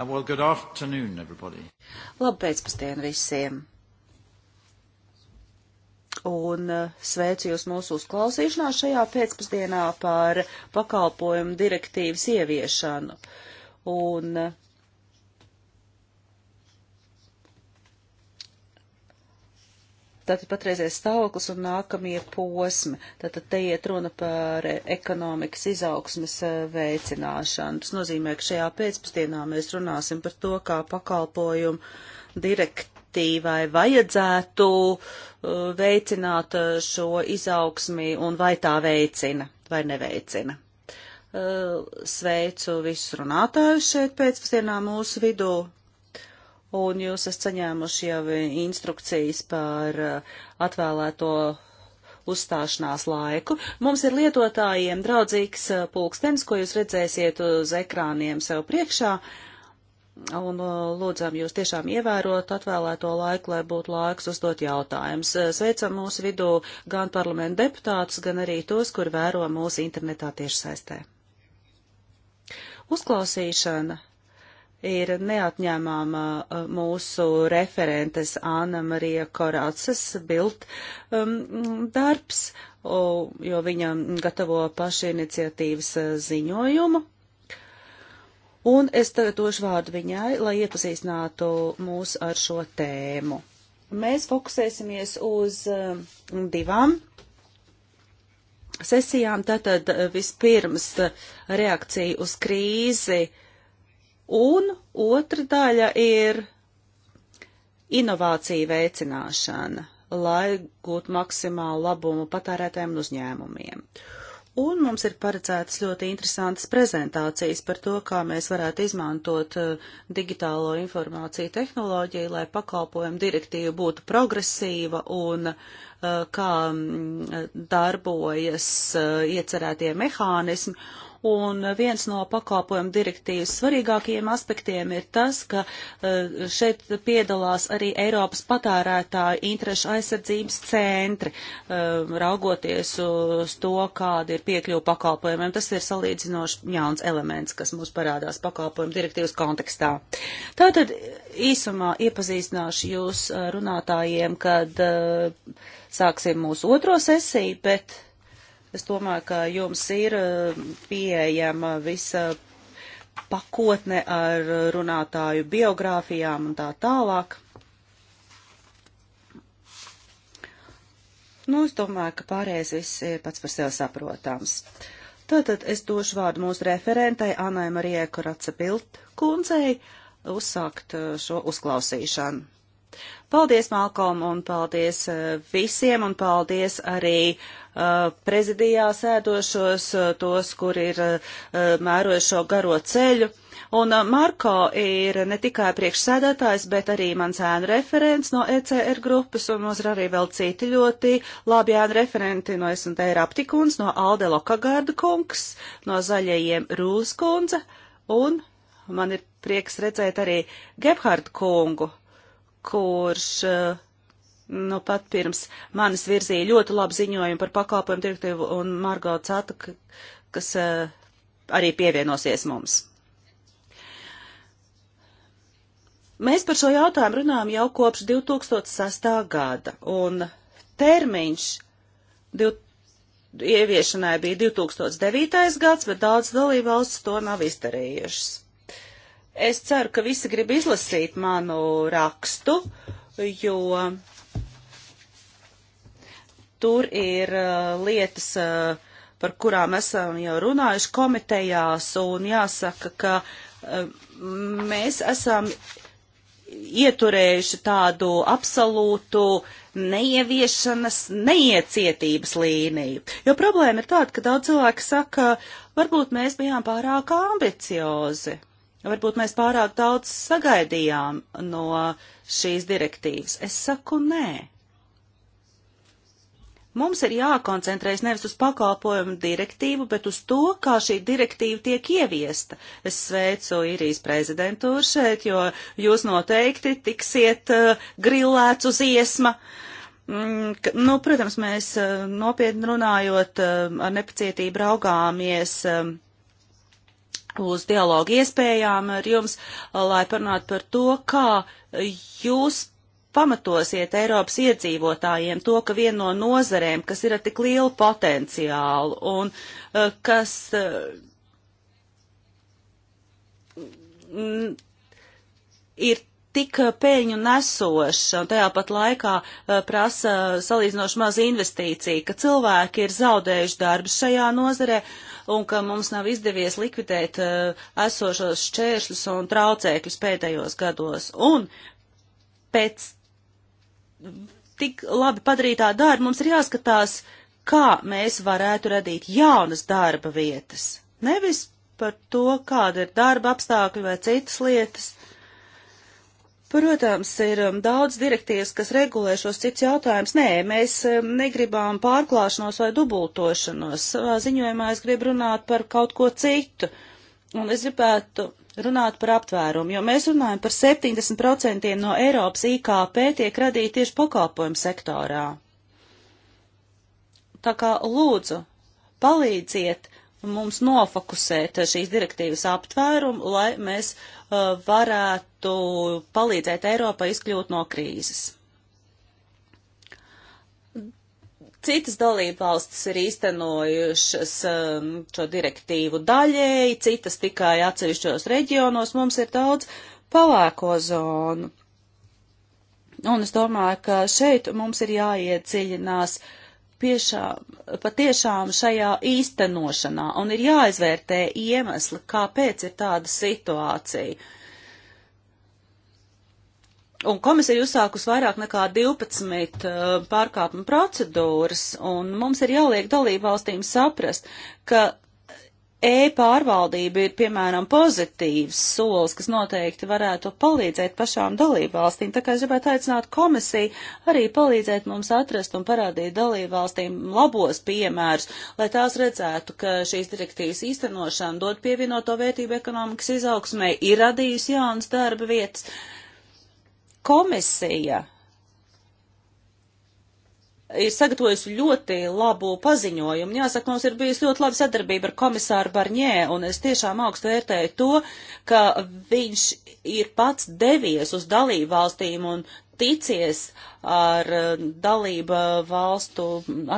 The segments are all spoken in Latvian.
Uh, well, good afternoon, everybody. Labu pēcpusdienu visiem. Un uh, sveicu jūs mūsu uzklausīšanā šajā pēcpusdienā par pakalpojumu direktīvas ieviešanu. Un uh, tātad patreizējais stāvoklis un nākamie posmi. Tātad te iet runa par e, ekonomikas izaugsmes e, veicināšanu. Tas nozīmē, ka šajā pēcpusdienā mēs runāsim par to, kā pakalpojumu direktīvai vajadzētu e, veicināt šo izaugsmi un vai tā veicina vai neveicina. Sveicu visus runātājus šeit pēcpusdienā mūsu vidū un jūs esat saņēmuši jau instrukcijas par uh, atvēlēto uzstāšanās laiku. Mums ir lietotājiem draudzīgs uh, pulkstenis, ko jūs redzēsiet uz ekrāniem sev priekšā, un uh, lūdzam jūs tiešām ievērot atvēlēto laiku, lai būtu laiks uzdot jautājumus. Sveicam mūsu vidū gan parlamentu deputātus, gan arī tos, kur vēro mūsu internetā tiešsaistē. Uzklausīšana ir neatņēmāma uh, mūsu referentes Āna Marija Korācas bilt um, darbs, jo viņa gatavo paši iniciatīvas uh, ziņojumu. Un es tagad došu vārdu viņai, lai iepazīstinātu mūs ar šo tēmu. Mēs fokusēsimies uz um, divām sesijām, tātad uh, vispirms reakcija uz krīzi uh, Un otra daļa ir inovācija veicināšana, lai gūtu maksimālu labumu patērētājiem un uzņēmumiem. Un mums ir paredzētas ļoti interesantas prezentācijas par to, kā mēs varētu izmantot uh, digitālo informāciju tehnoloģiju, lai pakalpojumu direktīva būtu progresīva un uh, kā mm, darbojas uh, iecerētie mehānismi un viens no pakalpojumu direktīvas svarīgākajiem aspektiem ir tas, ka eh, šeit piedalās arī Eiropas patērētāju interešu aizsardzības centri, eh, raugoties uz to, kāda ir piekļuva pakalpojumiem. Tas ir salīdzinoši jauns elements, kas mums parādās pakalpojumu direktīvas kontekstā. Tātad īsumā iepazīstināšu jūs eh, runātājiem, kad sāksim mūsu otro sesiju, bet Es domāju, ka jums ir eh, pieejama visa pakotne ar runātāju biogrāfijām un tā tālāk. Nu, es domāju, ka pārējais viss ir pats par sevi saprotams. Tātad es došu vārdu mūsu referentai Anai Marijai Koraca Pilt kundzei uzsākt eh, šo uzklausīšanu. Paldies, Malkom, un paldies eh, visiem, un paldies arī uh, prezidijā sēdošos, eh, tos, kur ir uh, mērojuši šo garo ceļu. Un Marko ir ne tikai priekšsēdētājs, bet arī mans ēnu referents no ECR grupas, un mums ir arī vēl citi ļoti labi ēnu referenti no S&T Raptikuns, no Alde Lokagārda kungs, no Zaļajiem Rūlas kundze, un man ir prieks redzēt arī Gebhard kungu kurš eh, nu, pat pirms manis virzīja ļoti labu ziņojumu par pakalpojumu direktīvu un Margo Cata, kas eh, arī pievienosies mums. Mēs par šo jautājumu runājam jau kopš 2006. gada, un termiņš div... ieviešanai bija 2009. gads, bet daudz dalībvalsts to nav izdarījušas. Es ceru, ka visi grib izlasīt manu rakstu, jo tur ir uh, lietas, uh, par kurām esam jau runājuši komitejās, un jāsaka, ka uh, mēs esam ieturējuši tādu absolūtu neieviešanas, neiecietības līniju. Jo problēma ir tāda, ka daudz cilvēku saka, varbūt mēs bijām pārāk ambiciozi. Varbūt mēs pārāk daudz sagaidījām no šīs direktīvas. Es saku nē. Mums ir jākoncentrējas nevis uz pakalpojumu direktīvu, bet uz to, kā šī direktīva tiek ieviesta. Es sveicu īrijas prezidentūru šeit, jo jūs noteikti tiksiet uh, grillēts uz iesma. Mm, ka, nu, protams, mēs uh, nopietni runājot uh, ar nepacietību raugāmies. Uh, uz dialogu iespējām ar jums, lai parunātu par to, kā jūs pamatosiet Eiropas iedzīvotājiem to, ka viena no nozarēm, kas ir ar tik lielu potenciālu un eh, kas eh, ir tik peļņu nesoša un tajā pat laikā eh, prasa salīdzinoši maz investīciju, ka cilvēki ir zaudējuši darbu šajā nozarē un ka mums nav izdevies likvidēt uh, esošos šķēršļus un traucēkļus pēdējos gados. Un pēc tik labi padarītā darba mums ir jāskatās, kā mēs varētu radīt jaunas darba vietas. Nevis par to, kāda ir darba apstākļi vai citas lietas, Protams, ir um, daudz direktīvas, kas regulē šos cits jautājums. Nē, mēs um, negribām pārklāšanos vai dubultošanos. Savā ziņojumā es gribu runāt par kaut ko citu. Un es gribētu runāt par aptvērumu, jo mēs runājam par 70% no Eiropas IKP tiek radīti tieši pakalpojumu sektorā. Tā kā lūdzu, palīdziet mums nofokusēt šīs direktīvas aptvērumu, lai mēs uh, varētu palīdzēt Eiropai izkļūt no krīzes. Citas dalībvalstis ir īstenojušas um, šo direktīvu daļēji, citas tikai atsevišķos reģionos. Mums ir daudz palēko zonu. Un es domāju, ka šeit mums ir jāiedziļinās uh, piešā, patiešām šajā īstenošanā un ir jāizvērtē iemesli, kāpēc ir tāda situācija. Un komisija ir uzsākus vairāk nekā 12 uh, pārkāpuma procedūras, un mums ir jāliek dalībvalstīm saprast, ka E-pārvaldība ir, piemēram, pozitīvs solis, kas noteikti varētu palīdzēt pašām dalībvalstīm. Tā kā es gribētu aicināt komisiju arī palīdzēt mums atrast un parādīt dalībvalstīm labos piemērus, lai tās redzētu, ka šīs direktīvas īstenošana dod pievienoto vērtību ekonomikas izaugsmē, ir radījusi jaunas darba vietas. Komisija ir sagatavojusi ļoti labu paziņojumu. Jāsaka, mums ir bijusi ļoti laba sadarbība ar komisāru Barņē, un es tiešām augstu vērtēju to, ka viņš ir pats devies uz dalību valstīm un ticies ar eh, dalību valstu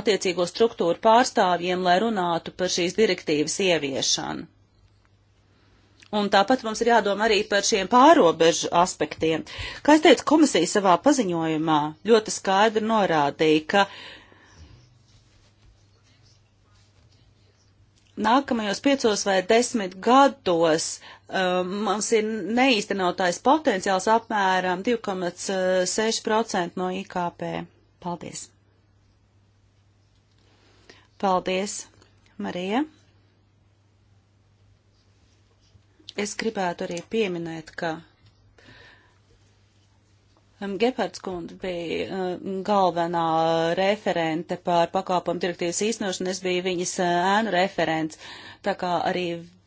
attiecīgo struktūru pārstāvjiem, lai runātu par šīs direktīvas ieviešanu. Un tāpat mums ir jādomā arī par šiem pārobežu aspektiem. Kā es teicu, komisija savā paziņojumā ļoti skaidri norādīja, ka nākamajos piecos vai desmit gados um, mums ir neīstenotājs potenciāls apmēram 2,6% no IKP. Paldies! Paldies, Marija! Es gribētu arī pieminēt, ka um, Gepards kundze bija um, galvenā referente pār pakāpojumu direktīvas īstenošanu, es biju viņas uh, ēnu referents, tā kā arī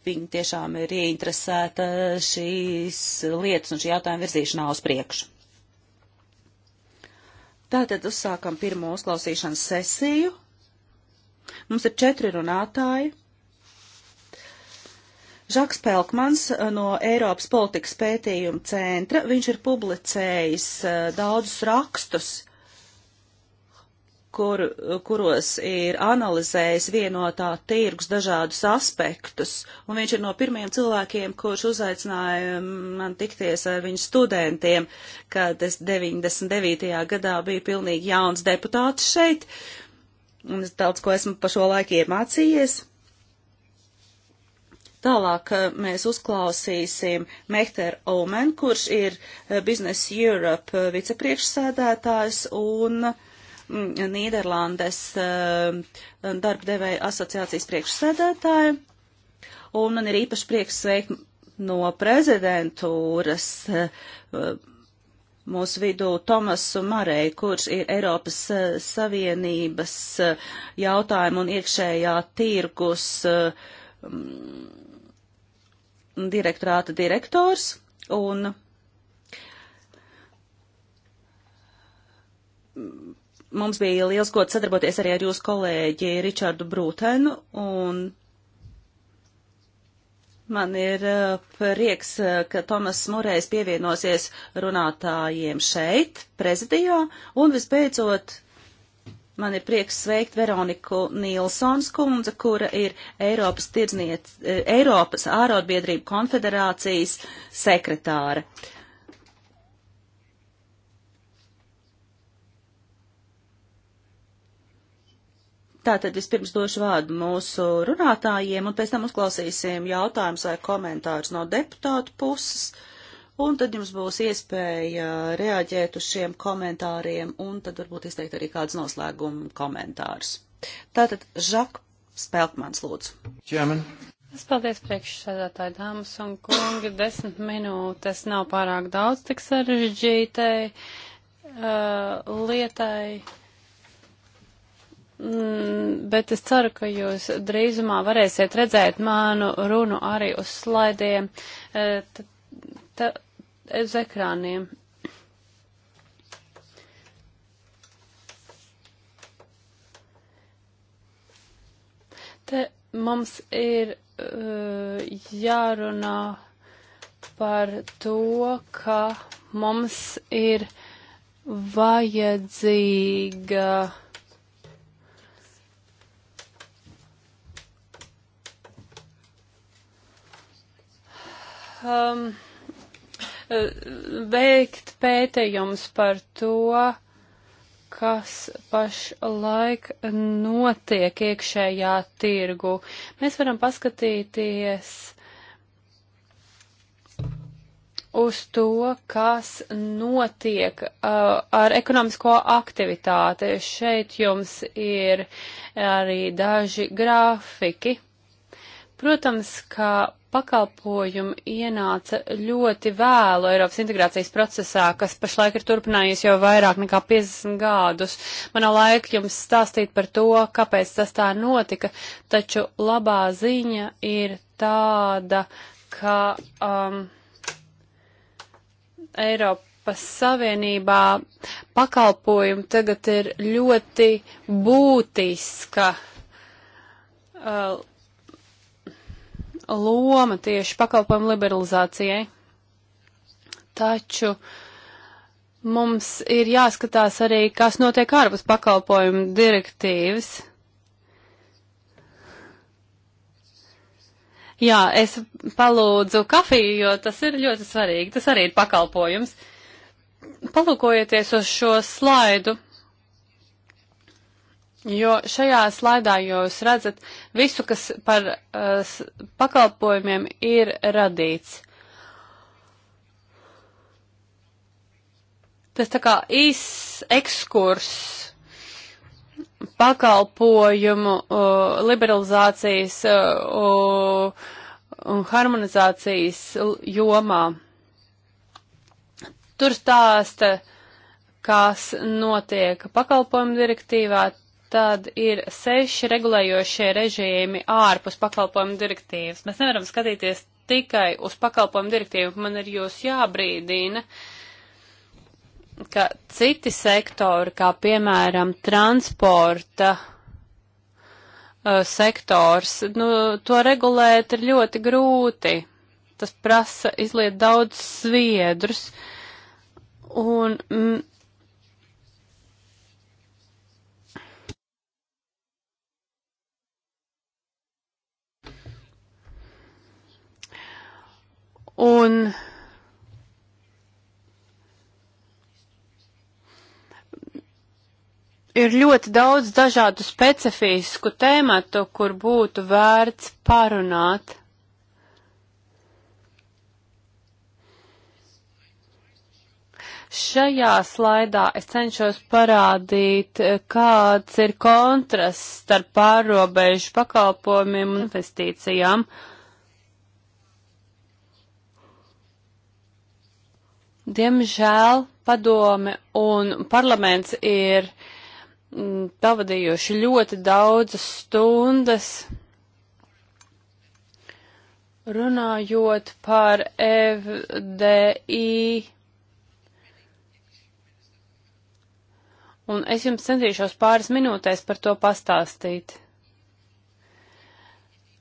viņa tiešām ir ieinteresēta šīs lietas un šī jautājuma virzīšanā uz priekšu. Tātad uzsākam pirmo uzklausīšanas sesiju. Mums ir četri runātāji. Žaks Pelkmans eh, no Eiropas politikas pētījuma centra, viņš ir publicējis eh, daudzus rakstus, kur, kuros ir analizējis vienotā tirgus dažādus aspektus, un viņš ir no pirmiem cilvēkiem, kurš uzaicināja mm, man tikties ar viņu studentiem, kad es 99. gadā biju pilnīgi jauns deputāts šeit, un es daudz ko esmu pa šo laiku iemācījies. Tālāk eh, mēs uzklausīsim Mehter Omen, kurš ir eh, Business Europe eh, vicepriekšsēdētājs un mm, Nīderlandes darba devēja asociācijas priekšsēdētāja. Un man ir īpaši prieks sveikt no prezidentūras mūsu vidū Tomasu Marei, kurš ir Eiropas Savienības jautājumu un iekšējā tirgus um, direktorāta direktors un mums bija liels gods sadarboties arī ar jūsu kolēģi Ričardu Brūtenu, un man ir uh, prieks, uh, ka Tomas Murējs pievienosies runātājiem šeit, prezidijā, un visbeidzot Man ir prieks sveikt Veroniku Nīlsons kundze, kura ir Eiropas, tirzniec, eh, Eiropas ārotbiedrību konfederācijas sekretāra. Tātad vispirms došu vārdu mūsu runātājiem, un pēc tam uzklausīsim jautājumus vai komentārus no deputātu puses. Uh, un tad jums būs iespēja reaģēt uz šiem komentāriem, un tad varbūt izteikt arī kāds noslēguma komentārs. Tātad, Žak Spelkmans, lūdzu. Čēmen. Es paldies priekšsēdētāji dāmas un kungi. Desmit minūtes nav pārāk daudz tik sarežģītai uh, lietai. Mm, bet es ceru, ka jūs drīzumā varēsiet redzēt manu runu arī uz slaidiem. Uh, t, t, aiz ekrāniem. Te mums ir uh, jārunā par to, ka mums ir vajadzīga um, Eh, veikt pētījums par to, kas pašlaik notiek iekšējā tirgu. Mēs varam paskatīties uz to, kas notiek uh, ar ekonomisko aktivitāti. Šeit jums ir arī daži grafiki. Protams, ka pakalpojumi ienāca ļoti vēlu Eiropas integrācijas procesā, kas pašlaik ir turpinājies jau vairāk nekā 50 gadus. Man nav laika jums stāstīt par to, kāpēc tas tā notika, taču labā ziņa ir tāda, ka um, Eiropas Savienībā pakalpojumi tagad ir ļoti būtiska. Uh, loma tieši pakalpojumu liberalizācijai. Taču mums ir jāskatās arī, kas notiek ārpus pakalpojumu direktīvas. Jā, es palūdzu kafiju, jo tas ir ļoti svarīgi. Tas arī ir pakalpojums. Palūkojieties uz šo slaidu. Jo šajā slaidā jūs redzat visu, kas par uh, pakalpojumiem ir radīts. Tas tā kā īs ekskurs pakalpojumu uh, liberalizācijas uh, un harmonizācijas jomā. Tur stāsta, kas notiek pakalpojumu direktīvā, tad ir seši regulējošie režīmi ārpus pakalpojumu direktīvas. Mēs nevaram skatīties tikai uz pakalpojumu direktīvu. Man ir jūs jābrīdina, ka citi sektori, kā piemēram transporta uh, sektors, nu, to regulēt ir ļoti grūti. Tas prasa izliet daudz sviedrus. Un, mm, Un ir ļoti daudz dažādu specifisku tēmatu, kur būtu vērts parunāt. Šajā slaidā es cenšos parādīt, eh, kāds ir kontrasts starp pārrobežu pakalpojumiem un investīcijām. Uh, Diemžēl padome un parlaments ir mm, pavadījuši ļoti daudzas stundas runājot par FDI. Un es jums centīšos pāris minūtēs par to pastāstīt.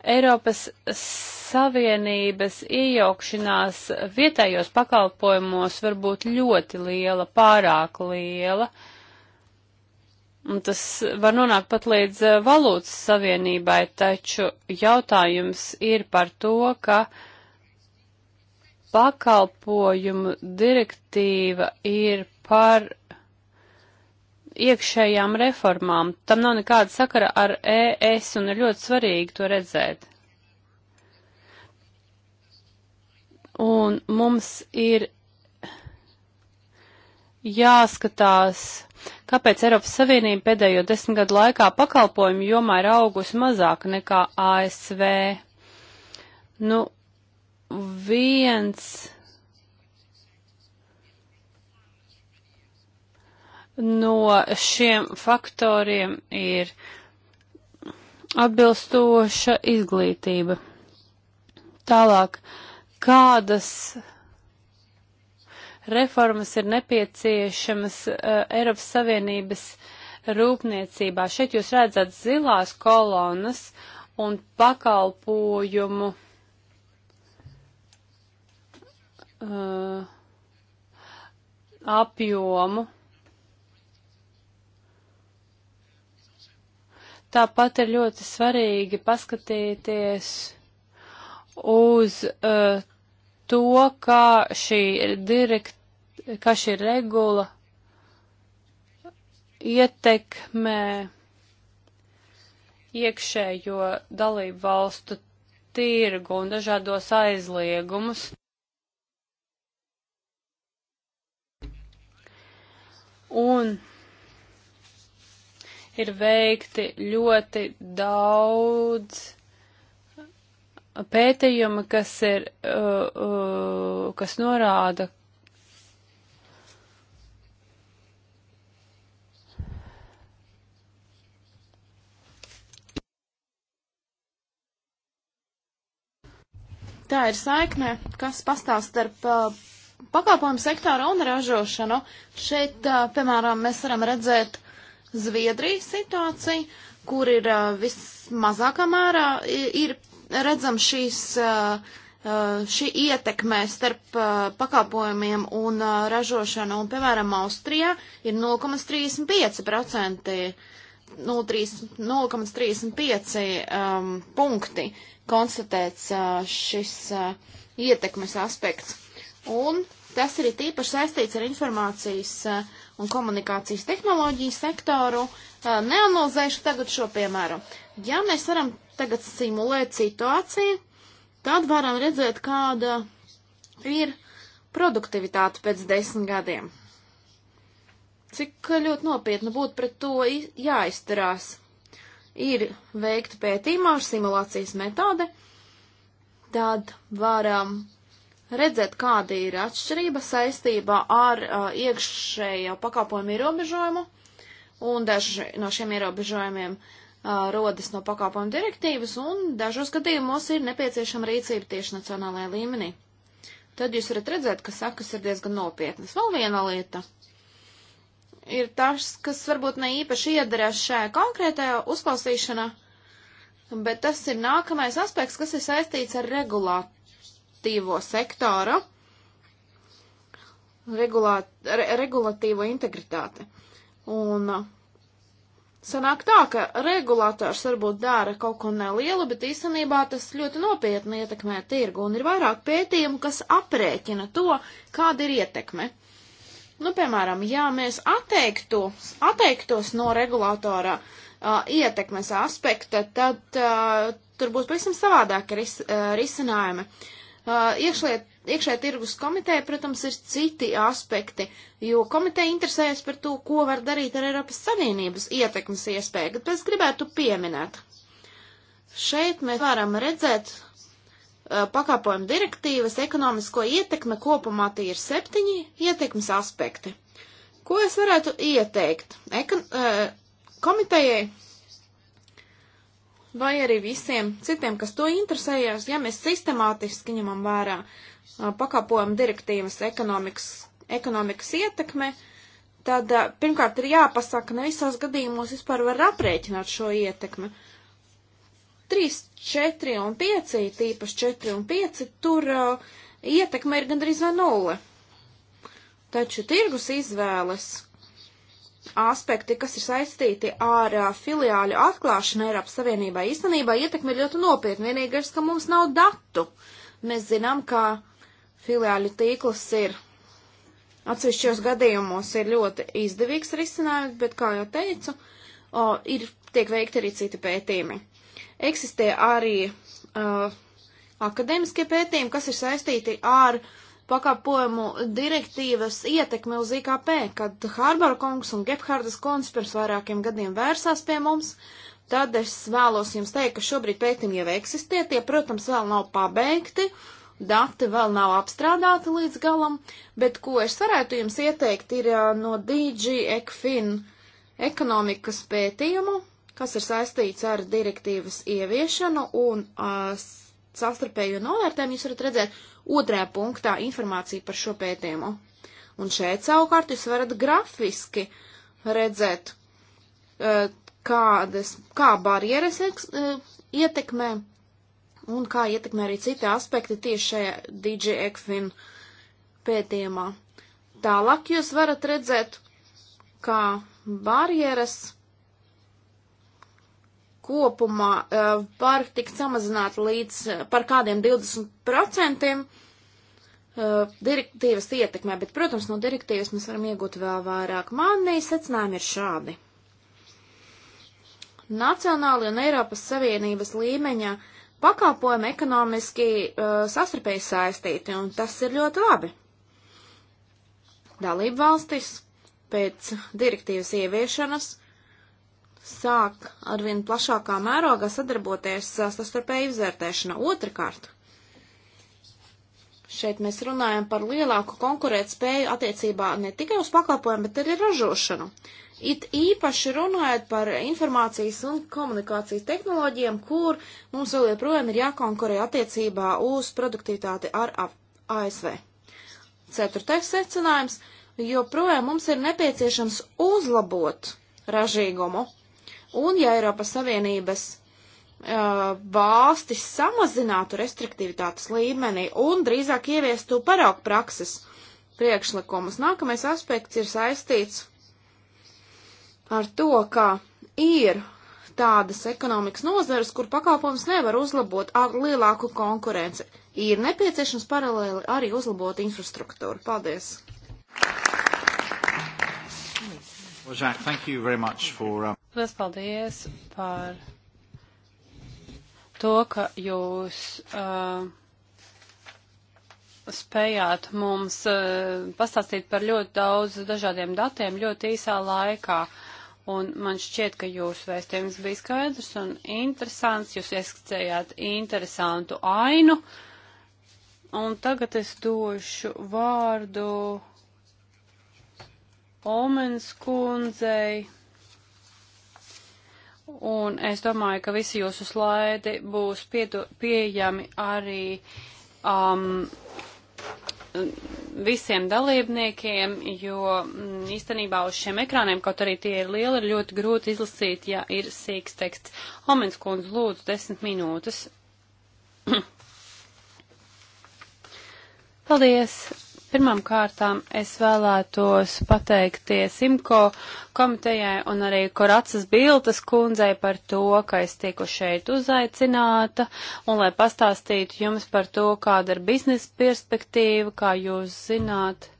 Eiropas Savienības iejaukšanās vietējos pakalpojumos var būt ļoti liela, pārāk liela. Un tas var nonākt pat līdz eh, valūtas savienībai, taču jautājums ir par to, ka pakalpojumu direktīva ir par iekšējām reformām. Tam nav nekāda sakara ar ES un ir ļoti svarīgi to redzēt. Un mums ir jāskatās, kāpēc Eiropas Savienība pēdējo desmit gadu laikā pakalpojumu jomā ir augusi mazāk nekā ASV. Nu, viens no šiem faktoriem ir atbilstoša izglītība. Tālāk, kādas reformas ir nepieciešamas uh, Eiropas Savienības rūpniecībā? Šeit jūs redzat zilās kolonas un pakalpojumu. Uh, apjomu Tāpat ir ļoti svarīgi paskatīties uz uh, to, kā šī direkt, kā šī regula ietekmē iekšējo dalību valstu tirgu un dažādos aizliegumus. Un ir veikti ļoti daudz pētījumi, kas ir, uh, uh, kas norāda, Tā ir saikne, kas pastāv starp uh, pakalpojumu sektoru un ražošanu. Šeit, uh, piemēram, mēs varam redzēt uh, Zviedrijas situāciju, kur ir vismazākā mērā ir redzam šīs, šī ietekmē starp pakalpojumiem un ražošanu, un, piemēram, Austrijā ir 0,35%. 0,35 um, punkti konstatēts uh, šis uh, ietekmes aspekts. Un tas ir tīpaši saistīts ar informācijas uh, un komunikācijas tehnoloģiju sektoru, neanalizēšu tagad šo piemēru. Ja mēs varam tagad simulēt situāciju, tad varam redzēt, kāda ir produktivitāte pēc desmit gadiem. Cik ļoti nopietni būtu pret to jāizturās. Ir veikta pētījumā ar simulācijas metodi, tad varam redzēt, kāda ir atšķirība saistībā ar uh, iekšējo pakalpojumu ierobežojumu, un daži no šiem ierobežojumiem uh, rodas no pakalpojumu direktīvas, un dažos gadījumos ir nepieciešama rīcība tieši nacionālajā līmenī. Tad jūs varat redzēt, ka sakas ir diezgan nopietnas. Vēl viena lieta ir tas, kas varbūt ne īpaši iederēs šajā konkrētajā uzklausīšanā, bet tas ir nākamais aspekts, kas ir saistīts ar regulātu regulatīvo sektora regulāt, re, regulatīvo integritāti. Un uh, sanāk tā, ka regulators varbūt dara kaut ko nelielu, bet īstenībā tas ļoti nopietni ietekmē tirgu. Un ir vairāk pētījumu, kas aprēķina to, kāda ir ietekme. Nu, piemēram, ja mēs atteiktu, atteiktos no regulātora uh, ietekmes aspekta, tad uh, tur būs pavisam savādāk ris, uh, risinājumi. Uh, Uh, iekšliet, iekšē tirgus komiteja, protams, ir citi aspekti, jo komiteja interesējas par to, ko var darīt ar Eiropas Savienības ietekmes iespēju, bet es gribētu pieminēt. Šeit mēs varam redzēt uh, pakāpojumu direktīvas ekonomisko ietekme kopumā tie ir septiņi ietekmes aspekti. Ko es varētu ieteikt Ekon uh, komitejai vai arī visiem citiem, kas to interesējas, ja mēs sistemātiski ņemam vērā pakalpojumu direktīvas ekonomikas, ekonomikas ietekme, tad pirmkārt ir jāpasaka, ne visos gadījumos vispār var aprēķināt šo ietekmi. 3, 4 un 5, tīpaši 4 un 5, tur uh, ietekme ir gandrīz vai nulle. Taču tirgus izvēles aspekti, kas ir saistīti ar a, filiāļu atklāšanu Eiropas Savienībā, īstenībā ietekme ir ļoti nopietna. Vienīgais, ka mums nav datu. Mēs zinām, ka filiāļu tīklus ir atsevišķos gadījumos ir ļoti izdevīgs risinājums, bet, kā jau teicu, o, ir tiek veikti arī citi pētījumi. Eksistē arī uh, akadēmiskie pētījumi, kas ir saistīti ar uh, pakalpojumu direktīvas ietekmi uz IKP, kad Hārbara kungs un Gebhardas kungs pirms vairākiem gadiem vērsās pie mums, tad es vēlos jums teikt, ka šobrīd pētījumi jau eksistē, tie, protams, vēl nav pabeigti, dati vēl nav apstrādāti līdz galam, bet ko es varētu jums ieteikt ir no DG Ekfin ekonomikas pētījumu, kas ir saistīts ar direktīvas ieviešanu un uh, sastarpēju novērtējumu, jūs varat redzēt, otrajā punktā informāciju par šo pētījumu. Un šeit savukārt jūs varat grafiski redzēt, eh, kādas, kā barjeras eh, ietekmē un kā ietekmē arī citi aspekti tieši šajā DJ Ekfin pētījumā. Tālāk jūs varat redzēt, kā barjeras kopumā eh, var tikt samazināta līdz eh, par kādiem 20% eh, direktīvas ietekmē, bet, protams, no direktīvas mēs varam iegūt vēl vairāk. Mani secinājumi ir šādi. Nacionāli un Eiropas Savienības līmeņa pakāpojumi ekonomiski uh, sastarpēji saistīti, un tas ir ļoti labi. Dalība valstis pēc direktīvas ieviešanas sāk ar vien plašākā mērogā sadarboties sastarpēji izvērtēšanā. Otrakārt, šeit mēs runājam par lielāku konkurētspēju attiecībā ne tikai uz pakalpojumu, bet arī ražošanu. It īpaši runājot par informācijas un komunikācijas tehnoloģijām, kur mums vēl joprojām ir jākonkurē attiecībā uz produktivitāti ar ASV. Ceturtais secinājums - joprojām mums ir nepieciešams uzlabot ražīgumu Un ja Eiropas Savienības uh, valstis samazinātu restriktivitātes līmeni un drīzāk ieviestu paraugu prakses priekšlikumus. Nākamais aspekts ir saistīts ar to, ka ir tādas ekonomikas nozares, kur pakalpojums nevar uzlabot ar lielāku konkurenci. Ir nepieciešams paralēli arī uzlabot infrastruktūru. Paldies! Well, Jacques, thank you very much for... Um... Liels paldies par to, ka jūs uh, spējāt mums uh, pastāstīt par ļoti daudz dažādiem datiem ļoti īsā laikā. Un man šķiet, ka jūsu vēstījums bija skaidrs un interesants. Jūs ieskicējāt interesantu ainu. Un tagad es došu vārdu Omens kundzei. Un es domāju, ka visi jūsu slaidi būs piedo, pieejami arī um, visiem dalībniekiem, jo m, mm, īstenībā uz šiem ekrāniem, kaut arī tie ir lieli, ir ļoti grūti izlasīt, ja ir sīks teksts. Homens kundze, lūdzu, desmit minūtes. Paldies! Pirmām kārtām es vēlētos pateikties Imko komitejai un arī Koracas Biltas kundzei par to, ka es tieku šeit uzaicināta un lai pastāstītu jums par to, kāda ir biznesa perspektīva, kā jūs zināt.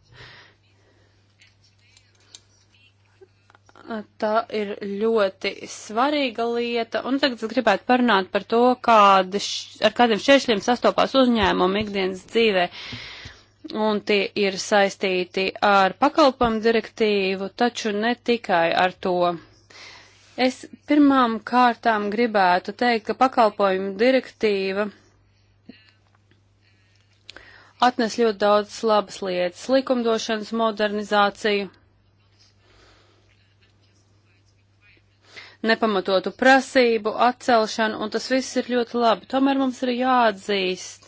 Tā ir ļoti svarīga lieta, un tagad es gribētu parunāt par to, kādi, ar kādiem šķēršļiem sastopās uzņēmumu ikdienas dzīvē. Uh, un tie ir saistīti ar pakalpojumu direktīvu, taču ne tikai ar to. Es pirmām kārtām gribētu teikt, ka pakalpojumu direktīva atnes ļoti daudz labas lietas - likumdošanas modernizāciju, nepamatotu prasību atcelšanu, un tas viss ir ļoti labi. Tomēr mums ir jāatzīst,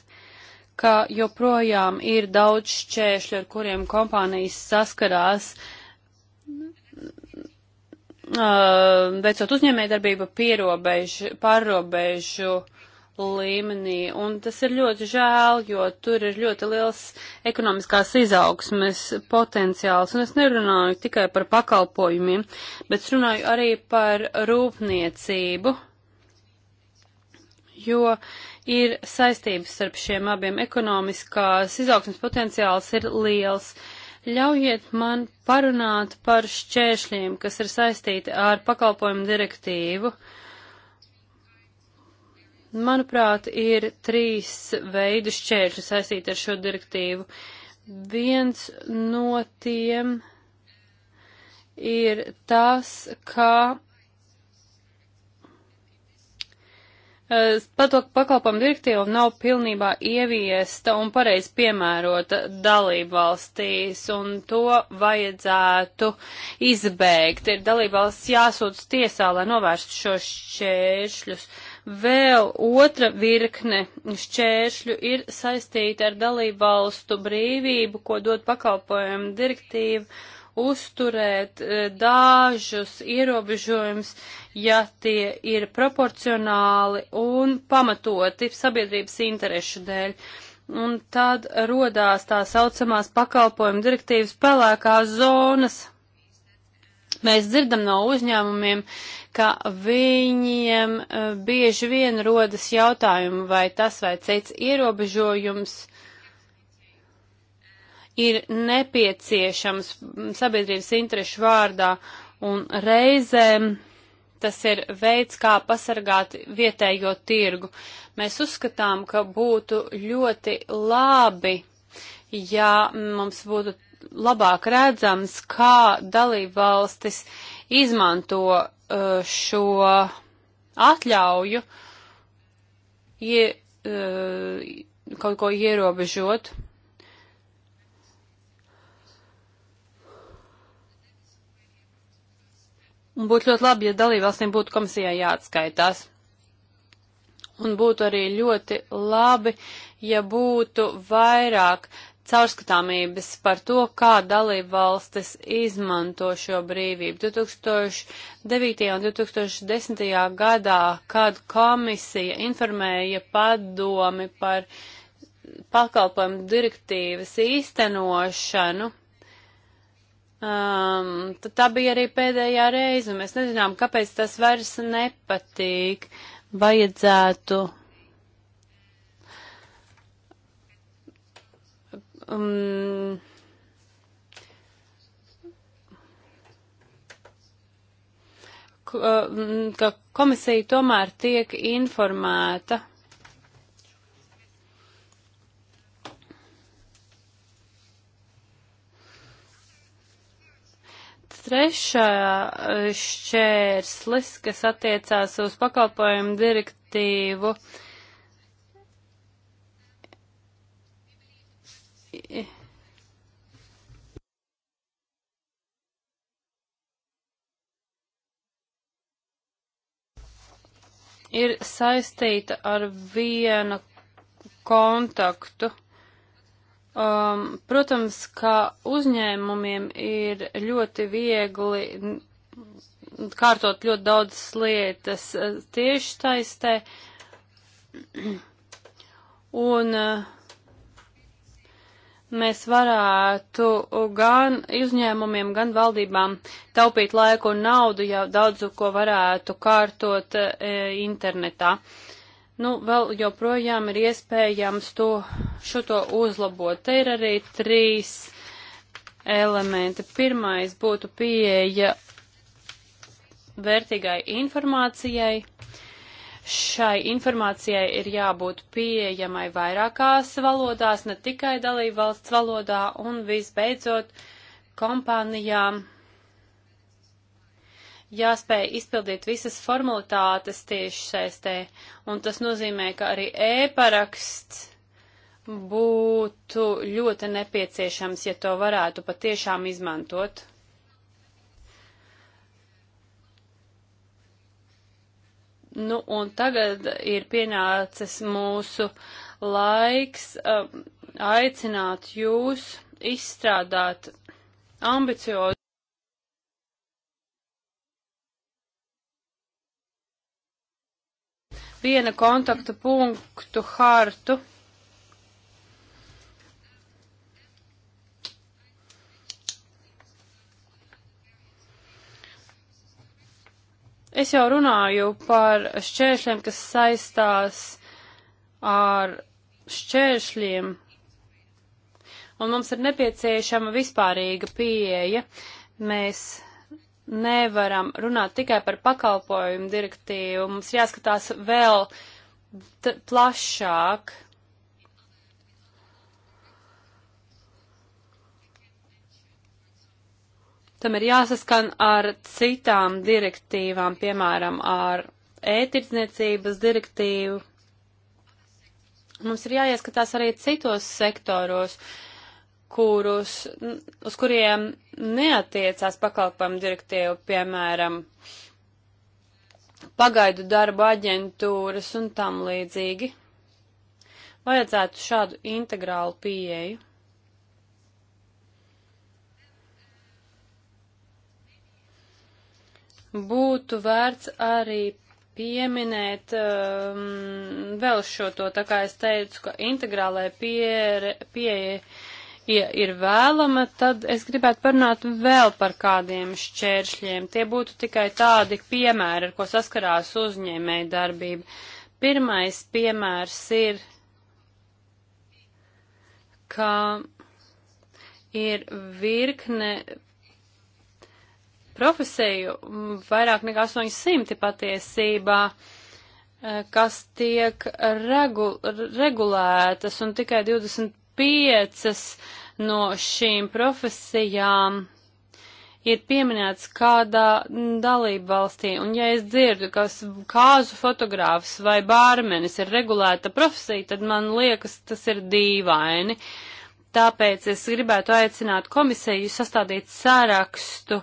ka joprojām ir daudz šķēršļu, ar kuriem kompānijas saskarās, veicot uzņēmējdarbību pierobežu, pārrobežu līmenī, un tas ir ļoti žēl, jo tur ir ļoti liels ekonomiskās izaugsmes potenciāls, un es nerunāju tikai par pakalpojumiem, bet runāju arī par rūpniecību, jo ir saistības starp šiem abiem. Ekonomiskās izaugsmas potenciāls ir liels. Ļaujiet man parunāt par šķēršļiem, kas ir saistīti ar pakalpojumu direktīvu. Manuprāt, ir trīs veidi šķēršļi saistīti ar šo direktīvu. Viens no tiem ir tas, ka Par to pakalpojumu direktīvu nav pilnībā ieviesta un pareiz piemērota dalību valstīs, un to vajadzētu izbēgt. Ir dalību valsts jāsūdz tiesā, lai novērstu šos šķēršļus. Vēl otra virkne šķēršļu ir saistīta ar dalību valstu brīvību, ko dod pakalpojumu direktīvu uzturēt eh, dažus ierobežojumus, ja tie ir proporcionāli un pamatoti sabiedrības interešu dēļ. Un tad rodās tā saucamās pakalpojumu direktīvas pelēkās zonas. Mēs dzirdam no uzņēmumiem, ka viņiem eh, bieži vien rodas jautājumi, vai tas vai cits ierobežojums ir nepieciešams sabiedrības interešu vārdā un reizēm tas ir veids, kā pasargāt vietējo tirgu. Mēs uzskatām, ka būtu ļoti labi, ja mums būtu labāk redzams, kā dalībvalstis izmanto uh, šo atļauju, ja, uh, kaut ko ierobežot. Un būtu ļoti labi, ja dalībvalstīm būtu komisijai jāatskaitās. Un būtu arī ļoti labi, ja būtu vairāk caurskatāmības par to, kā dalība valstis izmanto šo brīvību. 2009. un 2010. gadā, kad komisija informēja padomi par pakalpojumu direktīvas īstenošanu, Um, tā bija arī pēdējā reize, un mēs nezinām, kāpēc tas vairs nepatīk. Vajadzētu um, uh, ka komisija tomēr tiek informēta Trešā eh, šķērslis, kas attiecās uz pakalpojumu direktīvu, ir saistīta ar vienu kontaktu. Um, protams, ka uzņēmumiem ir ļoti viegli kārtot ļoti daudz lietas uh, tieši taistē. Un uh, mēs varētu gan uzņēmumiem, gan valdībām taupīt laiku un naudu, ja daudzu ko varētu kārtot e, internetā. Uh, nu, vēl joprojām ir iespējams to, šo to uzlabot. Te ir arī trīs elementi. Pirmais būtu pieeja vērtīgai informācijai. Šai informācijai ir jābūt pieejamai vairākās valodās, ne tikai dalību valsts valodā, un visbeidzot kompānijām jāspēj izpildīt visas formalitātes tieši saistē, un tas nozīmē, ka arī ēparaksts e būtu ļoti nepieciešams, ja to varētu patiešām izmantot. Nu, un tagad ir pienācis mūsu laiks um, aicināt jūs izstrādāt ambiciozu. viena kontakta punktu hartu. Es jau runāju par šķēršļiem, kas saistās ar šķēršļiem, un mums ir nepieciešama vispārīga pieeja. Mēs nevaram runāt tikai par pakalpojumu direktīvu, mums jāskatās vēl plašāk. Tam ir jāsaskan ar citām direktīvām, piemēram, ar ētirdzniecības direktīvu. Mums ir jāieskatās arī citos sektoros. Uh, kurus, uz kuriem neatiecās pakalpojumu direktīvu, piemēram, pagaidu darba aģentūras un tam līdzīgi. Vajadzētu šādu integrālu pieeju. Būtu vērts arī pieminēt um, vēl šo to, tā kā es teicu, ka integrālai pieeja pie, ja ir vēlama, tad es gribētu parunāt vēl par kādiem šķēršļiem. Tie būtu tikai tādi piemēri, ar ko saskarās uzņēmēja darbība. Pirmais piemērs ir, ka ir virkne profesiju, vairāk nekā 800 patiesībā, eh, kas tiek regu, regulētas un tikai 20 piecas no šīm profesijām ir pieminēts kādā dalību valstī, un ja es dzirdu, ka kāzu fotogrāfs vai bārmenis ir regulēta profesija, tad man liekas, tas ir dīvaini. Tāpēc es gribētu aicināt komisiju sastādīt sarakstu,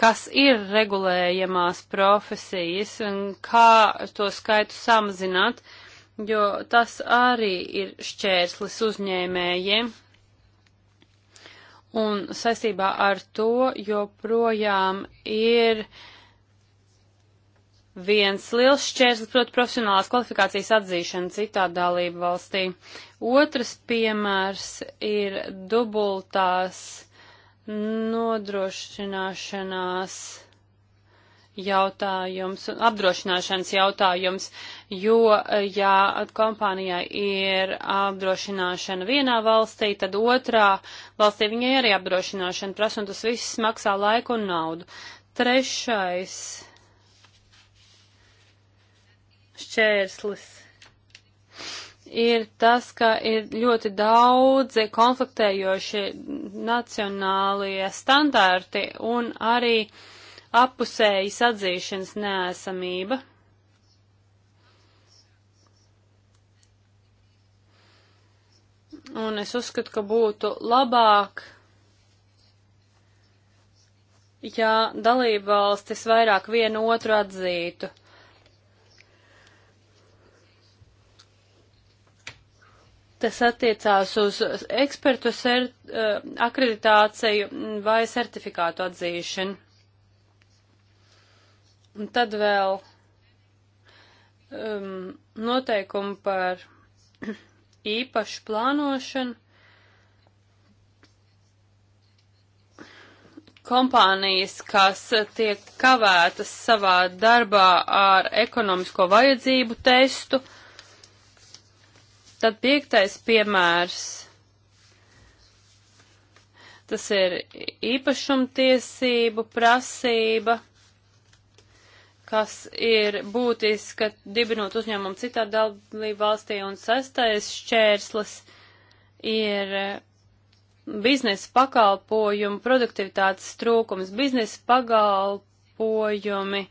kas ir regulējamās profesijas un kā to skaitu samazināt. Uh, jo tas arī ir šķērslis uzņēmējiem. Un saistībā ar to joprojām ir viens liels šķērslis, proti, profesionālās kvalifikācijas atzīšana citā dalību valstī. Otrs piemērs ir dubultās nodrošināšanās jautājums, apdrošināšanas jautājums, jo eh, ja kompānijai ir apdrošināšana vienā valstī, tad otrā valstī viņai arī apdrošināšana prasa, un tas viss maksā laiku un naudu. Trešais šķērslis ir tas, ka ir ļoti daudzi konfliktējoši nacionālie standarti un arī uh, apusējas atzīšanas nēsamība. Un es uzskatu, ka būtu labāk, ja dalībvalstis vairāk vienu otru atzītu. Tas attiecās uz ekspertu ser, eh, akreditāciju vai sertifikātu atzīšanu. Un tad vēl um, noteikumi par īpašu plānošanu. Kompānijas, kas tiek kavētas savā darbā ar ekonomisko vajadzību testu. Tad piektais piemērs. Tas ir īpašumtiesību prasība kas ir būtiska dibinot uzņēmumu citā dalību valstī, un sastais šķērslis ir eh, biznesa pakalpojumu produktivitātes trūkums. Biznesa pakalpojumi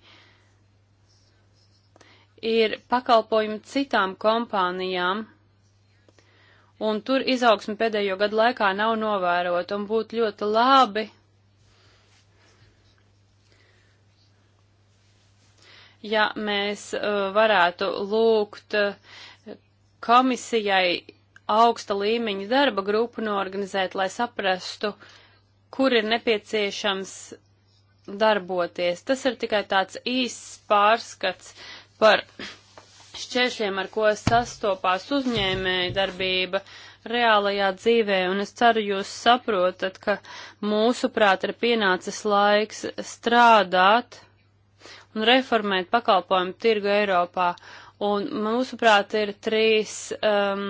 ir pakalpojumi citām kompānijām, un tur izaugsme pēdējo gadu laikā nav novērota, un būtu ļoti labi, ja mēs uh, varētu lūgt uh, komisijai augsta līmeņa darba grupu norganizēt, lai saprastu, kur ir nepieciešams darboties. Tas ir tikai tāds īsts pārskats par šķēršļiem, ar ko sastopās uzņēmēja darbība reālajā dzīvē, un es ceru, jūs saprotat, ka mūsuprāt ir pienācis laiks strādāt un reformēt pakalpojumu tirgu Eiropā. Un, mūsuprāt, ir trīs um,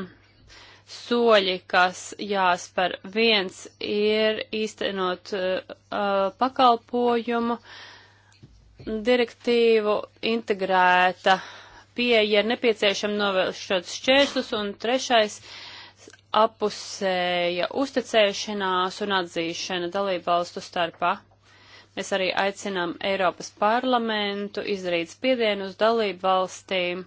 soļi, kas jāspēr. Viens ir īstenot uh, pakalpojumu direktīvu integrēta pieeja ir nepieciešama novēršot šķērslus, un trešais - apusēja uzticēšanās un atzīšana dalībvalstu starpā. Mēs arī aicinām Eiropas parlamentu izdarīt spiedienu uz dalību valstīm,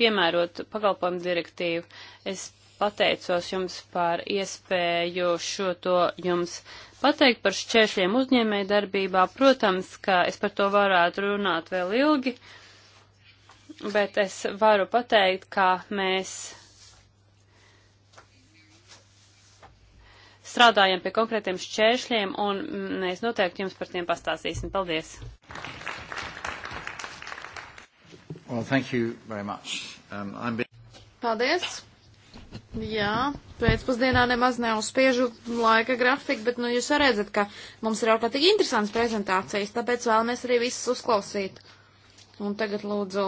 piemērot pakalpojumu direktīvu. Es pateicos jums par iespēju šo to jums pateikt par šķēršļiem uzņēmēja darbībā. Protams, ka es par to varētu runāt vēl ilgi, bet es varu pateikt, ka mēs strādājam pie konkrētiem šķēršļiem, un mēs noteikti jums par tiem pastāstīsim. Paldies! Well, thank you very much. Um, I'm... Paldies! Jā, pēcpusdienā nemaz neuzspiežu laika grafiku, bet nu jūs redzat, ka mums ir ārkārtīgi interesants prezentācijas, tāpēc vēlamies arī visus uzklausīt. Un tagad lūdzu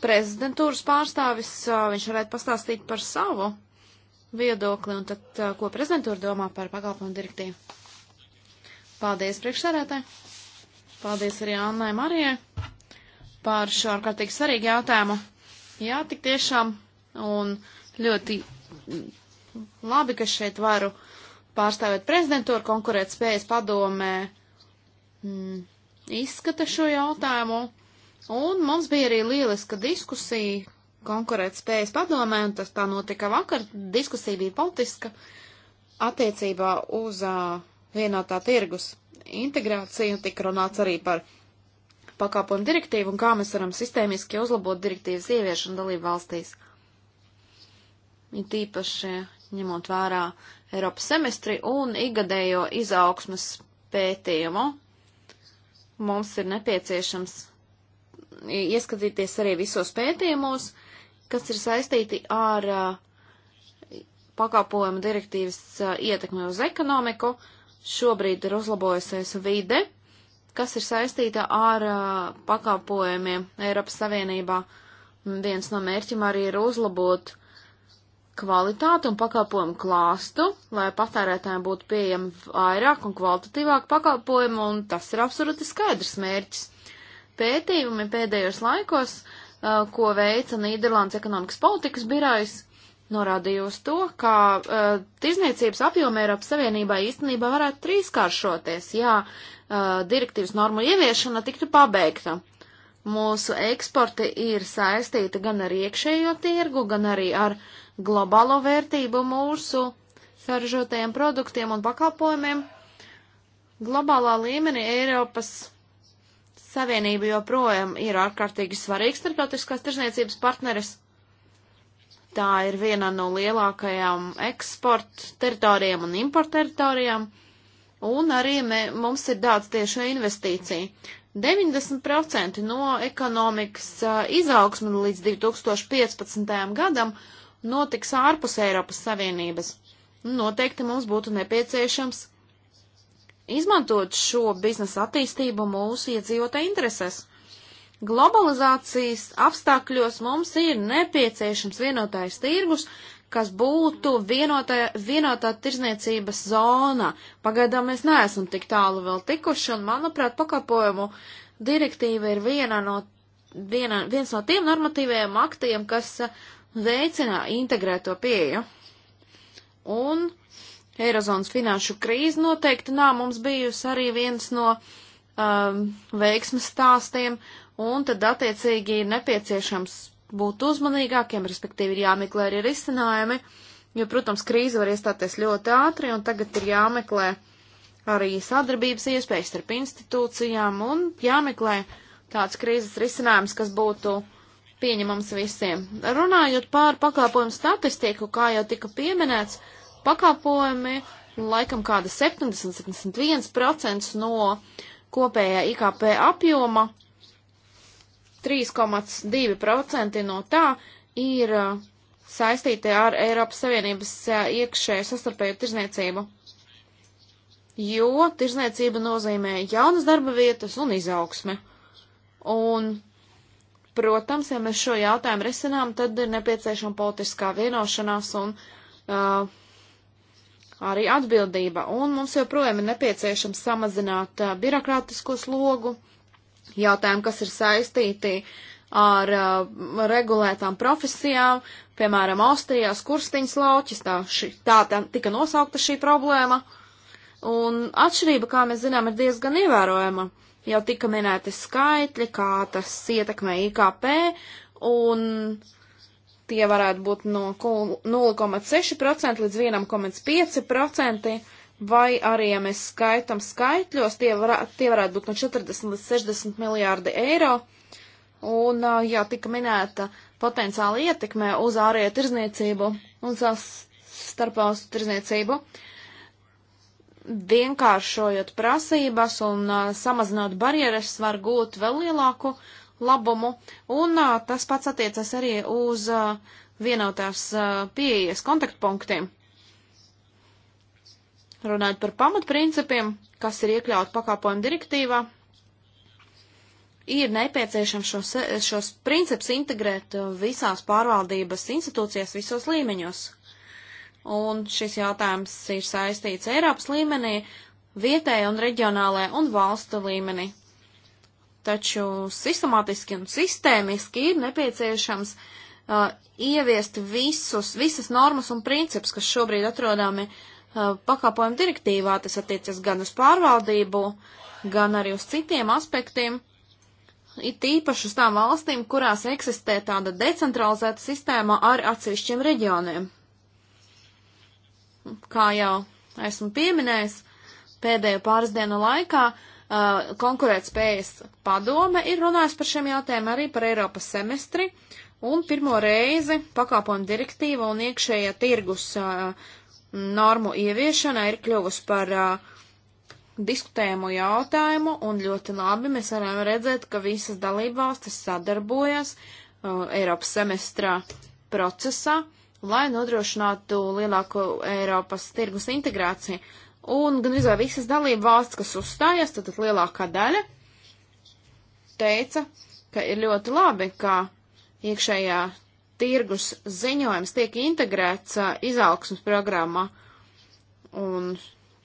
prezidentūras pārstāvis, viņš varētu pastāstīt par savu viedokli un tad, uh, ko prezidentūra domā par pakalpojumu direktīvu. Paldies priekšsēdētāji. Paldies arī Annai Marijai par šo ārkārtīgi svarīgu jautājumu. Jā, tik tiešām. Un ļoti labi, ka šeit varu pārstāvēt prezidentūru konkurēt spējas padomē. Mm, izskata šo jautājumu. Un mums bija arī lieliska diskusija konkurētspējas padomē, un tas tā notika vakar, diskusija bija politiska attiecībā uz uh, vienotā tirgus integrāciju, tika runāts arī par pakāpojumu direktīvu un kā mēs varam sistēmiski uzlabot direktīvas ieviešanu dalību valstīs. Ir tīpaši ņemot vērā Eiropas semestri un igadējo izaugsmas pētījumu. Mums ir nepieskatīt, nepieciešams ieskatīties arī visos pētījumos, uh, kas ir saistīti ar uh, pakalpojumu direktīvas uh, ietekmi uz ekonomiku. Šobrīd ir uzlabojusies vide, kas ir saistīta ar uh, pakalpojumiem Eiropas Savienībā. Viens no mērķiem arī ir uzlabot kvalitāti un pakalpojumu klāstu, lai patērētājiem būtu pieejami vairāk un kvalitatīvāk pakalpojumu, un tas ir absolūti skaidrs mērķis. Pētījumi pēdējos laikos uh, ko veica Nīderlandes ekonomikas politikas birājs, norādīja uz to, ka uh, tirzniecības apjoma Eiropas Savienībā īstenībā varētu trīskāršoties, ja uh, direktīvas normu ieviešana tiktu pabeigta. Mūsu eksporti ir saistīti gan ar iekšējo tirgu, gan arī ar globālo vērtību mūsu saražotajiem produktiem un pakalpojumiem. Globālā līmenī Eiropas Savienība joprojām ir ārkārtīgi svarīgs starptautiskās tirzniecības partneris. Tā ir viena no lielākajām eksporta teritorijām un importa teritorijām, un arī mē, mums ir daudz tiešo investīciju. 90% no ekonomikas izaugsmes līdz 2015. gadam notiks ārpus Eiropas Savienības. Noteikti mums būtu nepieciešams izmantot šo biznesa attīstību mūsu iedzīvotāju interesēs. Globalizācijas apstākļos mums ir nepieciešams vienotājs tirgus, kas būtu vienotā, vienotā tirzniecības zona. Pagaidām mēs neesam tik tālu vēl tikuši, un, manuprāt, pakalpojumu direktīva ir viena no, viena, viens no tiem normatīviem aktiem, kas veicina integrēto pieju. Un Eirozonas finanšu krīze noteikti nav mums bijusi arī viens no um, veiksmes stāstiem, un tad attiecīgi ir nepieciešams būt uzmanīgākiem, respektīvi ir jāmeklē arī risinājumi, jo, protams, krīze var iestāties ļoti ātri, un tagad ir jāmeklē arī sadarbības iespējas starp institūcijām un jāmeklē tāds krīzes risinājums, kas būtu pieņemams visiem. Runājot pār pakalpojumu statistiku, kā jau tika pieminēts, uh, pakāpojumi, laikam kāda 70-71% no kopējā IKP apjoma, 3,2% no tā ir uh, saistīti ar Eiropas Savienības uh, iekšēju sastarpēju tirzniecību. Jo tirzniecība nozīmē jaunas darba vietas un izaugsme. Un, protams, ja mēs šo jautājumu risinām, tad ir nepieciešama politiskā vienošanās un uh, arī atbildība, un mums joprojām ir nepieciešams samazināt uh, birokrātisko slogu, jautājumu, kas ir saistīti ar uh, regulētām profesijām, piemēram, Austrijā skurstiņas lauķis, tā, ši, tā, tā tika nosaukta šī problēma, un atšķirība, kā mēs zinām, ir diezgan ievērojama. Jau tika minēti skaitļi, kā tas ietekmē IKP, un uh, Tie varētu būt no 0,6% līdz 1,5% vai arī, ja mēs skaitam skaitļos, tie, var, tie varētu būt no 40 līdz 60 miljārdi eiro. Un jā, tika minēta potenciāla ietekme uz ārēju tirzniecību un starpvalstu tirzniecību. Vienkāršojot prasības un uh, samazinot barjeras, var gūt vēl lielāku uh, labumu, un tas pats attiecas arī uz vienotās pieejas kontaktpunktiem. Runājot par pamatprincipiem, kas ir iekļauti pakāpojumu direktīvā, ir nepieciešams šos, šos principus integrēt visās pārvaldības institūcijās, visos līmeņos. Un šis jautājums ir saistīts Eiropas līmenī, vietējā un reģionālajā un valstu līmenī taču sistemātiski un sistēmiski ir nepieciešams uh, ieviest visus, visas normas un principus, kas šobrīd atrodami uh, pakāpojumu direktīvā. Tas attiecas gan uz pārvaldību, gan arī uz citiem aspektiem. It īpaši uz tām valstīm, kurās eksistē tāda decentralizēta sistēma ar atsevišķiem reģioniem. Kā jau esmu pieminējis, pēdējo pāris dienu laikā uh, uh, konkurētspējas padome ir runājusi par šiem jautājumiem arī par Eiropas semestri, un pirmo reizi pakāpojumu direktīva un iekšējā tirgus uh, normu ieviešana ir kļuvusi par uh, diskutējumu jautājumu, un ļoti labi mēs varam redzēt, ka visas dalībvalstis sadarbojas uh, Eiropas semestrā procesā, lai nodrošinātu lielāku Eiropas tirgus integrāciju un gan arī visas dalību valsts, kas uzstājas, tad lielākā daļa teica, ka ir ļoti labi, ka iekšējā tirgus ziņojums tiek integrēts uh, izaugsmas programmā. Un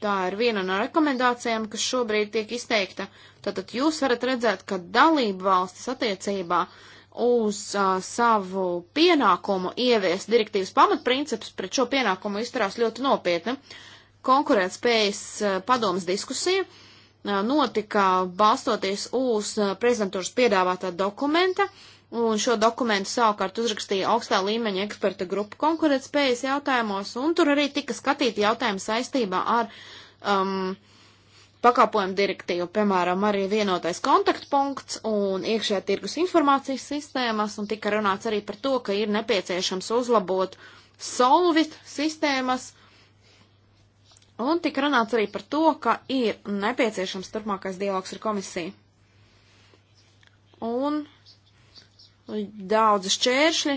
tā ir viena no rekomendācijām, kas šobrīd tiek izteikta. Tātad jūs varat redzēt, ka dalību valstis attiecībā uz uh, savu pienākumu ieviest direktīvas pamatprincips pret šo pienākumu izturās ļoti nopietni. Uh, konkurētspējas eh, padomas diskusija eh, notika balstoties uz eh, prezidentūras piedāvātā dokumenta, un šo dokumentu savukārt uzrakstīja augstā līmeņa eksperta grupa konkurētspējas jautājumos, un tur arī tika skatīti jautājumi saistībā ar um, pakalpojumu direktīvu, piemēram, arī vienotais kontaktpunkts un iekšējā tirgus informācijas sistēmas, un tika runāts arī par to, ka ir nepieciešams uzlabot solvit sistēmas, uh, Un tika runāts arī par to, ka ir nepieciešams turpmākais dialogs ar komisiju. Un daudzi šķēršļi,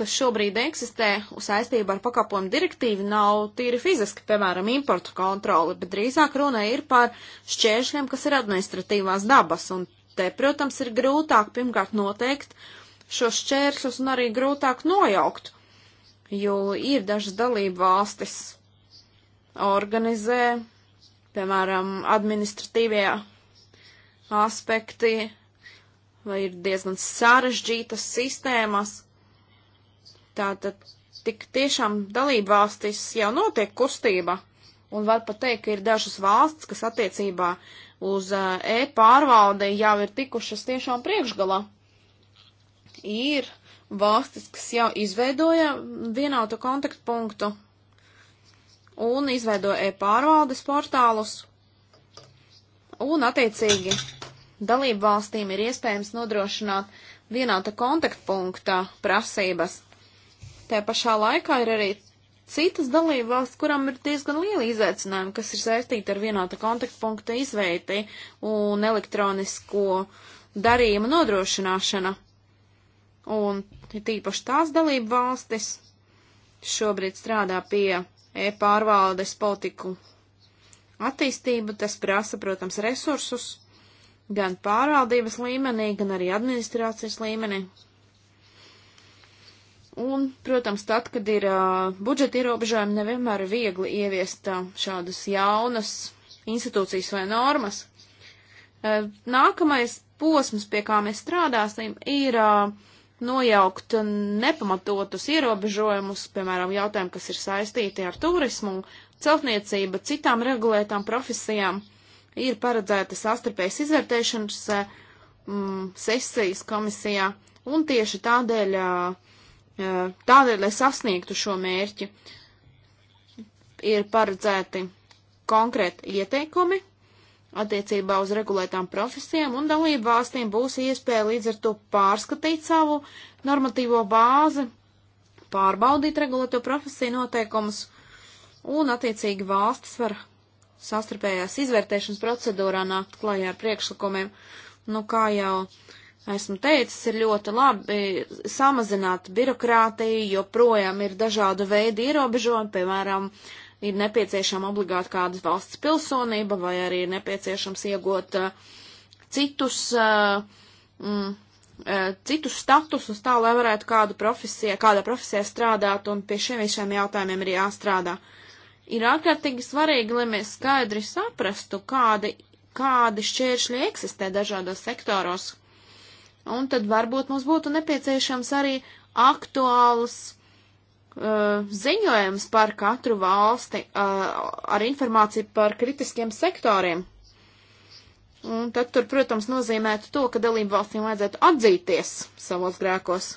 kas šobrīd eksistē saistībā ar pakalpojumu direktīvu, nav tīri fiziski, piemēram, importu kontroli, bet drīzāk runa ir par šķēršļiem, kas ir administratīvās dabas. Un te, protams, ir grūtāk pirmkārt noteikt šos šķēršļus un arī grūtāk nojaukt, jo ir dažas dalība valstis organizē, piemēram, administratīvie aspekti, vai ir diezgan sarežģītas sistēmas. Tātad tik tiešām dalību valstis jau notiek kustība, un var pat teikt, ka ir dažas valsts, kas attiecībā uz e-pārvaldi jau ir tikušas tiešām priekšgalā. Ir valstis, kas jau izveidoja vienautu kontaktpunktu un izveido e-pārvaldes portālus, un attiecīgi dalību valstīm ir iespējams nodrošināt vienāda kontaktpunkta prasības. Tā pašā laikā ir arī citas dalību valsts, kurām ir diezgan liela izaicinājuma, kas ir saistīta ar vienāda kontaktpunkta izveidi un elektronisko darījuma nodrošināšana. Un tīpaši tās dalību valstis šobrīd strādā pie e-pārvaldes politiku attīstību. Tas prasa, protams, resursus gan pārvaldības līmenī, gan arī administrācijas līmenī. Un, protams, tad, kad ir uh, budžeta ierobežojumi, nevienmēr ir viegli ieviest uh, šādas jaunas institūcijas vai normas. Uh, nākamais posms, pie kā mēs strādāsim, ir uh, nojaukt nepamatotus ierobežojumus, piemēram, jautājumu, kas ir saistīti ar turismu, celtniecību, citām regulētām profesijām. Ir paredzēta sastarpējas izvērtēšanas eh, mm, sesijas komisijā, un tieši tādēļ, eh, eh, tādēļ, lai sasniegtu šo mērķi, ir paredzēti konkrēti ieteikumi attiecībā uz regulētām profesijām, un dalību valstīm būs iespēja līdz ar to pārskatīt savu normatīvo bāzi, pārbaudīt regulēto profesiju noteikumus, un attiecīgi valstis var sastarpējās izvērtēšanas procedūrā nākt klajā ar priekšlikumiem. Nu, kā jau esmu teicis, ir ļoti labi samazināt birokrātiju, jo projām ir dažādu veidu ierobežojumi, piemēram, uh, ir nepieciešama obligāti kādas valsts pilsonība vai arī ir nepieciešams iegūt eh, citus, eh, mm, eh, citus statusus tā, lai varētu kādu profesiju, kādā profesijā strādāt un pie šiem visiem jautājumiem ir jāstrādā. Ir ārkārtīgi svarīgi, lai mēs skaidri saprastu, kādi, kādi šķēršļi eksistē dažādos sektoros. Un tad varbūt mums būtu nepieciešams arī aktuāls Uh, ziņojums par katru valsti uh, ar informāciju par kritiskiem sektoriem. Un tad tur, protams, nozīmētu to, ka dalību valstīm vajadzētu atzīties savos grēkos.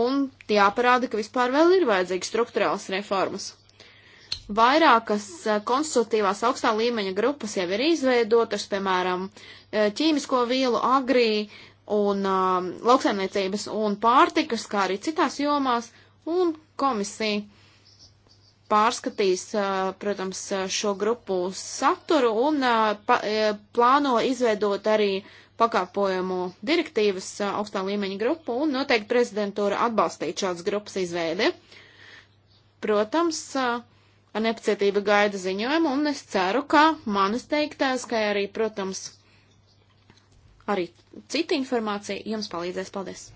Un jāparāda, ka vispār vēl ir vajadzīgas struktūrāls reformas. Vairākas uh, konsultatīvās augstā līmeņa grupas jau ir izveidotas, piemēram, ķīmisko vielu, agrī un um, lauksaimniecības un pārtikas, kā arī citās jomās, un komisija pārskatīs, protams, šo grupu saturu un pa, plāno izveidot arī pakāpojumu direktīvas augstā līmeņa grupu un noteikti prezidentūra atbalstīt šādas grupas izveidi. Protams, ar nepacietību gaida ziņojumu un es ceru, ka manas teiktās, ka arī, protams, arī cita informācija jums palīdzēs. Paldies!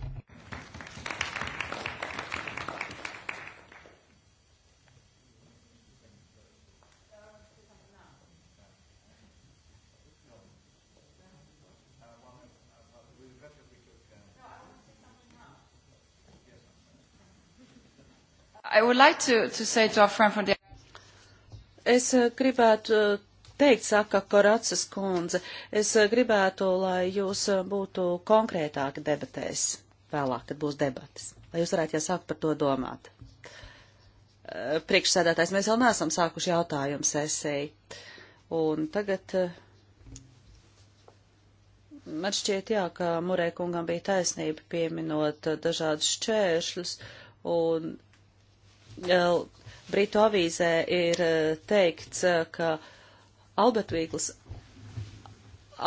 like to, to say to our friend from the... Es eh, gribētu eh, teikt, saka Koracas kundze, es eh, gribētu, lai jūs būtu konkrētāki debatēs vēlāk, kad būs debatas, lai jūs varētu jau sākt par to domāt. Priekšsēdētājs, mēs vēl neesam sākuši jautājumu sesiju. Un tagad man šķiet, jā, ka Murē kungam bija taisnība pieminot dažādus šķēršļus, un Britu avīzē ir eh, teikts, eh, ka Albert Vīgls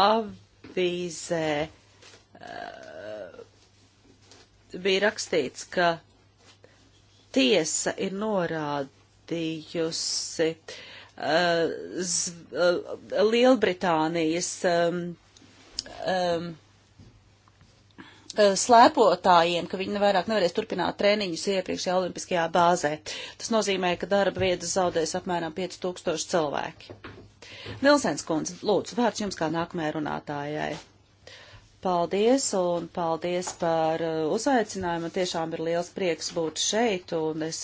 avīzē eh, bija rakstīts, ka tiesa ir norādījusi Lielbritānijas um, um, Eh, slēpotājiem, ka viņi vairāk nevarēs turpināt treniņus iepriekšējā olimpiskajā bāzē. Tas nozīmē, ka darba vietas zaudēs apmēram 5000 cilvēki. Nilsens kundze, lūdzu, vārds jums kā nākamajai runātājai. Paldies un paldies par eh, uzaicinājumu. Tiešām ir liels prieks būt šeit un es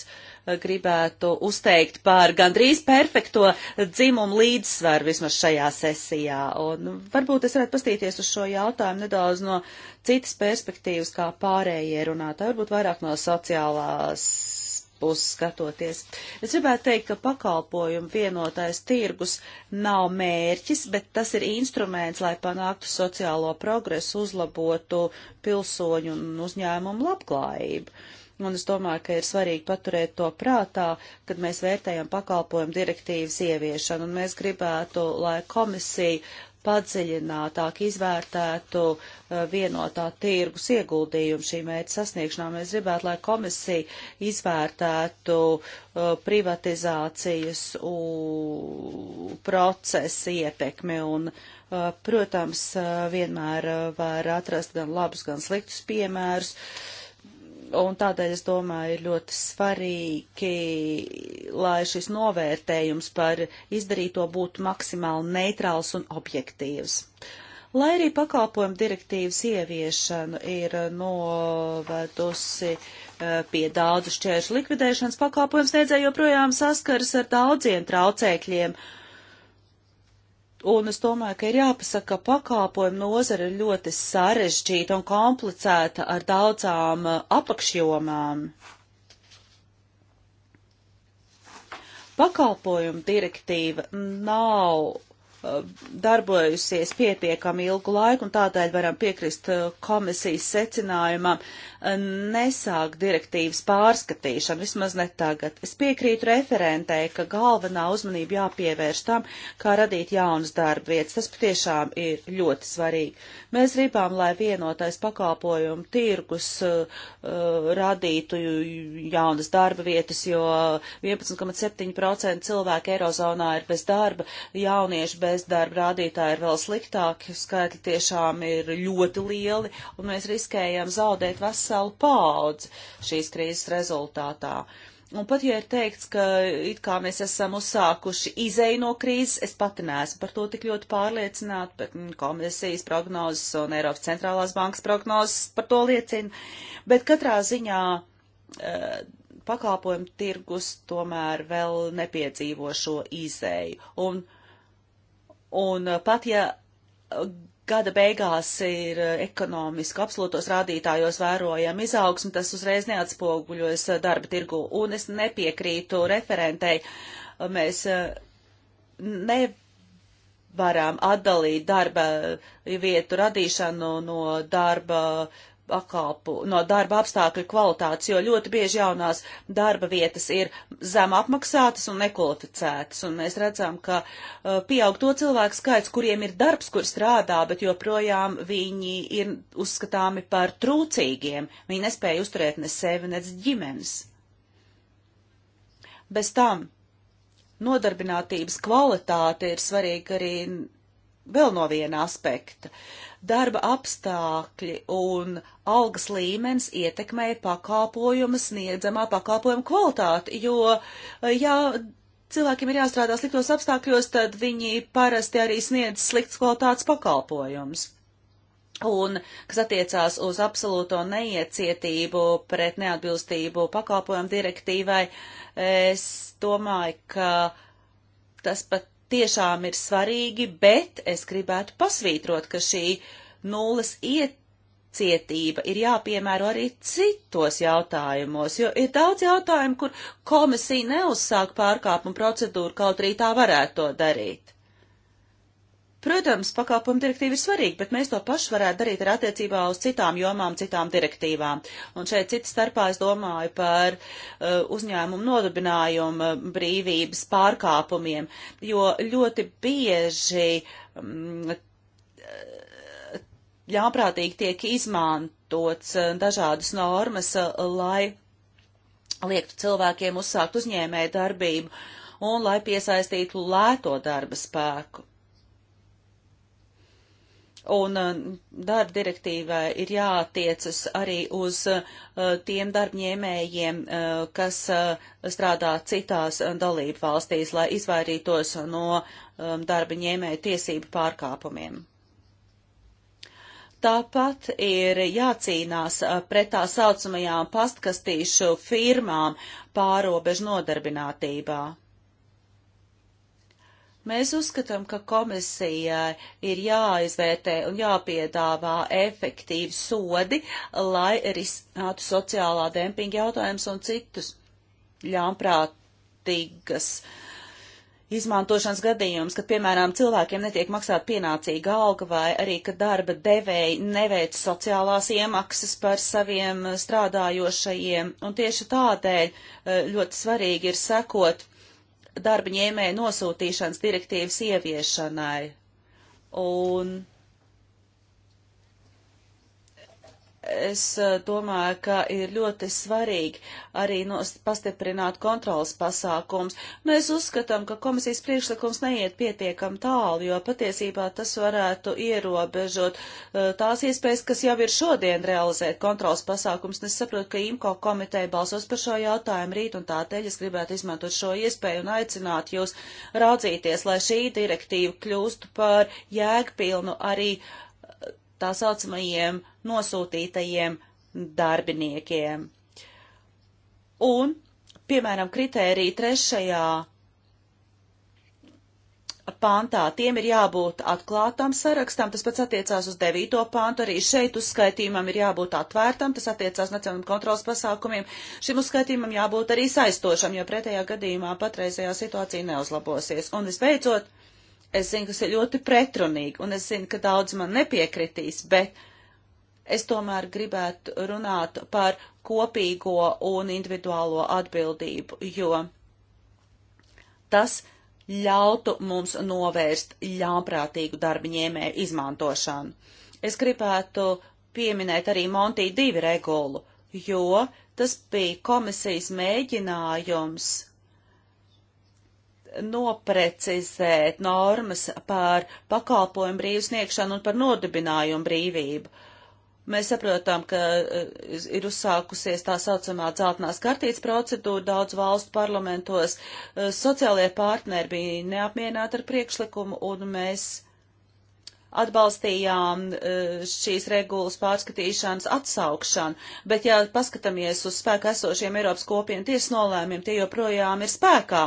gribētu uzteikt par gandrīz perfekto dzimumu līdzsvaru vismaz šajā sesijā. Un varbūt es varētu pastīties uz šo jautājumu nedaudz no citas perspektīvas, kā pārējie runātāji, varbūt vairāk no sociālās puses skatoties. Es gribētu teikt, ka pakalpojumu vienotais tirgus nav mērķis, bet tas ir instruments, lai panāktu sociālo progresu, uzlabotu pilsoņu un uzņēmumu labklājību un es domāju, ka ir svarīgi paturēt to prātā, kad mēs vērtējam pakalpojumu direktīvas ieviešanu, un mēs gribētu, lai komisija padziļinātāk izvērtētu eh, vienotā tirgus ieguldījumu šī mērķa sasniegšanā. Mēs gribētu, lai komisija izvērtētu eh, privatizācijas procesa ietekmi un, eh, protams, vienmēr var atrast gan labus, gan sliktus piemērus. Un tādēļ es domāju, ir ļoti svarīgi, lai šis novērtējums par izdarīto būtu maksimāli neitrāls un objektīvs. Lai arī pakalpojumu direktīvas ieviešana ir novedusi eh, pie daudzu šķēršu likvidēšanas, pakalpojums nedzēja joprojām saskaras ar daudziem traucēkļiem Un es domāju, ka ir jāpasaka, ka pakāpojuma nozara ir ļoti sarežģīta un komplicēta ar daudzām uh, apakšjomām. Pakalpojuma direktīva nav uh, darbojusies pietiekami ilgu laiku, un tādēļ varam piekrist uh, komisijas secinājumam, nesāk direktīvas pārskatīšanu, vismaz ne tagad. Es piekrītu referentei, ka galvenā uzmanība jāpievērš tam, kā radīt jaunas darba vietas. Tas patiešām ir ļoti svarīgi. Mēs gribam, lai vienotais pakalpojumu tirgus uh, uh radītu jaunas darba vietas, jo 11,7% cilvēku Eirozonā ir bez darba, jauniešu bezdarba rādītāji ir vēl sliktāki, skaitļi tiešām ir ļoti lieli, un mēs riskējam zaudēt veselu veselu paudzi šīs krīzes rezultātā. Un pat ja ir teikts, ka it kā mēs esam uzsākuši izēju no krīzes, es pati neesmu par to tik ļoti pārliecināta, bet mm, komisijas prognozes un Eiropas centrālās bankas prognozes par to liecina. Bet katrā ziņā e, pakalpojumu tirgus tomēr vēl nepiedzīvo šo izēju. Un, un pat ja gada beigās ir eh, ekonomiski absolūtos rādītājos vērojama izaugsme, tas uzreiz neatspoguļojas eh, darba tirgu, un es nepiekrītu referentei. Mēs eh, nevaram atdalīt darba vietu radīšanu no darba uh, pakalpu, no darba apstākļu kvalitātes, jo ļoti bieži jaunās darba vietas ir zem apmaksātas un nekvalificētas, un mēs redzam, ka uh, pieaug to cilvēku skaits, kuriem ir darbs, kur strādā, bet joprojām viņi ir uzskatāmi par trūcīgiem, viņi nespēja uzturēt ne sevi, ne ģimenes. Bez tam nodarbinātības kvalitāte ir svarīga arī vēl no viena aspekta. Darba apstākļi un algas līmenis ietekmē pakalpojuma sniedzamā pakalpojuma kvalitāti, jo, ja cilvēkiem ir jāstrādā sliktos apstākļos, tad viņi parasti arī sniedz slikts kvalitātes pakalpojums. Un, kas attiecās uz absolūto neiecietību pret neatbilstību pakalpojumu direktīvai, es domāju, ka tas pat tiešām ir svarīgi, bet es gribētu pasvītrot, ka šī nulles iecietība ir jāpiemēro arī citos jautājumos, jo ir daudz jautājumu, kur komisija neuzsāk pārkāpumu procedūru, kaut arī tā varētu to darīt. Protams, pakalpojumu direktīva ir svarīga, bet mēs to pašu varētu darīt ar attiecībā uz citām jomām, citām direktīvām. Un šeit citas starpā es domāju par uh, uzņēmumu nodarbinājumu uh, brīvības pārkāpumiem, jo ļoti bieži um, mm, uh, ļāprātīgi tiek izmantots uh, dažādas normas, lai liektu cilvēkiem uzsākt uzņēmē darbību un lai piesaistītu lēto darba spēku. Un uh, darba direktīvā ir jātiecas arī uz uh, tiem darbņēmējiem, uh, kas strādā citās dalību valstīs, lai izvairītos no um, darba ņēmēju tiesību pārkāpumiem. Tāpat ir jācīnās pret tā saucamajām pastkastīšu firmām pārobežu nodarbinātībā. Mēs uzskatām, ka komisijai ir jāizvērtē un jāpiedāvā efektīvi sodi, lai risinātu sociālā dempinga jautājumus un citus ļaunprātīgas izmantošanas gadījumus, kad, piemēram, cilvēkiem netiek maksāt pienācīga alga vai arī, ka darba devēji neveic sociālās iemaksas par saviem strādājošajiem. Un tieši tādēļ eh, ļoti svarīgi ir sekot darba ņēmēja nosūtīšanas direktīvas ieviešanai. Un es eh, domāju, ka ir ļoti svarīgi arī nost, pastiprināt kontrolas pasākums. Mēs uzskatām, ka komisijas priekšlikums neiet pietiekam tālu, jo patiesībā tas varētu ierobežot eh, tās iespējas, kas jau ir šodien realizēt kontrolas pasākums. Es saprotu, ka IMKO komiteja balsos par šo jautājumu rīt, un tādēļ es gribētu izmantot šo iespēju un aicināt jūs raudzīties, lai šī direktīva kļūstu par jēgpilnu arī eh, tā saucamajiem nosūtītajiem darbiniekiem. Un, piemēram, kritērija trešajā pāntā tiem ir jābūt atklātām sarakstam, tas pats attiecās uz devīto pāntu, arī šeit uzskaitījumam ir jābūt atvērtam, tas attiecās nacionālajiem kontrolas pasākumiem, šim uzskaitījumam jābūt arī saistošam, jo pretējā gadījumā patreizējā situācija neuzlabosies. Un visbeidzot, es zinu, kas ir ļoti pretrunīgi, un es zinu, ka daudz man nepiekritīs, bet es tomēr gribētu runāt par kopīgo un individuālo atbildību, jo tas ļautu mums novērst ļāprātīgu darba ņēmēju izmantošanu. Es gribētu pieminēt arī Monti 2 regulu, jo tas bija komisijas mēģinājums noprecizēt normas par pakalpojumu brīvu sniegšanu un par nodibinājumu brīvību. Mēs saprotam, ka eh, ir uzsākusies tā saucamā dzeltenās kartītes procedūra daudz valstu parlamentos. Eh, Sociālajie partneri bija neapmierināti ar priekšlikumu, un mēs atbalstījām eh, šīs regulas pārskatīšanas atsaukšanu, bet ja paskatāmies uz spēku esošiem Eiropas kopienu tiesas nolēmiem, tie joprojām ir spēkā,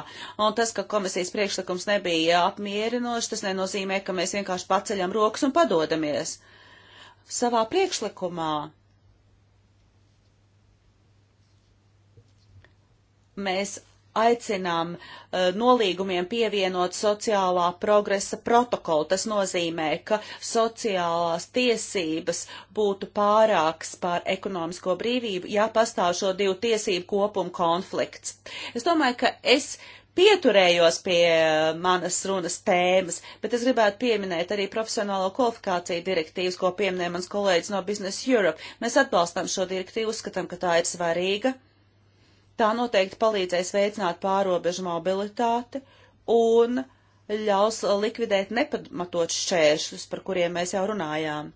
un tas, ka komisijas priekšlikums nebija apmierinošs, tas nenozīmē, ka mēs vienkārši paceļam rokas un padodamies. Uh, savā priekšlikumā. Mēs aicinām uh, nolīgumiem pievienot sociālā progresa protokolu. Tas nozīmē, ka sociālās tiesības būtu pārāks pār ekonomisko brīvību, ja pastāv šo divu tiesību kopumu konflikts. Es domāju, ka es uh, pieturējos pie eh, manas runas tēmas, bet es gribētu pieminēt arī profesionālo kvalifikāciju direktīvas, ko pieminēja mans kolēģis no Business Europe. Mēs atbalstam šo direktīvu, uzskatām, ka tā ir svarīga. Tā noteikti palīdzēs veicināt pārobežu mobilitāti un ļaus likvidēt nepamatot šķēršļus, par kuriem mēs jau runājām.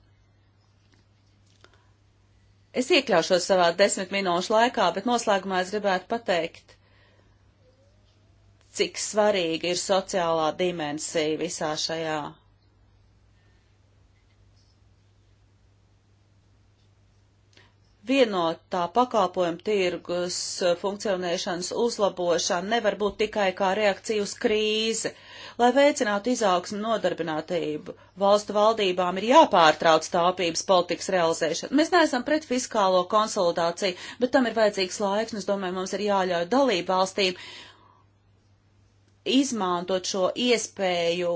Es iekļaušos savā desmit minūšu laikā, bet noslēgumā es gribētu pateikt, cik svarīga ir sociālā dimensija visā šajā. Vienotā pakalpojuma tirgus funkcionēšanas uzlabošana nevar būt tikai kā reakcija uz krīzi. Lai veicinātu izaugsmu nodarbinātību, valstu valdībām ir jāpārtrauc tāpības politikas realizēšana. Mēs neesam pret fiskālo konsolidāciju, bet tam ir vajadzīgs laiks, un es domāju, mums ir jāļauj dalību valstīm izmantot šo iespēju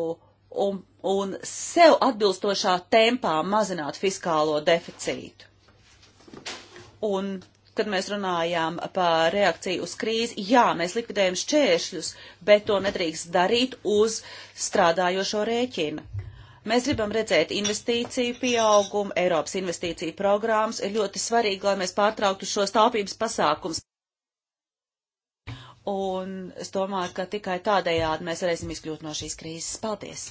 un, un sev atbilstošā tempā mazināt fiskālo deficītu. Un, kad mēs runājām par reakciju uz krīzi, jā, mēs likvidējam šķēršļus, bet to nedrīkst darīt uz strādājošo rēķina. Mēs gribam redzēt investīciju pieaugumu, Eiropas investīciju programmas ir ļoti svarīgi, lai mēs pārtrauktu šos taupības pasākums. Un es domāju, ka tikai tādējādi mēs varēsim izkļūt no šīs krīzes. Paldies!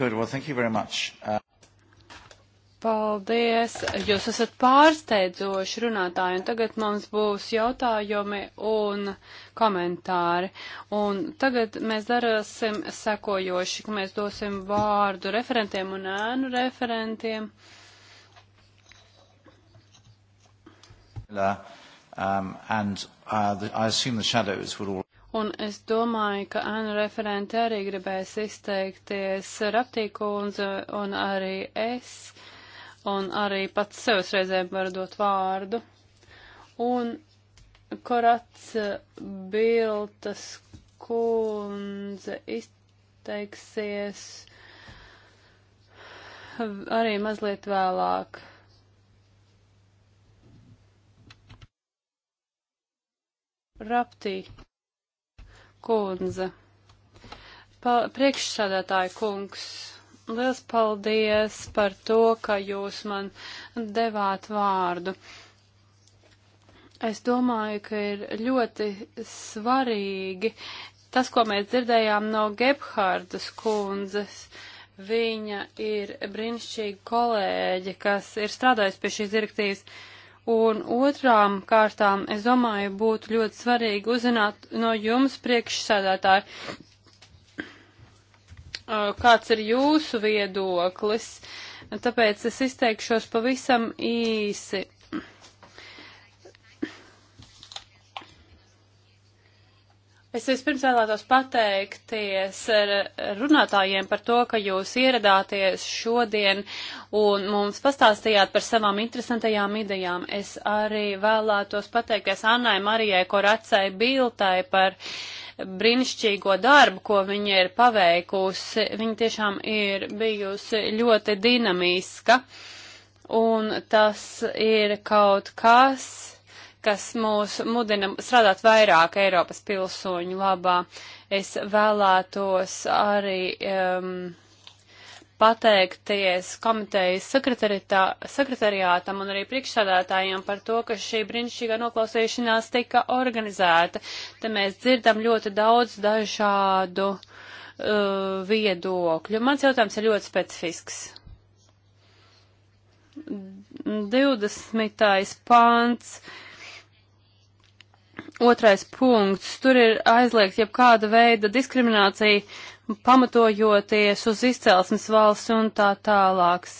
Good. Well, thank you very much. Uh... Paldies! Jūs esat pārsteidzoši runātāji, un tagad mums būs jautājumi un komentāri. Un tagad mēs darāsim sekojoši, ka mēs dosim vārdu referentiem un ēnu referentiem. Uh, Um, uh, un es domāju, ka Anna referente arī gribēs izteikties Raptīkūndze un arī es, un arī pats sevis reizēm var dot vārdu. Un Korats Biltas kundze izteiksies arī mazliet vēlāk. Raptī kundze. Pa, priekšsādātāja kungs. Liels paldies par to, ka jūs man devāt vārdu. Es domāju, ka ir ļoti svarīgi tas, ko mēs dzirdējām no Gebhārdas kundzes. Viņa ir brīnišķīga kolēģe, kas ir strādājusi pie šīs direktīvas. Uh, Un otrām kārtām, es domāju, būtu ļoti svarīgi uzzināt no jums priekšsēdētāji, kāds ir jūsu viedoklis, tāpēc es izteikšos pavisam īsi. Es vispirms vēlētos pateikties runātājiem par to, ka jūs ieradāties šodien un mums pastāstījāt par savām interesantajām idejām. Es arī vēlētos pateikties Annai Marijai Koracai Biltai par brīnišķīgo darbu, ko viņa ir paveikusi. Viņa tiešām ir bijusi ļoti dinamiska un tas ir kaut kas kas mūs mudina strādāt vairāk Eiropas pilsoņu labā. Es vēlētos arī um, pateikties komitejas sekretariātam un arī priekšsādātājiem par to, ka šī brīnišķīgā noklausīšanās tika organizēta. Te mēs dzirdam ļoti daudz dažādu uh, viedokļu. Mans jautājums ir ļoti specifisks. 20. pāns Otrais punkts. Tur ir aizliegt jebkāda veida diskriminācija, pamatojoties uz izcelsmes valsts un tā tālāks.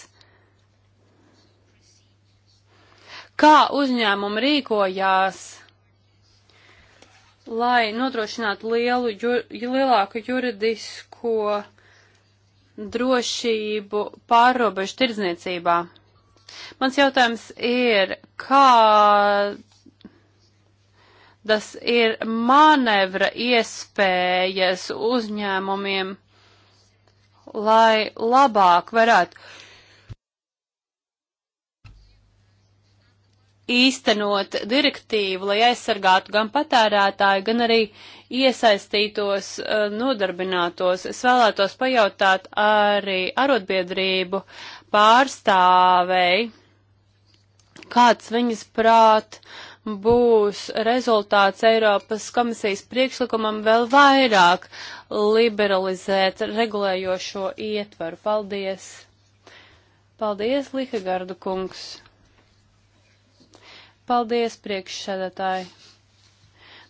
Kā uzņēmumi rīkojās, lai nodrošinātu lielu, ju, lielāku juridisko drošību pārrobežu tirdzniecībā? Mans jautājums ir, kā kādas ir manevra iespējas uzņēmumiem, lai labāk varētu īstenot direktīvu, lai aizsargātu gan patērētāju, gan arī iesaistītos eh, nodarbinātos. Es vēlētos pajautāt arī arotbiedrību pārstāvei, kāds viņas prāt uh, būs rezultāts Eiropas komisijas priekšlikumam vēl vairāk liberalizēt regulējošo ietvaru. Paldies! Paldies, Lihagardu kungs! Paldies, priekšsēdētāji!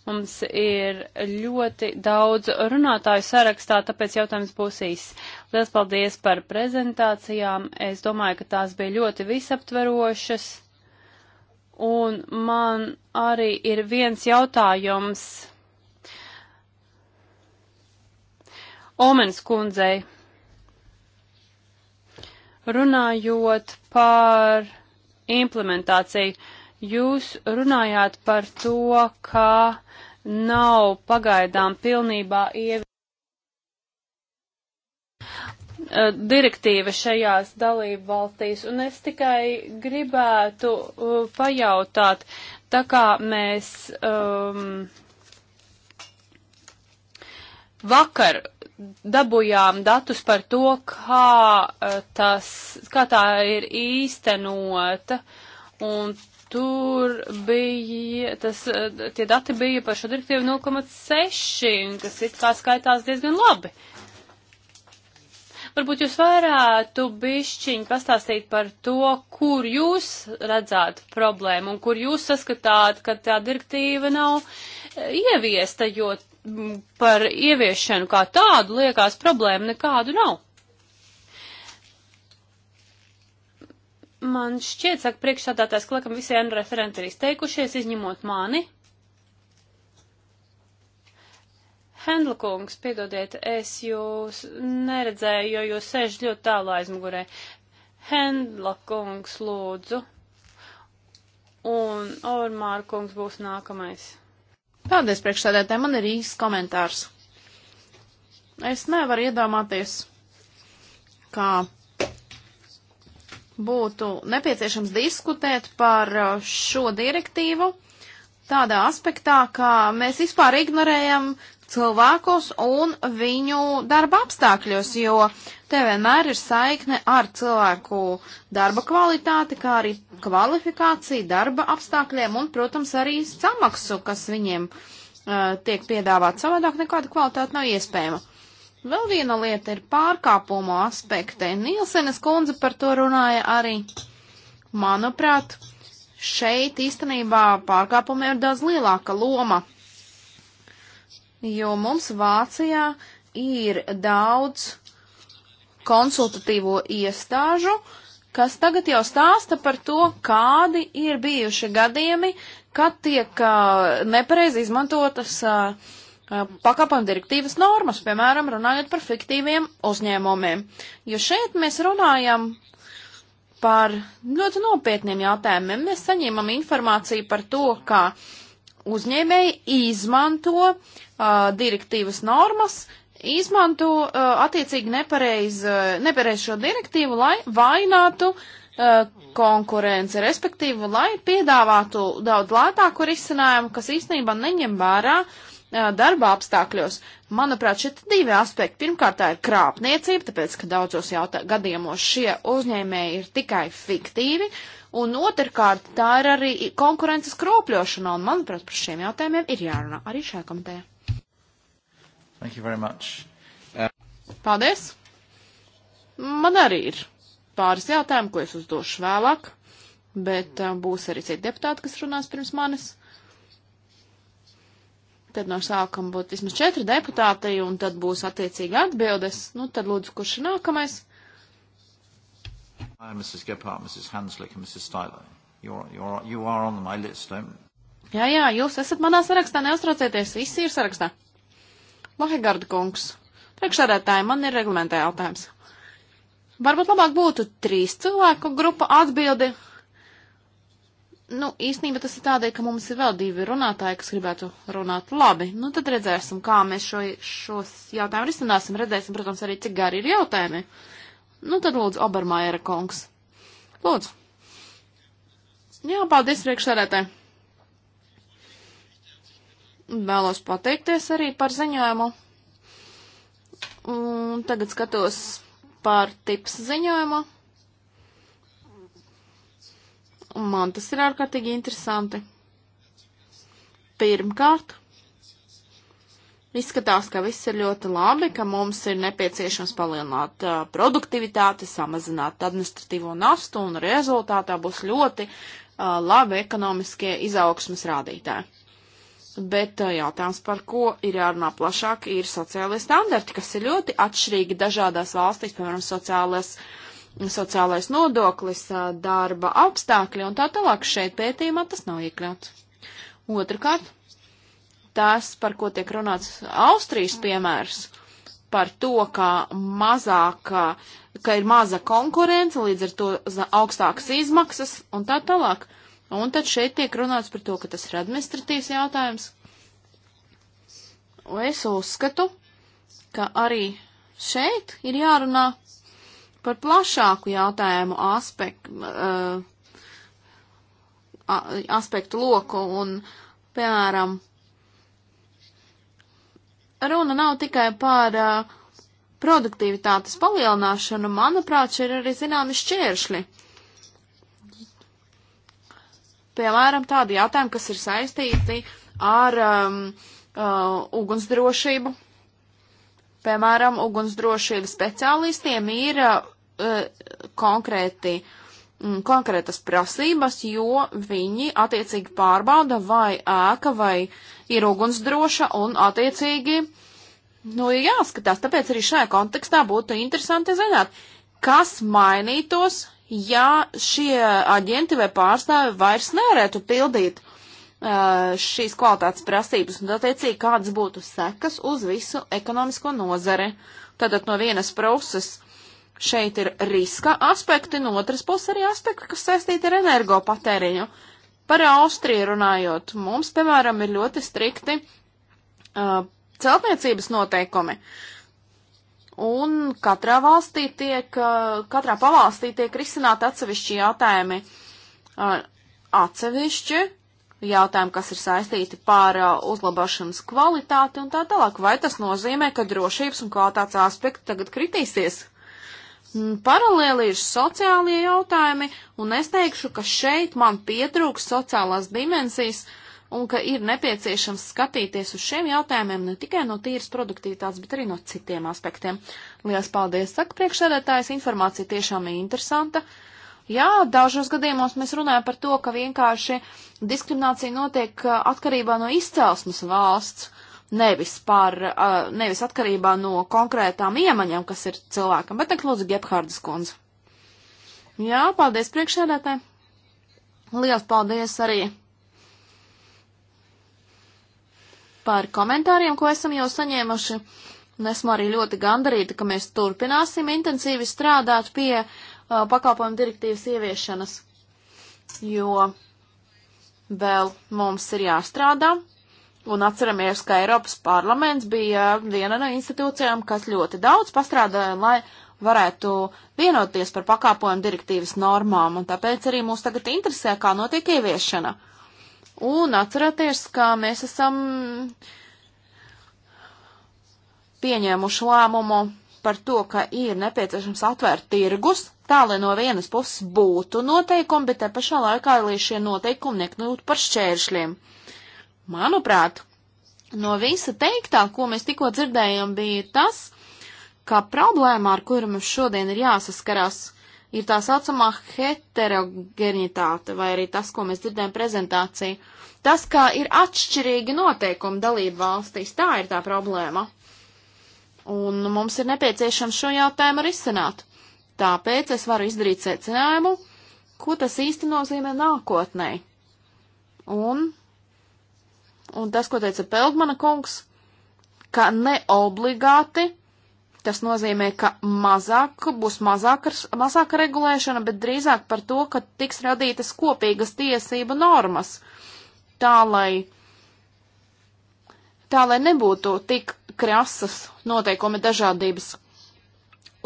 Mums ir ļoti daudz runātāju sarakstā, tāpēc jautājums būs īsts. Lielas paldies par prezentācijām. Es domāju, ka tās bija ļoti visaptverošas. Un man arī ir viens jautājums Omens kundzei. Runājot par implementāciju, jūs runājāt par to, ka nav pagaidām pilnībā ieviesta. Uh, direktīva šajās dalību valstīs, un es tikai gribētu uh, pajautāt, tā kā mēs um, vakar dabujām datus par to, kā, uh, tas, kā tā ir īstenota, un tur bija, tas, uh, tie dati bija par šo direktīvu 0,6, kas it kā skaitās diezgan labi. Uh, Varbūt jūs varētu bišķiņ pastāstīt par to, kur jūs redzāt problēmu un kur jūs saskatāt, ka tā direktīva nav e, ieviesta, jo par ieviešanu kā tādu liekas problēma nekādu nav. Man šķiet, saka priekšsādātājs, ka laikam visi N referenti ir izteikušies, izņemot mani. Hendla kungs, piedodiet, es jūs neredzēju, jo jūs sēž ļoti tālu aizmugurē. Hendla kungs, lūdzu. Un Ormāra kungs būs nākamais. Paldies, priekšsēdētāji, man ir īsts komentārs. Es nevaru iedomāties, kā būtu nepieciešams diskutēt par uh, šo direktīvu tādā aspektā, ka mēs vispār ignorējam cilvēkus un viņu darba apstākļus, jo te vienmēr ir saikne ar cilvēku darba kvalitāti, kā arī kvalifikāciju, darba apstākļiem un, protams, arī samaksu, kas viņiem uh, tiek piedāvāt. Savādāk nekāda kvalitāte nav iespējama. Vēl viena lieta ir pārkāpumu aspekti. Nielsenes kundze par to runāja arī. Manuprāt, šeit īstenībā pārkāpumiem ir daudz lielāka loma jo mums Vācijā ir daudz konsultatīvo iestāžu, kas tagad jau stāsta par to, kādi ir bijuši gadījumi, kad tiek uh, nepareizi izmantotas uh, pakāpojumu direktīvas normas, piemēram, runājot par fiktīviem uzņēmumiem. Jo šeit mēs runājam par ļoti nopietniem jautājumiem. Mēs saņemam informāciju par to, ka uh, uzņēmēji izmanto uh, direktīvas normas, izmanto uh, attiecīgi nepareiz, uh, nepareiz šo direktīvu, lai vainātu uh, konkurence, respektīvi, lai piedāvātu daudz lētāku risinājumu, kas īstenībā neņem vērā uh, darba apstākļos. Manuprāt, šie divi aspekti. Pirmkārt, tā ir krāpniecība, tāpēc, ka daudzos gadījumos šie uzņēmēji ir tikai fiktīvi. Uh, Un otrkārt, tā ir arī konkurences kropļošana, un, manuprāt, par šiem jautājumiem ir jārunā arī šajā komitejā. Thank you very much. Uh... Paldies! Man arī ir pāris jautājumu, ko es uzdošu vēlāk, bet uh, būs arī citi deputāti, kas runās pirms manis. Tad no sākuma būtu vismaz četri deputāti, un tad būs attiecīgi atbildes. Nu, tad lūdzu, kurš ir nākamais? Hi, Mrs. Gephardt, Mrs. Hanslick and Mrs. Styler. You're, you're, you are on my list, don't... Jā, jā, jūs esat manā sarakstā, neuztraucieties, visi ir sarakstā. Lahegarda kungs, priekšsēdētāji, man ir reglamentē jautājums. Varbūt labāk būtu trīs cilvēku grupa atbildi. Nu, īstenībā tas ir tādēļ, ka mums ir vēl divi runātāji, kas gribētu runāt labi. Nu, tad redzēsim, kā mēs šo, šos jautājumus risināsim. Redzēsim, protams, arī, cik gari ir jautājumi. Uh, Nu, tad lūdzu, Obermaiera kungs. Lūdzu. Jā, paldies priekšsarētē. Vēlos pateikties arī par ziņojumu. Un tagad skatos par tips ziņojumu. Un man tas ir ārkārtīgi interesanti. Pirmkārt, Izskatās, ka viss ir ļoti labi, ka mums ir nepieciešams palielināt uh, produktivitāti, samazināt administratīvo nastu un rezultātā būs ļoti uh, labi ekonomiskie izaugsmas rādītāji. Bet uh, jautājums, par ko ir jārunā plašāk, ir sociālie standarti, kas ir ļoti atšķirīgi dažādās valstīs, piemēram, sociālais, sociālais nodoklis, darba apstākļi un tā tālāk. Šeit pētījumā tas nav iekļauts. Otrakārt, tas, par ko tiek runāts Austrijas piemērs, par to, ka mazākā, ka ir maza konkurence, līdz ar to augstākas izmaksas un tā tālāk. Un tad šeit tiek runāts par to, ka tas ir administratīvs jautājums. Un es uzskatu, ka arī šeit ir jārunā par plašāku jautājumu aspektu, uh, eh, aspektu loku un, piemēram, runa nav tikai par uh, produktivitātes palielināšanu, manuprāt, šeit ir arī zināmi šķēršļi. Piemēram, tādi jautājumi, kas ir saistīti ar um, uh, ugunsdrošību. Piemēram, ugunsdrošības speciālistiem ir uh, konkrēti uh, Mm, konkrētas prasības, jo viņi attiecīgi pārbauda, vai ēka vai ir ugunsdroša un attiecīgi, nu, ir jāskatās. Tāpēc arī šajā kontekstā būtu interesanti zināt, kas mainītos, ja šie aģenti vai pārstāvi vairs nērētu pildīt uh, šīs kvalitātes prasības un, attiecīgi, kādas būtu sekas uz visu ekonomisko nozari. Tātad no vienas puses Šeit ir riska aspekti, no otras puses arī aspekti, kas saistīti ar energopatēriņu. Par Austriju runājot, mums, piemēram, ir ļoti strikti uh, celtniecības noteikumi. Un katrā valstī tiek, uh, katrā pavalstī tiek risināt atsevišķi jautājumi. Uh, atsevišķi jautājumi, kas ir saistīti par uh, uzlabošanas kvalitāti un tā tālāk. Vai tas nozīmē, ka drošības un kvalitātes aspekti tagad kritīsies? Mm, paralēli ir sociālie jautājumi, un es teikšu, ka šeit man pietrūks sociālās dimensijas, un ka ir nepieciešams skatīties uz šiem jautājumiem ne tikai no tīras produktivitātes, bet arī no citiem aspektiem. Lielas paldies, saka priekšsēdētājs, informācija tiešām ir interesanta. Jā, dažos gadījumos mēs runājam par to, ka vienkārši diskriminācija notiek uh, atkarībā no izcelsmes valsts nevis, par, uh, nevis atkarībā no konkrētām iemaņām, kas ir cilvēkam. Bet tagad lūdzu Gebhārdas kundze. Jā, paldies priekšsēdētē. Liels paldies arī par komentāriem, ko esam jau saņēmuši. Un esmu arī ļoti gandarīta, ka mēs turpināsim intensīvi strādāt pie uh, pakalpojumu direktīvas ieviešanas, jo vēl mums ir jāstrādā Un atceramies, ka Eiropas parlaments bija viena no institūcijām, kas ļoti daudz pastrādāja, lai varētu vienoties par pakāpojumu direktīvas normām, un tāpēc arī mūs tagad interesē, kā notiek ieviešana. Un atcerieties, ka mēs esam pieņēmuši lēmumu par to, ka ir nepieciešams atvērt tirgus, tā lai no vienas puses būtu noteikumi, bet te pašā laikā, lai šie noteikumi nekļūtu par šķēršļiem. Manuprāt, no visa teiktā, ko mēs tikko dzirdējām, bija tas, ka problēma, ar kuru mums šodien ir jāsaskarās, ir tā saucamā heterogenitāte, vai arī tas, ko mēs dzirdējam prezentācijā. Tas, kā ir atšķirīgi noteikumi dalību valstīs, tā ir tā problēma. Un mums ir nepieciešams šo jautājumu risināt. Tāpēc es varu izdarīt secinājumu, ko tas īsti nozīmē nākotnē. Un Un tas, ko teica Peldmana kungs, ka ne obligāti tas nozīmē, ka mazāk būs mazāka, mazāka regulēšana, bet drīzāk par to, ka tiks radītas kopīgas tiesība normas, tā lai, tā lai nebūtu tik krasas noteikumi dažādības.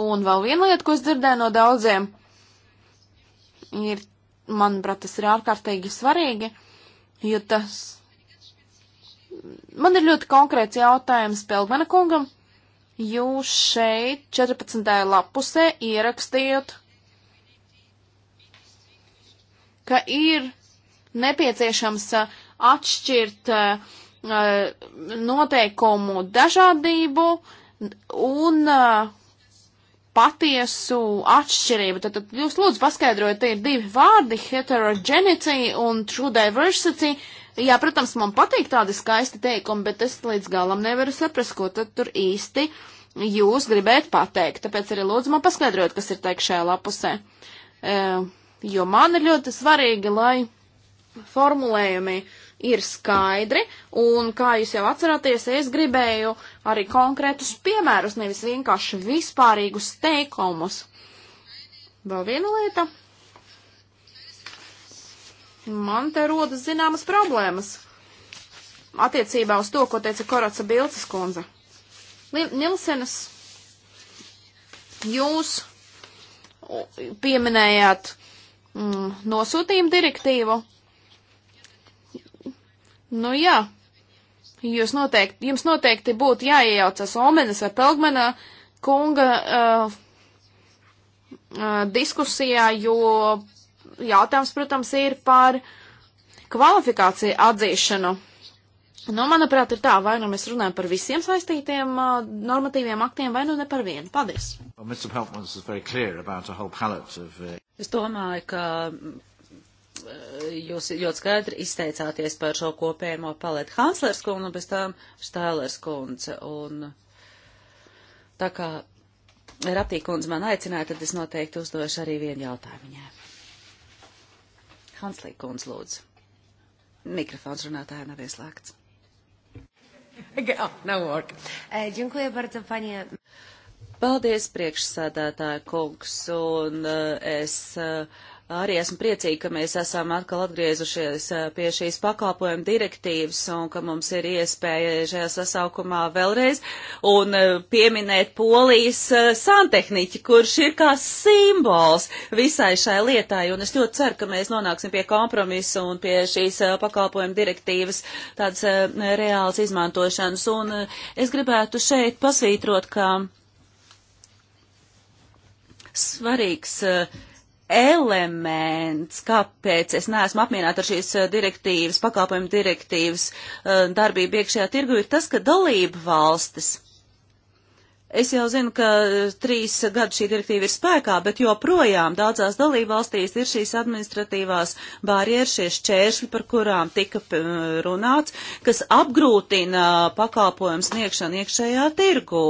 Un vēl viena lieta, ko es dzirdēju no daudziem, ir, manuprāt, tas ir ārkārtīgi svarīgi, jo tas Man ir ļoti konkrēts jautājums Pelgmana kungam. Jūs šeit 14. lapusē ierakstījat, ka ir nepieciešams uh, atšķirt uh, uh, noteikumu dažādību un patiesu atšķirību. Tad, tad jūs lūdzu paskaidrojiet, tie ir divi vārdi - heterogeneity un true diversity. Uh, Jā, protams, man patīk tādi skaisti teikumi, bet es līdz galam nevaru saprast, ko tad tur īsti jūs gribēt pateikt. Tāpēc arī lūdzu man paskaidrot, kas ir teikt šajā lapusē. E, jo man ir ļoti svarīgi, lai formulējumi ir skaidri, un kā jūs jau atceraties, es gribēju arī konkrētus piemērus, nevis vienkārši vispārīgus teikumus. Vēl viena lieta man te rodas zināmas problēmas attiecībā uz to, ko teica Koraca Bilces kundze. Nilsenas, jūs pieminējāt mm, nosūtījumu direktīvu. Nu jā, jūs noteikti, jums noteikti būtu jāiejaucas Omenes vai Pelgmena kunga uh, uh, diskusijā, jo jautājums, protams, ir par kvalifikāciju atzīšanu. Nu, manuprāt, ir tā, vai nu mēs runājam par visiem saistītiem uh, normatīviem aktiem, vai nu ne par vienu. Paldies! Well, uh, Es domāju, ka uh, jūs ļoti skaidri izteicāties par šo kopējumu paletu Hanslers kundu un bez tām Štēlers kundze. Un tā kā Raptīkundze man aicināja, tad es noteikti uzdošu arī vienu jautājumu viņai. Hanslīkums lūdzu. Mikrofons runātāja nav ieslēgts. Oh, nav work. Dziękuję bardzo, panie. Paldies, priekšsādātāja kungs, un es uh, Arī esmu priecīga, ka mēs esam atkal atgriezušies eh, pie šīs pakalpojuma direktīvas un ka mums ir iespēja šajā sasaukumā vēlreiz un eh, pieminēt polijas eh, santehniķi, kurš ir kā simbols visai šai lietai. Un es ļoti ceru, ka mēs nonāksim pie kompromisa un pie šīs pakalpojuma direktīvas tādas reāls izmantošanas. Un es gribētu šeit pasvītrot, ka svarīgs uh, elements, kāpēc es neesmu apmierināta ar šīs eh, direktīvas, pakalpojumu direktīvas eh, darbību iekšējā tirgu, ir tas, ka dalība valstis. Es jau zinu, ka eh, trīs gadu šī direktīva ir spēkā, bet joprojām daudzās dalībvalstīs ir šīs administratīvās barjeras, šie šķēršļi, par kurām tika runāts, kas apgrūtina pakalpojumu sniegšanu iekšējā tirgū.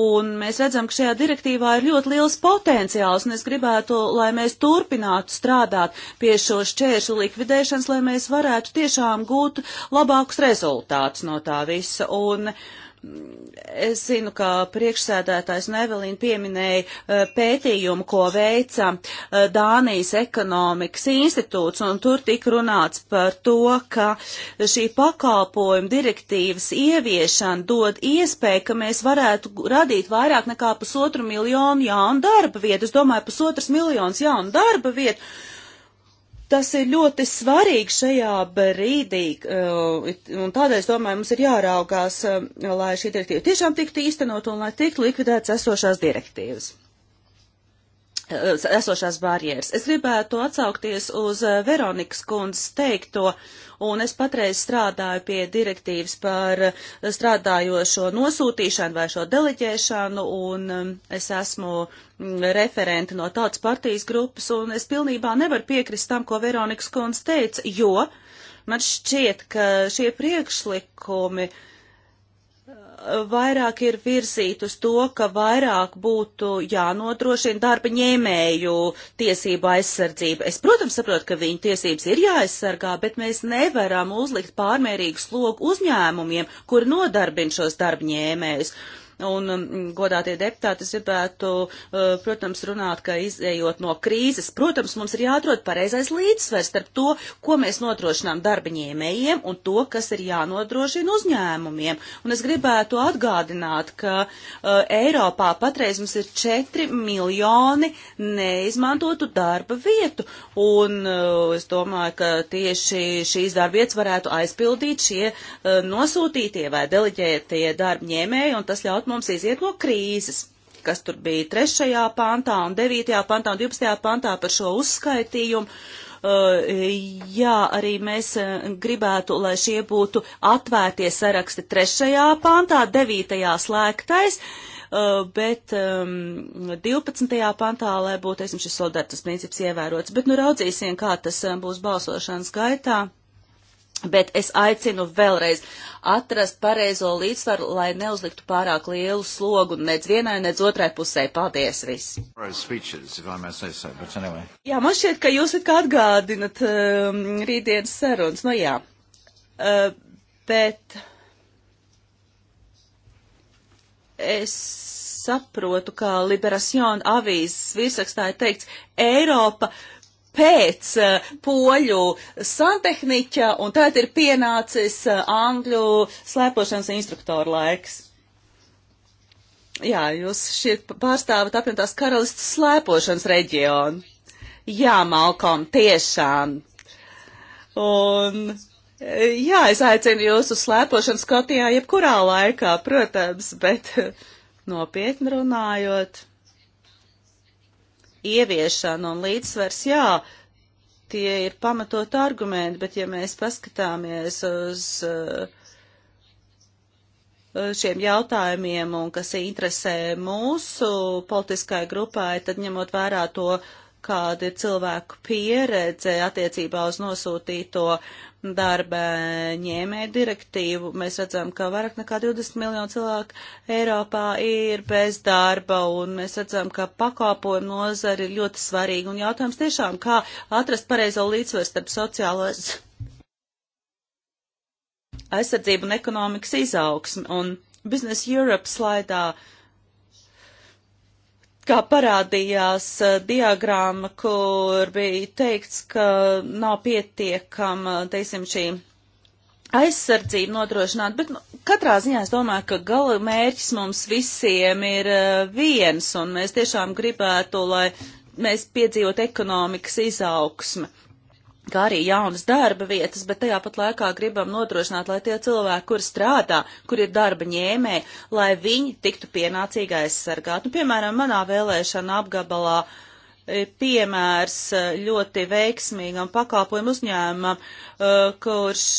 Un mēs redzam, ka šajā direktīvā ir ļoti liels potenciāls, un es gribētu, lai mēs turpinātu strādāt pie šo šķēršu likvidēšanas, lai mēs varētu tiešām gūt labākus rezultātus no tā visa. Un, uh, Es zinu, ka priekšsēdētājs Nevelīna pieminēja eh, pētījumu, ko veica eh, Dānijas ekonomikas institūts, un tur tika runāts par to, ka šī pakalpojuma direktīvas ieviešana dod iespēju, ka mēs varētu radīt vairāk nekā pusotru miljonu jaunu darba vietu. Es domāju, pusotras miljonas jaunu darba vietu. Tas ir ļoti svarīgi šajā brīdī, uh, un tādēļ, es domāju, mums ir jāraugās, uh, lai šī direktīva tiešām tiktu īstenot un lai tiktu likvidētas esošās direktīvas uh, esošās barjeras. Es gribētu atsaukties uz Veronikas kundzes teikto un es patreiz strādāju pie direktīvas par strādājošo nosūtīšanu vai šo deleģēšanu, un um, es esmu mm, referenti no tautas partijas grupas, un es pilnībā nevaru piekrist tam, ko Veronikas kundze teica, jo man šķiet, ka šie priekšlikumi uh, vairāk ir virzīt uz to, ka vairāk būtu jānodrošina darba ņēmēju tiesību aizsardzība. Es, protams, saprotu, ka viņu tiesības ir jāaizsargā, bet mēs nevaram uzlikt pārmērīgu slogu uzņēmumiem, kur nodarbina šos darba ņēmējus. Un, um, godātie deputāti, es gribētu, uh, protams, runāt, ka izējot no krīzes, protams, mums ir jāatrod pareizais līdzsvers starp to, ko mēs nodrošinām darbiņēmējiem un to, kas ir jānodrošina uzņēmumiem. Un es gribētu atgādināt, ka uh, Eiropā patreiz mums ir 4 miljoni neizmantotu darba vietu. Un uh, es domāju, ka tieši šīs darba vietas varētu aizpildīt šie uh, nosūtītie vai deleģētie darba ņēmēji, un tas ļaut mums iziet no krīzes kas tur bija 3. pantā un 9. pantā un 12. pantā par šo uzskaitījumu. Uh, jā, arī mēs uh, gribētu, lai šie būtu atvērtie saraksti 3. pantā, 9. slēgtais, uh, bet 12. Um, pantā, lai būtu, esmu šis solidaritātes princips ievērots. Bet nu raudzīsim, kā tas būs balsošanas gaitā. Bet es aicinu vēlreiz atrast pareizo līdzsvaru, lai neuzliktu pārāk lielu slogu nec vienai, nec otrai pusē. Paldies, viss! Anyway. Jā, man šķiet, ka jūs it kā atgādinat um, rītdienas sarunas, nu jā. Uh, bet es saprotu, kā Liberation avīzes virsrakstā ir teikts, Eiropa uh, pēc eh, poļu santehniķa, un tad ir pienācis eh, angļu slēpošanas instruktoru laiks. Jā, jūs šeit pārstāvat apvienotās karalistas slēpošanas reģionu. Jā, Malkom, tiešām. Un eh, jā, es aicinu jūs uz slēpošanu Skotijā jebkurā laikā, protams, bet nopietni runājot ieviešana un līdzsvars, jā, tie ir pamatot argumenti, bet ja mēs paskatāmies uz uh, šiem jautājumiem un kas interesē mūsu politiskai grupai, tad ņemot vērā to, kāda ir cilvēku pieredze attiecībā uz nosūtīto darba ņēmēja direktīvu, mēs redzam, ka vairāk nekā 20 miljonu cilvēku Eiropā ir bez darba, un mēs redzam, ka pakalpojumu nozara ir ļoti svarīga, un jautājums tiešām, kā atrast pareizo līdzsvaru starp sociālās aizsardzību un ekonomikas izaugsmi, un Business Europe slaidā uh, kā parādījās diagrāma, kur bija teikts, ka nav pietiekama, teiksim, šī aizsardzību nodrošināt, bet nu, katrā ziņā es domāju, ka gala mērķis mums visiem ir viens, un mēs tiešām gribētu, lai mēs piedzīvot ekonomikas izaugsmi kā arī jaunas darba vietas, bet tajā pat laikā gribam nodrošināt, lai tie cilvēki, kur strādā, kur ir darba ņēmē, lai viņi tiktu pienācīgi aizsargāti. Nu, piemēram, manā vēlēšana apgabalā e, piemērs e, ļoti veiksmīgam pakāpojumu uzņēmumam, e, kurš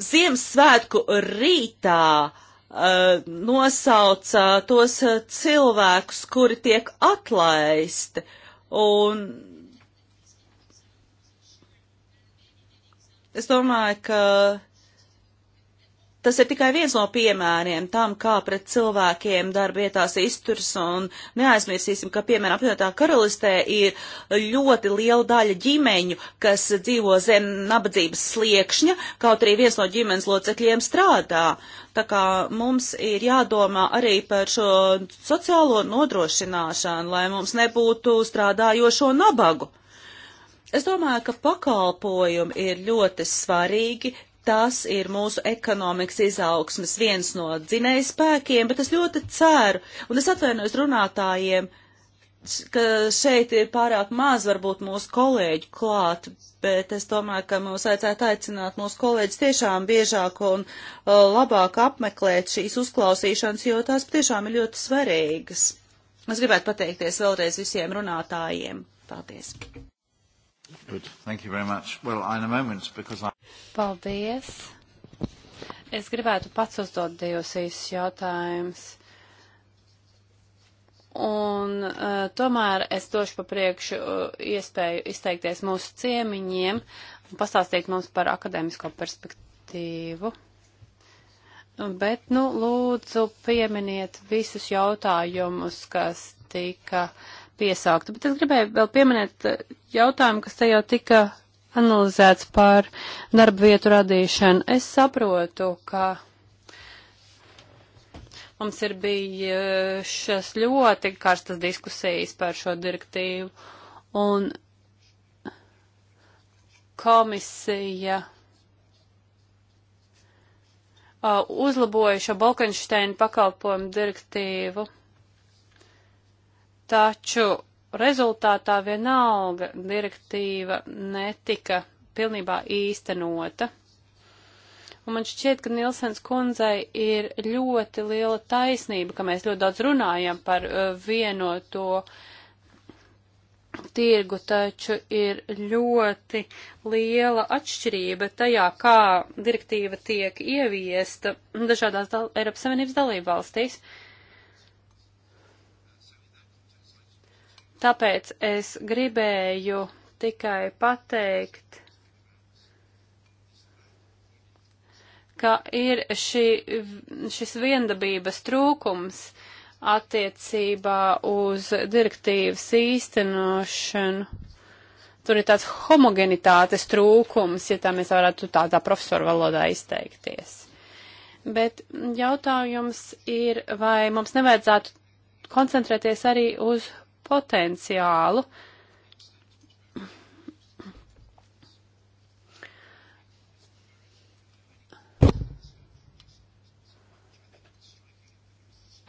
Ziemassvētku rītā uh, Uh, nosauca tos uh, cilvēkus, kuri tiek atlaisti. Un es domāju, ka Tas ir tikai viens no piemēriem tam, kā pret cilvēkiem darbietās izturs, un neaizmirsīsim, ka, piemēram, apvienotā karalistē ir ļoti liela daļa ģimeņu, kas dzīvo zem nabadzības sliekšņa, kaut arī viens no ģimenes locekļiem strādā. Tā kā mums ir jādomā arī par šo sociālo nodrošināšanu, lai mums nebūtu strādājošo nabagu. Es domāju, ka pakalpojumi ir ļoti svarīgi, tas ir mūsu ekonomikas izaugsmas viens no dzinējspēkiem, bet es ļoti ceru, un es atvainojos runātājiem, ka šeit ir pārāk maz varbūt mūsu kolēģu klāt, bet es domāju, ka mums vajadzētu aicināt mūsu kolēģis tiešām biežāk un uh, labāk apmeklēt šīs uzklausīšanas, jo tās tiešām ir ļoti svarīgas. Es gribētu pateikties vēlreiz visiem runātājiem. Paldies! Good. Thank you very much. Well, in a moment, because I... Paldies. Es gribētu pats uzdot divus īsus jautājumus. Un uh, tomēr es došu pa priekšu uh, iespēju izteikties mūsu ciemiņiem un pastāstīt mums par akadēmisko perspektīvu. Bet, nu, lūdzu, pieminiet visus jautājumus, kas tika uh, piesaukta. Bet es gribēju vēl pieminēt eh, jautājumu, kas te jau tika analizēts par darba vietu radīšanu. Es saprotu, ka mums ir bijušas ļoti karstas diskusijas par šo direktīvu, un komisija uh, uzlaboja šo Bolkensteina pakalpojumu direktīvu taču rezultātā vienalga direktīva netika pilnībā īstenota. Un man šķiet, ka Nilsens kundzei ir ļoti liela taisnība, ka mēs ļoti daudz runājam par uh, vienoto tirgu, taču ir ļoti liela atšķirība tajā, kā direktīva tiek ieviesta dažādās Eiropas Savienības dalībvalstīs. valstīs Tāpēc es gribēju tikai pateikt, ka ir šī, šis viendabības trūkums attiecībā uz direktīvas īstenošanu. Tur ir tāds homogenitātes trūkums, ja tā mēs varētu tādā profesoru valodā izteikties. Bet jautājums ir, vai mums nevajadzētu koncentrēties arī uz potenciālu.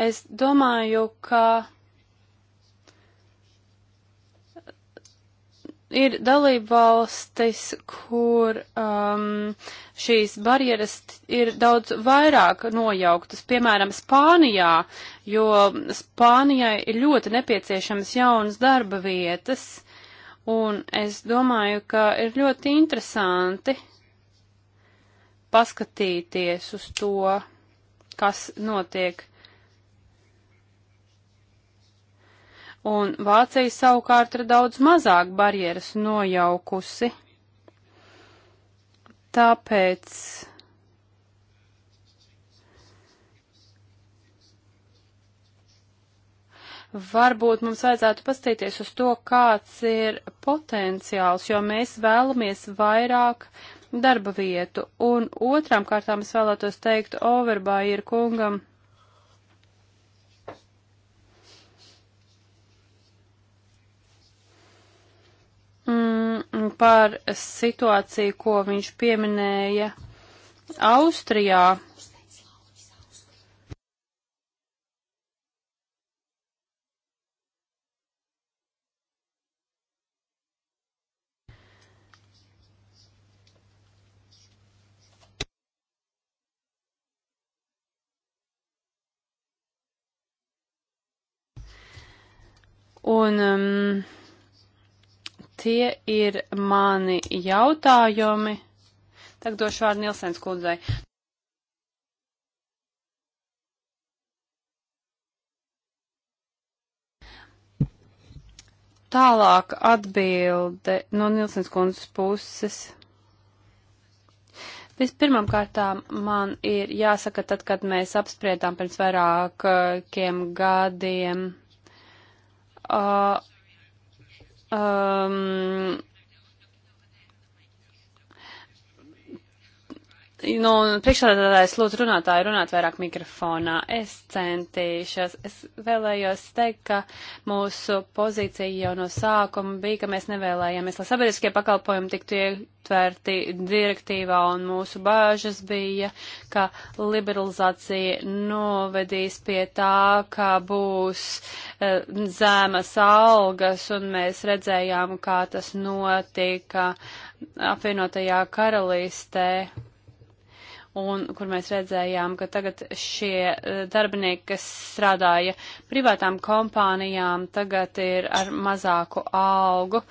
Es domāju, ka ir dalībvalstis, kur um, šīs barjeras ir daudz vairāk nojauktas, piemēram, Spānijā, jo Spānijai ir ļoti nepieciešamas jaunas darba vietas, un es domāju, ka ir ļoti interesanti paskatīties uz to, kas notiek un Vācija savukārt ir daudz mazāk barjeras nojaukusi. Tāpēc varbūt mums vajadzētu paskatīties uz to, kāds ir potenciāls, jo mēs vēlamies vairāk darba vietu. Un otrām kārtām es vēlētos teikt Overbāju ir kungam par situāciju, ko viņš pieminēja Austrijā. Un um, Tie ir mani jautājumi. Tagad došu vārdu Nilsens kundzei. Tālāk atbilde no Nilsens kundzes puses. Vispirmām kārtām man ir jāsaka, tad, kad mēs apspriedām pirms vairākiem gadiem uh, um, Nu, priekšsādātājs lūdzu runātāju runāt vairāk mikrofonā. Es centīšos. Es vēlējos teikt, ka mūsu pozīcija jau no sākuma bija, ka mēs nevēlējāmies, lai sabiedriskie pakalpojumi tiktu ietverti direktīvā, un mūsu bāžas bija, ka liberalizācija novedīs pie tā, ka būs e, zēmas algas, un mēs redzējām, kā tas notika apvienotajā karalistē un kur mēs redzējām, ka tagad šie eh, darbinieki, kas strādāja privātām kompānijām, tagad ir ar mazāku algu.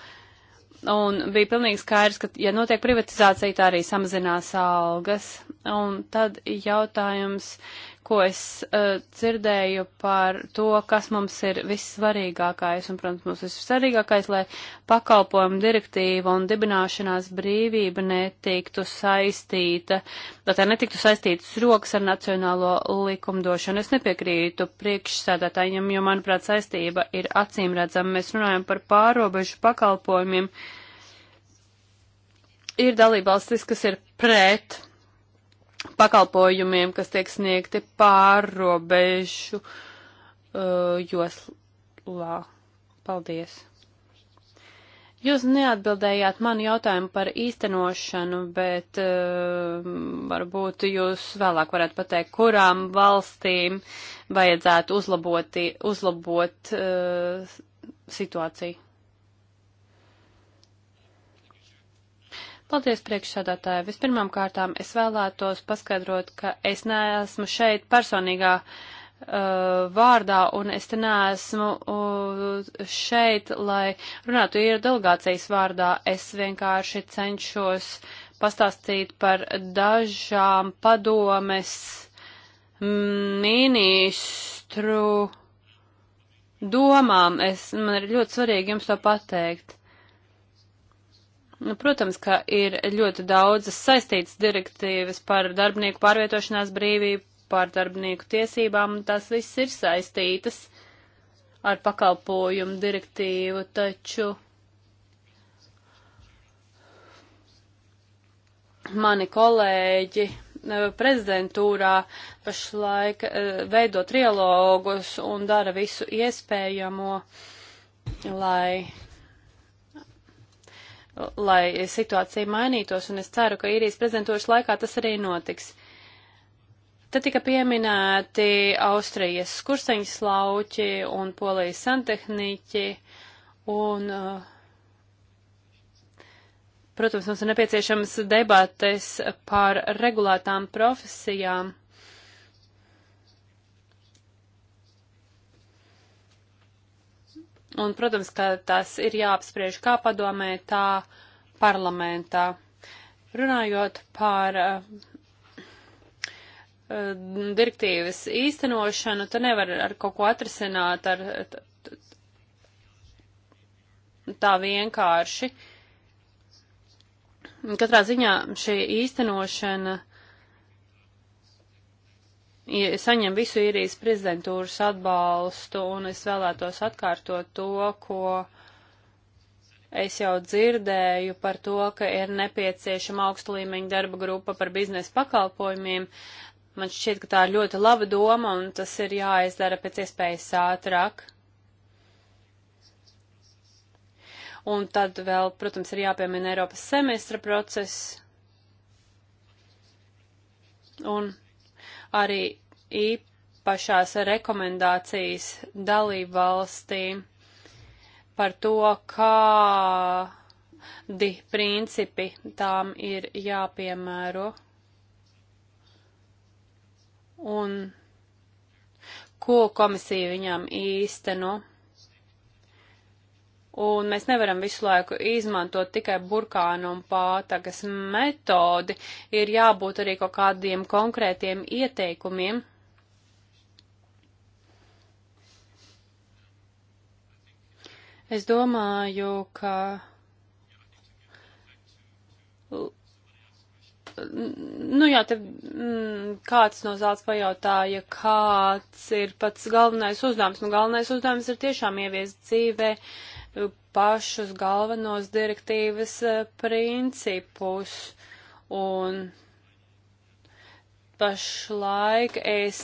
Un bija pilnīgi skaidrs, ka, ja notiek privatizācija, tā arī samazinās algas. Un tad jautājums, ko es uh, dzirdēju par to, kas mums ir vissvarīgākais, un, protams, mums vissvarīgākais, lai pakalpojumu direktīva un dibināšanās brīvība netiktu saistīta, lai tā netiktu saistītas rokas ar nacionālo likumdošanu. Es nepiekrītu priekšsēdētājiem, jo, manuprāt, saistība ir acīmredzama. Mēs runājam par pārobežu pakalpojumiem. Ir dalībvalstis, kas ir pret pakalpojumiem, kas tiek sniegti pārrobežu uh, joslā. Paldies! Jūs neatbildējāt manu jautājumu par īstenošanu, bet uh, varbūt jūs vēlāk varētu pateikt, kurām valstīm vajadzētu uzlaboti, uzlabot uh, situāciju. Paldies, priekšsādātāji. Vispirmām kārtām es vēlētos paskaidrot, ka es neesmu šeit personīgā uh, vārdā un es te neesmu uh, šeit, lai runātu ir delegācijas vārdā. Es vienkārši cenšos pastāstīt par dažām padomes mm, ministru domām. Es, man ir ļoti svarīgi jums to pateikt. Nu, protams, ka ir ļoti daudzas saistītas direktīvas par darbinieku pārvietošanās brīvību, par darbinieku tiesībām, tās viss ir saistītas ar pakalpojumu direktīvu, taču mani kolēģi e, prezidentūrā pašlaik e, veido trilogus un dara visu iespējamo, lai lai situācija mainītos, un es ceru, ka īrijas prezentošu laikā tas arī notiks. Tad tika pieminēti Austrijas skurseņas lauķi un Polijas santehniķi, un, uh, protams, mums ir nepieciešams debates par regulētām profesijām. Un, protams, ka tas ir jāapspriež kā padomē, tā parlamentā. Runājot par uh, direktīvas īstenošanu, te nevar ar kaut ko atrisināt ar, tā vienkārši. Katrā ziņā šī īstenošana saņem visu īrijas prezidentūras atbalstu, un es vēlētos atkārtot to, ko es jau dzirdēju par to, ka ir nepieciešama augsta līmeņa darba grupa par biznesa pakalpojumiem. Man šķiet, ka tā ir ļoti laba doma, un tas ir jāizdara pēc iespējas ātrāk. Un tad vēl, protams, ir jāpiemina Eiropas semestra process. Un arī īpašās rekomendācijas dalību valstīm par to, kādi principi tām ir jāpiemēro un ko komisija viņām īsteno. Un mēs nevaram visu laiku izmantot tikai burkānu un pātagas metodi, ir jābūt arī kaut kādiem konkrētiem ieteikumiem. Es domāju, ka nu jā, te mm, kāds no zāles pajautāja, kāds ir pats galvenais uzdevums. Nu, galvenais uzdevums ir tiešām ieviest dzīvē pašus galvenos direktīvas eh, principus. Un pašlaik es,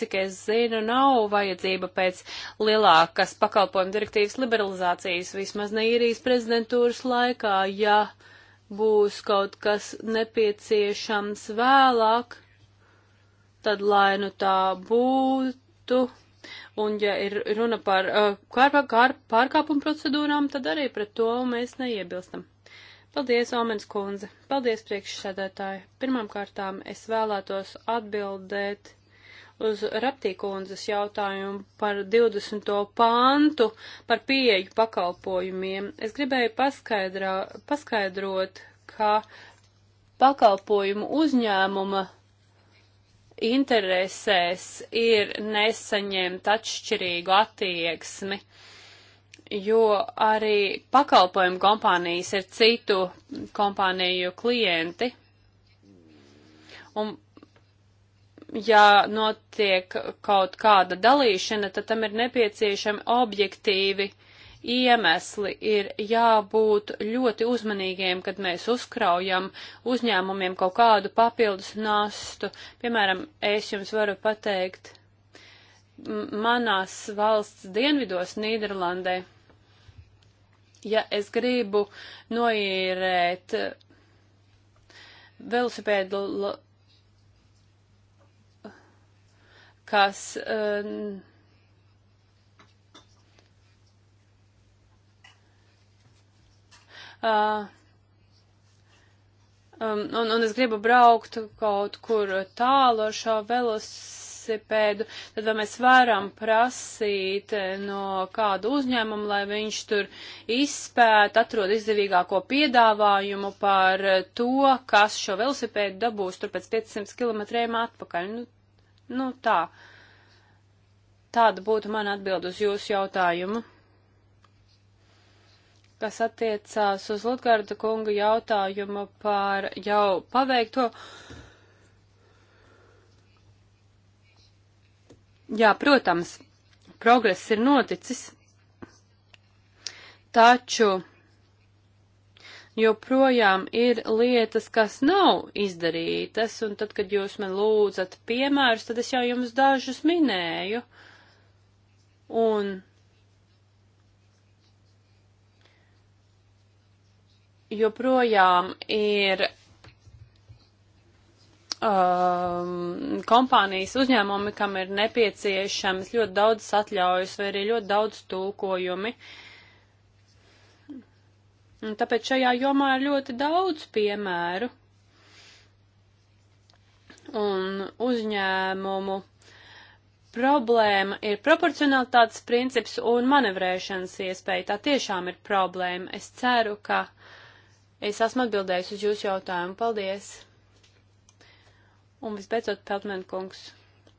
cik es zinu, nav vajadzība pēc lielākas pakalpojumu direktīvas liberalizācijas, vismaz ne īrijas prezidentūras laikā, ja būs kaut kas nepieciešams vēlāk, tad lai nu tā būtu. Un, ja ir runa par uh, pārkāpumu procedūrām, tad arī pret to mēs neiebilstam. Paldies, Omens kundze! Paldies, priekšsēdētāji! Pirmām kārtām es vēlētos atbildēt uz Raptīkundzes jautājumu par 20. pāntu par pieeju pakalpojumiem. Es gribēju paskaidrot, ka pakalpojumu uzņēmuma interesēs ir nesaņemt atšķirīgu attieksmi, jo arī pakalpojumu kompānijas ir citu kompāniju klienti. Un ja notiek kaut kāda dalīšana, tad tam ir nepieciešami objektīvi uh, iemesli, ir jābūt ļoti uzmanīgiem, kad mēs uzkraujam uzņēmumiem kaut kādu papildus nastu. Piemēram, es jums varu pateikt, manās valsts dienvidos Nīderlandē, ja es gribu noīrēt velosipēdu, kas. Uh, Uh, Um, un, un es gribu braukt kaut kur tālu ar šo velosipēdu, tad vai mēs varam prasīt eh, no kādu uzņēmumu, lai viņš tur izspēt, atrod izdevīgāko piedāvājumu par eh, to, kas šo velosipēdu dabūs tur pēc 500 kilometriem atpakaļ. Nu, nu tā. Tāda būtu mana atbild uz jūsu jautājumu kas attiecās uz Lutgarda kunga jautājumu par jau paveikto. Jā, protams, progress ir noticis, taču joprojām ir lietas, kas nav izdarītas, un tad, kad jūs man lūdzat piemērus, tad es jau jums dažus minēju. Un joprojām ir um, kompānijas uzņēmumi, kam ir nepieciešams ļoti daudz atļaujas vai arī ļoti daudz tulkojumi. Un tāpēc šajā jomā ir ļoti daudz piemēru un uzņēmumu problēma ir proporcionalitātes princips un manevrēšanas iespēja. Tā tiešām ir problēma. Es ceru, ka Es esmu atbildējis uz jūsu jautājumu. Paldies! Un visbeidzot, Peltmen kungs.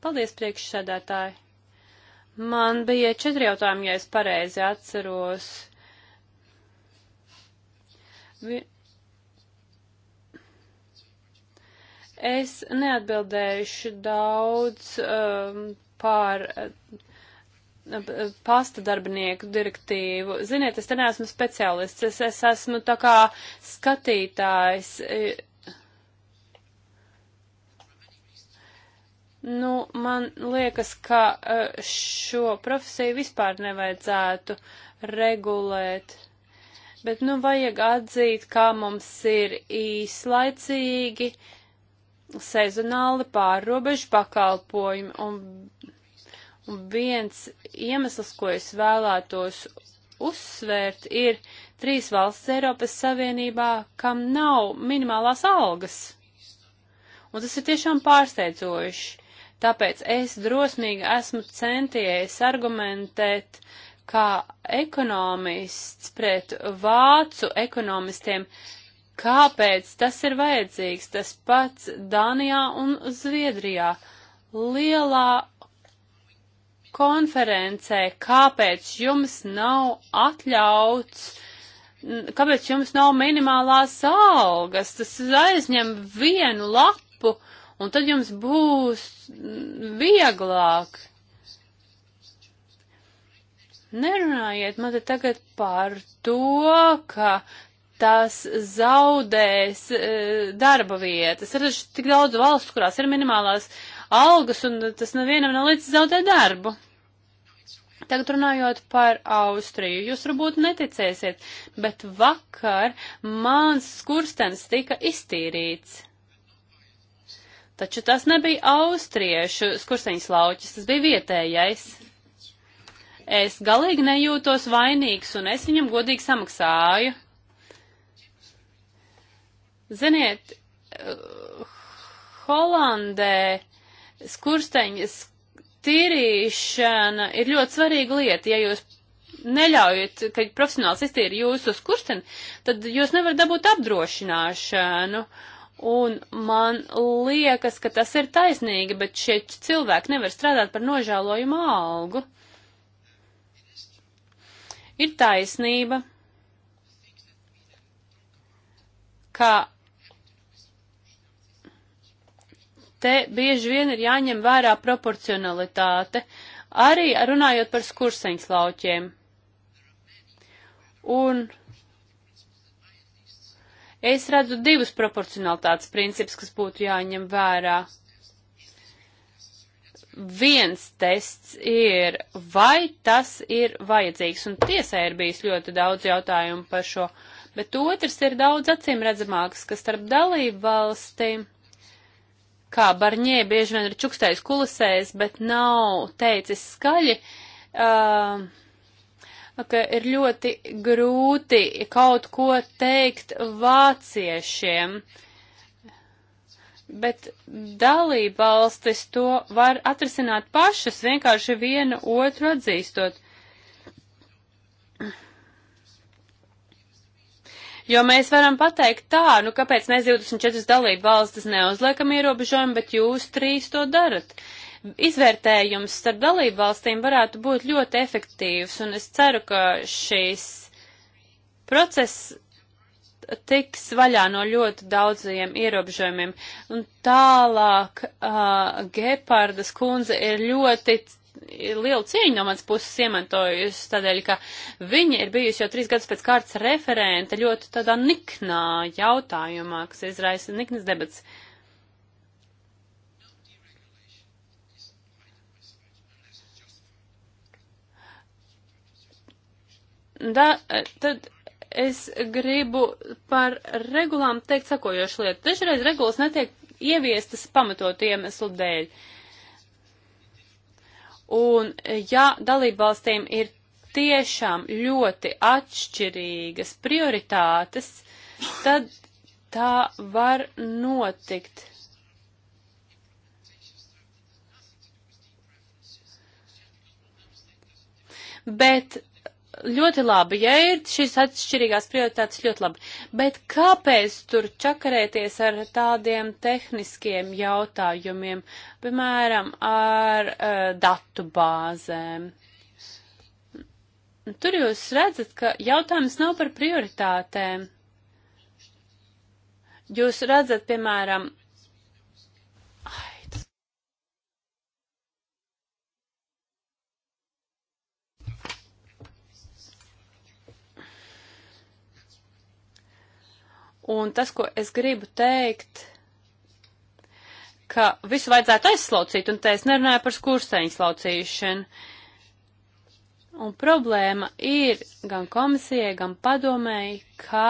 Paldies, priekšsēdētāji! Man bija četri jautājumi, ja es pareizi atceros. Vi... Es neatbildējuši daudz um, par pasta darbinieku direktīvu. Ziniet, es te neesmu speciālists, es, es esmu tā kā skatītājs. Nu, man liekas, ka eh, šo profesiju vispār nevajadzētu regulēt. Bet, nu, vajag atzīt, kā mums ir īslaicīgi, sezonāli pārrobežu pakalpojumi un Un viens iemesls, ko es vēlētos uzsvērt, ir trīs valsts Eiropas Savienībā, kam nav minimālās algas. Un tas ir tiešām pārsteidzoši. Tāpēc es drosmīgi esmu centies argumentēt kā ekonomists pret vācu ekonomistiem, kāpēc tas ir vajadzīgs. Tas pats Dānijā un Zviedrijā. Lielā konferencē, kāpēc jums nav atļauts, kāpēc jums nav minimālās algas, tas aizņem vienu lapu, un tad jums būs vieglāk. Nerunājiet man te tagad par to, ka tas zaudēs e, darba vietas. Ir taču tik daudz valsts, kurās ir minimālās algas, un tas nevienam nav līdz zaudēt darbu. Tagad runājot par Austriju, jūs varbūt neticēsiet, bet vakar mans skurstens tika iztīrīts. Taču tas nebija austriešu skursteņas lauķis, tas bija vietējais. Es galīgi nejūtos vainīgs, un es viņam godīgi samaksāju. Ziniet, uh, Holandē skursteņas tīrīšana ir ļoti svarīga lieta. Ja jūs neļaujat, ka profesionāls iztīra jūsu skursteni, tad jūs nevarat dabūt apdrošināšanu. Un man liekas, ka tas ir taisnīgi, bet šie cilvēki nevar strādāt par nožēlojumu algu. Ir taisnība, ka te bieži vien ir jāņem vērā proporcionalitāte, arī runājot par skurseņas lauķiem. Un es redzu divus proporcionalitātes principus, kas būtu jāņem vērā. Viens tests ir, vai tas ir vajadzīgs, un tiesai ir bijis ļoti daudz jautājumu par šo, bet otrs ir daudz acīm redzamāks, ka starp dalību valstīm kā Barņē bieži vien ir čukstējis kulisēs, bet nav teicis skaļi, uh, ka ir ļoti grūti kaut ko teikt vāciešiem. Bet dalībvalstis to var atrisināt pašas, vienkārši vienu otru atzīstot. Jo mēs varam pateikt tā, nu kāpēc mēs 24 dalību valstis neuzliekam ierobežojumu, bet jūs trīs to darat. Izvērtējums starp dalību valstīm varētu būt ļoti efektīvs, un es ceru, ka šīs process tiks vaļā no ļoti daudziem ierobežojumiem. Un tālāk uh, Gepardas kundze ir ļoti lielu cieņu no manas puses iemantojusi, tādēļ, ka viņa ir bijusi jau trīs gadus pēc kārtas referente ļoti tādā niknā jautājumā, kas izraisa niknas debats. Da, tad es gribu par regulām teikt sakojošu lietu. Dažreiz regulas netiek ieviestas pamatot iemeslu dēļ. Uh, Un ja dalībvalstīm ir tiešām ļoti atšķirīgas prioritātes, tad tā var notikt. Bet ļoti labi, ja ir šīs atšķirīgās prioritātes ļoti labi, bet kāpēc tur čakarēties ar tādiem tehniskiem jautājumiem, piemēram, ar uh, datu bāzēm? Tur jūs redzat, ka jautājums nav par prioritātēm. Jūs redzat, piemēram, Un tas, ko es gribu teikt, ka visu vajadzētu aizslaucīt, un te es nerunāju par skursteņu slaucīšanu. Un problēma ir gan komisijai, gan padomēji, kā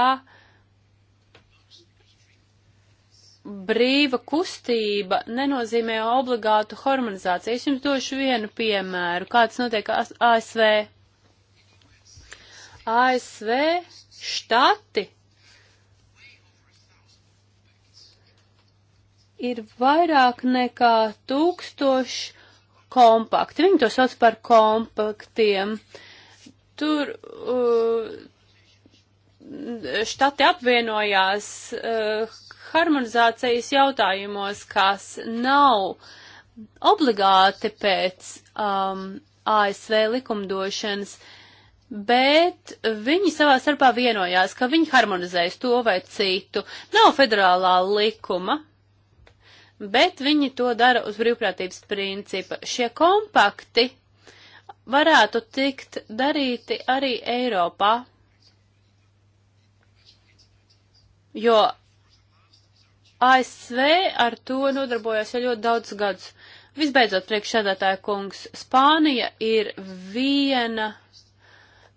brīva kustība nenozīmē obligātu harmonizāciju. Es jums došu vienu piemēru, kāds notiek ASV. ASV štati ir vairāk nekā tūkstoši kompakti. Viņi to sauc par kompaktiem. Tur uh, štati apvienojās uh, harmonizācijas jautājumos, kas nav obligāti pēc um, ASV likumdošanas, bet viņi savā starpā vienojās, ka viņi harmonizēs to vai citu. Nav federālā likuma, bet viņi to dara uz brīvprātības principa. Šie kompakti varētu tikt darīti arī Eiropā, jo ASV ar to nodarbojās jau ļoti daudz gadus. Visbeidzot, priekšsēdētāja kungs, Spānija ir viena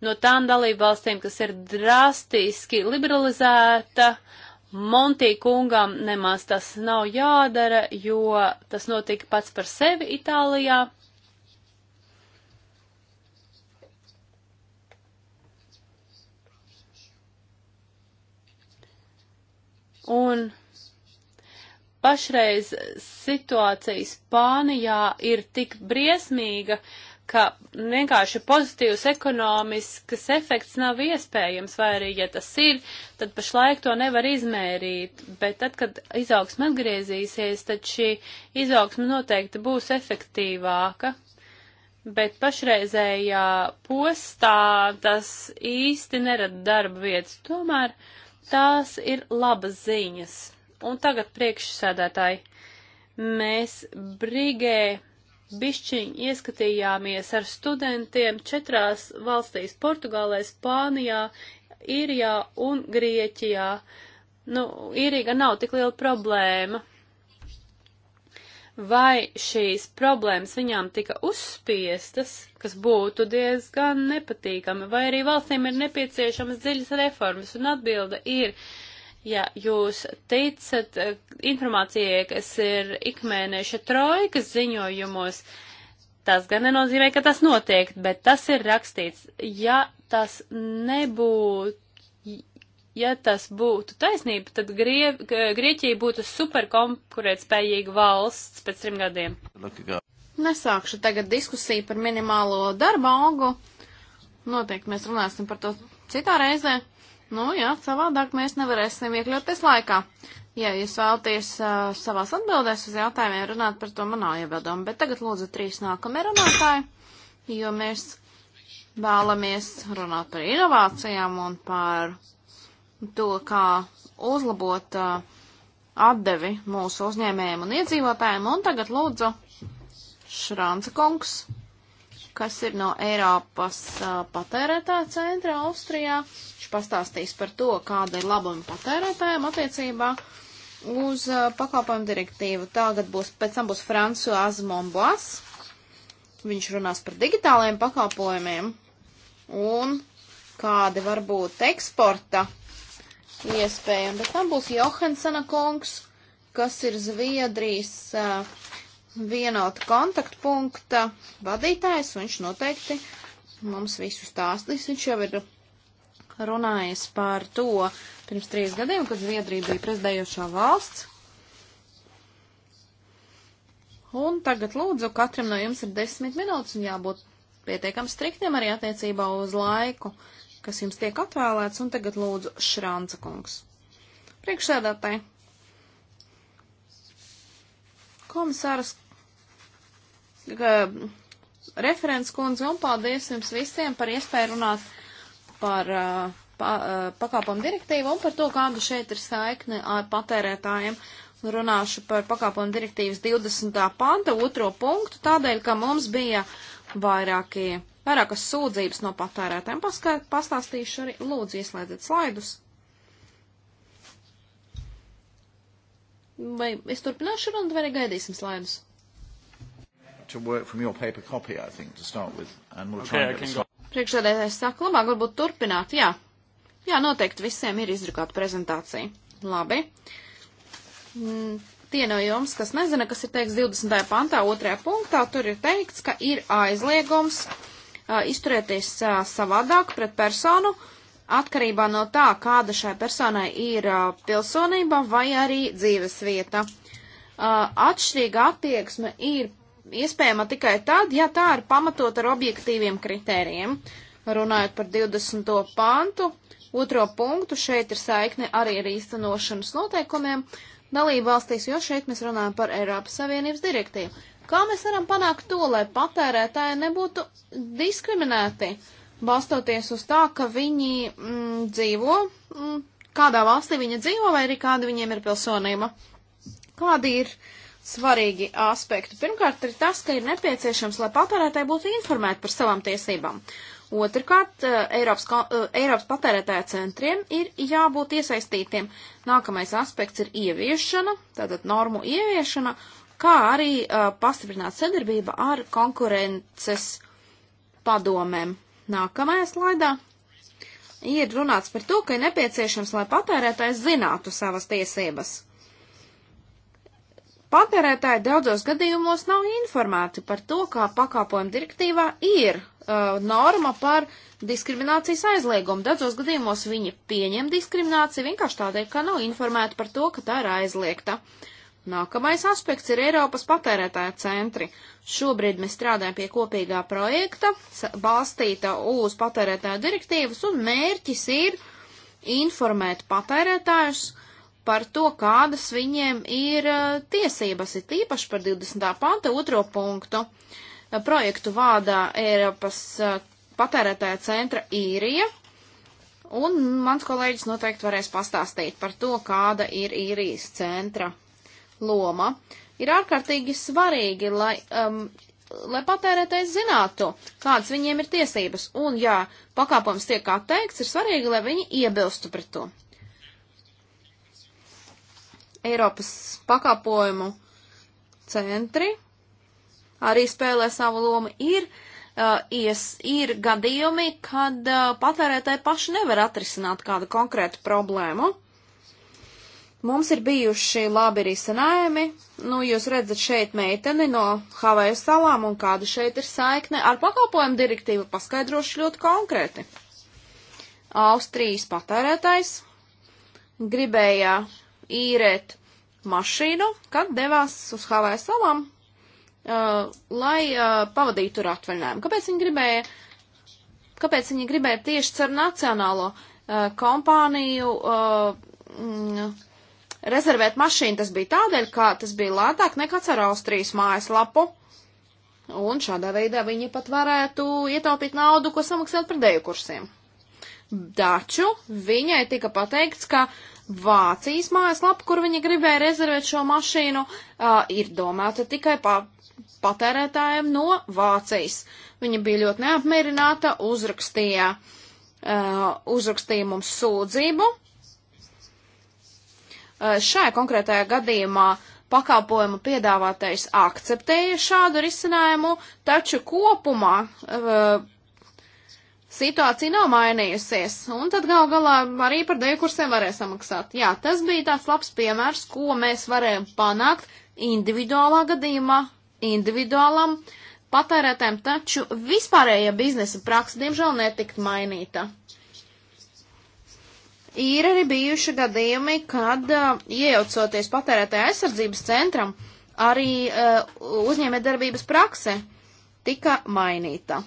no tām dalībvalstīm, kas ir drastiski liberalizēta uh, Monti kungam nemaz tas nav jādara, jo tas notika pats par sevi Itālijā. Un pašreiz situācija Spānijā ir tik briesmīga, uh, ka vienkārši pozitīvs ekonomisks efekts nav iespējams, vai arī, ja tas ir, tad pašlaik to nevar izmērīt, bet tad, kad izaugsme atgriezīsies, tad šī izaugsme noteikti būs efektīvāka, bet pašreizējā postā tas īsti nerada darba vietas. Tomēr tās ir labas ziņas. Un tagad priekšsēdētāji, mēs brigē bišķiņ ieskatījāmies ar studentiem četrās valstīs - Portugālē, Spānijā, Īrijā un Grieķijā. Nu, Īrīga nav tik liela problēma. Vai šīs problēmas viņām tika uzspiestas, kas būtu diezgan nepatīkami, vai arī valstīm ir nepieciešamas dziļas reformas, un atbilda ir, uh, ja jūs ticat eh, informācijai, kas ir ikmēneša trojkas ziņojumos, tas gan nenozīmē, ka tas notiek, bet tas ir rakstīts. Ja tas nebūtu, ja tas būtu taisnība, tad Grie, Grieķija būtu superkonkurētspējīga valsts pēc trim gadiem. Nesākšu tagad diskusiju par minimālo darba algu. Noteikti mēs runāsim par to citā reizē. Nu jā, savādāk mēs nevarēsim iekļauties laikā. Ja jūs vēlaties uh, savās atbildēs uz jautājumiem runāt par to manā ievedumu, bet tagad lūdzu trīs nākamie runātāji, jo mēs vēlamies runāt par inovācijām un par to, kā uzlabot uh, atdevi mūsu uzņēmējiem un iedzīvotājiem. Un tagad lūdzu Šrānca kungs, kas ir no Eiropas uh, patērētāja centra Austrijā. Uh, pastāstīs par to, kāda ir labuma patērētājiem attiecībā uz uh, pakalpojumu direktīvu. Tagad būs, pēc tam būs Fransuās Momboas. Viņš runās par digitālajiem pakalpojumiem un kādi var būt eksporta iespējami. Bet tam būs Johansana kungs, kas ir Zviedrijas uh, vienota kontaktpunkta vadītājs. Viņš noteikti mums visu stāstīs. Viņš jau ir runājis par to pirms trīs gadiem, kad Zviedrija bija prezidējošā valsts. Un tagad lūdzu, katram no jums ir desmit minūtes un jābūt pietiekam striktiem arī attiecībā uz laiku, kas jums tiek atvēlēts, un tagad lūdzu Šrānca kungs. Priekšsēdētāji, komisārs, eh, referents kundze, un paldies jums visiem par iespēju runāt par uh, pa, uh, pakāpumu direktīvu un par to, kāda šeit ir saikne ar patērētājiem. Runāšu par pakāpumu direktīvas 20. panta otro punktu, tādēļ, ka mums bija vairākie, vairākas sūdzības no patērētājiem. Paskat, pastāstīšu arī, lūdzu, ieslēdziet slaidus. Vai es turpināšu runāt, vai arī gaidīsim slaidus? to work from your paper copy, I think, to start with, and we'll okay, try and get I can go. Priekšsēdētājs saka, labāk varbūt turpināt, jā. Jā, noteikti visiem ir izdrukāta prezentācija. Labi. Mm, tie no jums, kas nezina, kas ir teikts 20. pantā, 2. punktā, tur ir teikts, ka ir aizliegums uh, izturēties uh, savādāk pret personu, atkarībā no tā, kāda šai personai ir uh, pilsonība vai arī dzīves vieta. Atšķirīga attieksme ir iespējama tikai tad, ja tā ir pamatot ar objektīviem kritērijiem. Runājot par 20. pantu, otro punktu, šeit ir saikne arī ar īstenošanas noteikumiem dalību valstīs, jo šeit mēs runājam par Eiropas Savienības direktīvu. Kā mēs varam panākt to, lai patērētāji nebūtu diskriminēti, balstoties uz tā, ka viņi mm, dzīvo, mm, kādā valstī viņi dzīvo vai arī kāda viņiem ir pilsonība? Kādi ir uh, svarīgi aspekti. Pirmkārt, ir tas, ka ir nepieciešams, lai patērētāji būtu informēti par savām tiesībām. Otrkārt, eh, Eiropas, eh, Eiropas patērētāja centriem ir jābūt iesaistītiem. Nākamais aspekts ir ieviešana, tātad normu ieviešana, kā arī uh, pastiprināt sadarbība ar konkurences padomēm. Nākamajā slaidā ir runāts par to, ka ir nepieciešams, lai patērētājs zinātu savas tiesības. Patērētāji daudzos gadījumos nav informēti par to, kā pakāpojuma direktīvā ir uh, norma par diskriminācijas aizliegumu. Daudzos gadījumos viņi pieņem diskrimināciju vienkārši tādēļ, ka nav informēti par to, ka tā ir aizliegta. Nākamais aspekts ir Eiropas patērētāja centri. Šobrīd mēs strādājam pie kopīgā projekta, balstīta uz patērētāju direktīvas, un mērķis ir informēt patērētājus uh, par to, kādas viņiem ir eh, tiesības, ir tīpaši par 20. panta otro punktu. Eh, projektu vādā Eiropas eh, patērētāja centra īrija, un mans kolēģis noteikti varēs pastāstīt par to, kāda ir īrijas centra loma. Ir ārkārtīgi svarīgi, lai, um, lai patērētājs zinātu, kādas viņiem ir tiesības, un, ja pakāpums tiek atteikts, ir svarīgi, lai viņi iebilstu pret to. Eiropas pakāpojumu centri arī spēlē savu lomu. Ir, uh, ies, ir gadījumi, kad uh, patērētāji paši nevar atrisināt kādu konkrētu problēmu. Mums ir bijuši labi risinājumi. Nu, jūs redzat šeit meiteni no Havaju salām un kāda šeit ir saikne ar pakalpojumu direktīvu paskaidrošu ļoti konkrēti. Austrijas patērētājs gribēja īrēt mašīnu, kad devās uz Havaju salām, uh, lai uh, pavadītu tur atvaļinājumu. Kāpēc viņi gribēja, kāpēc viņi gribēja tieši ar nacionālo uh, kompāniju uh, mm, rezervēt mašīnu? Tas bija tādēļ, ka tas bija lētāk nekā ar Austrijas mājaslapu. Un šādā veidā viņi pat varētu ietaupīt naudu, ko samaksāt par dēļu kursiem. Taču viņai tika pateikts, ka uh, Vācijas mājaslapa, kur viņi gribēja rezervēt šo mašīnu, uh, ir domāta tikai pa patērētājiem no Vācijas. Viņa bija ļoti neapmierināta, uzrakstīja, uh, uzrakstīja mums sūdzību. Uh, šai konkrētajā gadījumā pakalpojumu piedāvātais akceptēja šādu risinājumu, taču kopumā uh, situācija nav mainījusies, un tad gal galā arī par dēļ kursiem varēja samaksāt. Jā, tas bija tāds labs piemērs, ko mēs varējām panākt individuālā gadījumā, individuālam patērētājiem, taču vispārējā biznesa praksa, diemžēl, netikt mainīta. Ir arī bijuši gadījumi, kad uh, iejaucoties patērētāja aizsardzības centram, arī uh, uzņēmējdarbības prakse tika mainīta.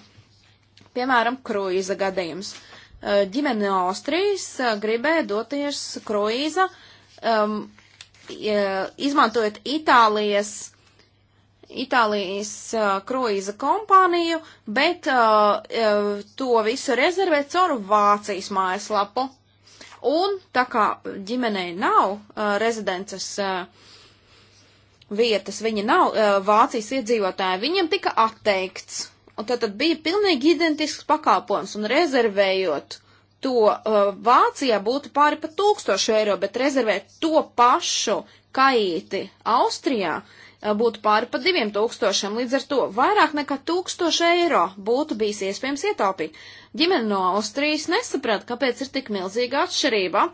Piemēram, kruīza gadījums. Eh, ģimene no Austrijas eh, gribēja doties kruīza, um, izmantojot Itālijas Itālijas uh, kruīza kompāniju, bet uh, uh, to visu rezervē caur Vācijas mājaslapu. Un tā kā ģimenei nav uh, rezidences uh, vietas, viņa nav uh, Vācijas iedzīvotāja, viņam tika atteikts Un tad, tad bija pilnīgi identisks pakāpojums, un rezervējot to uh, Vācijā būtu pāri pat tūkstošu eiro, bet rezervēt to pašu kaīti Austrijā uh, būtu pāri pat diviem tūkstošiem, līdz ar to vairāk nekā tūkstošu eiro būtu bijis iespējams ietaupīt. Ģimene no Austrijas nesaprata, kāpēc ir tik milzīga atšķirība.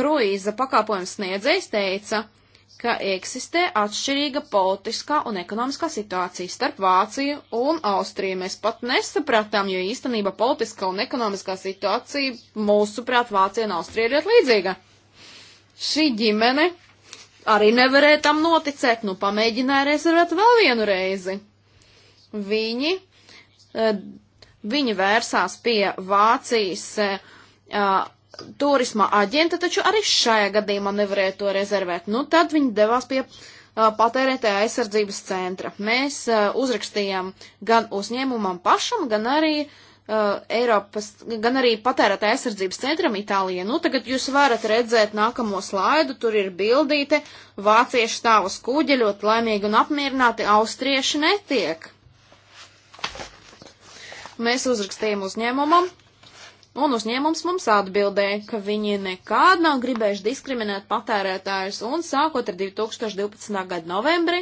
Kruīza pakāpojums sniedzējs teica, uh, ka eksistē atšķirīga politiskā un ekonomiskā situācija starp Vāciju un Austriju. Mēs pat nesapratām, jo īstenībā politiskā un ekonomiskā situācija mūsuprāt Vācija un Austrija ir ļoti līdzīga. Šī ģimene arī nevarēja tam noticēt, nu pamēģināja rezervēt vēl vienu reizi. Viņi, eh, viņi vērsās pie Vācijas eh, turisma aģenta taču arī šajā gadījumā nevarēja to rezervēt. Nu, tad viņi devās pie uh, patērētāja aizsardzības centra. Mēs uh, uzrakstījām gan uzņēmumam pašam, gan arī uh, Eiropas, gan arī patērētāja aizsardzības centram Itālijā. Nu, tagad jūs varat redzēt nākamo slaidu, tur ir bildīte, vācieši stāv uz kuģa ļoti laimīgi un apmierināti, austrieši netiek. Mēs uzrakstījām uzņēmumam, Un uzņēmums mums atbildēja, ka viņi nekād nav gribējuši diskriminēt patērētājus, un sākot ar 2012. gada novembri,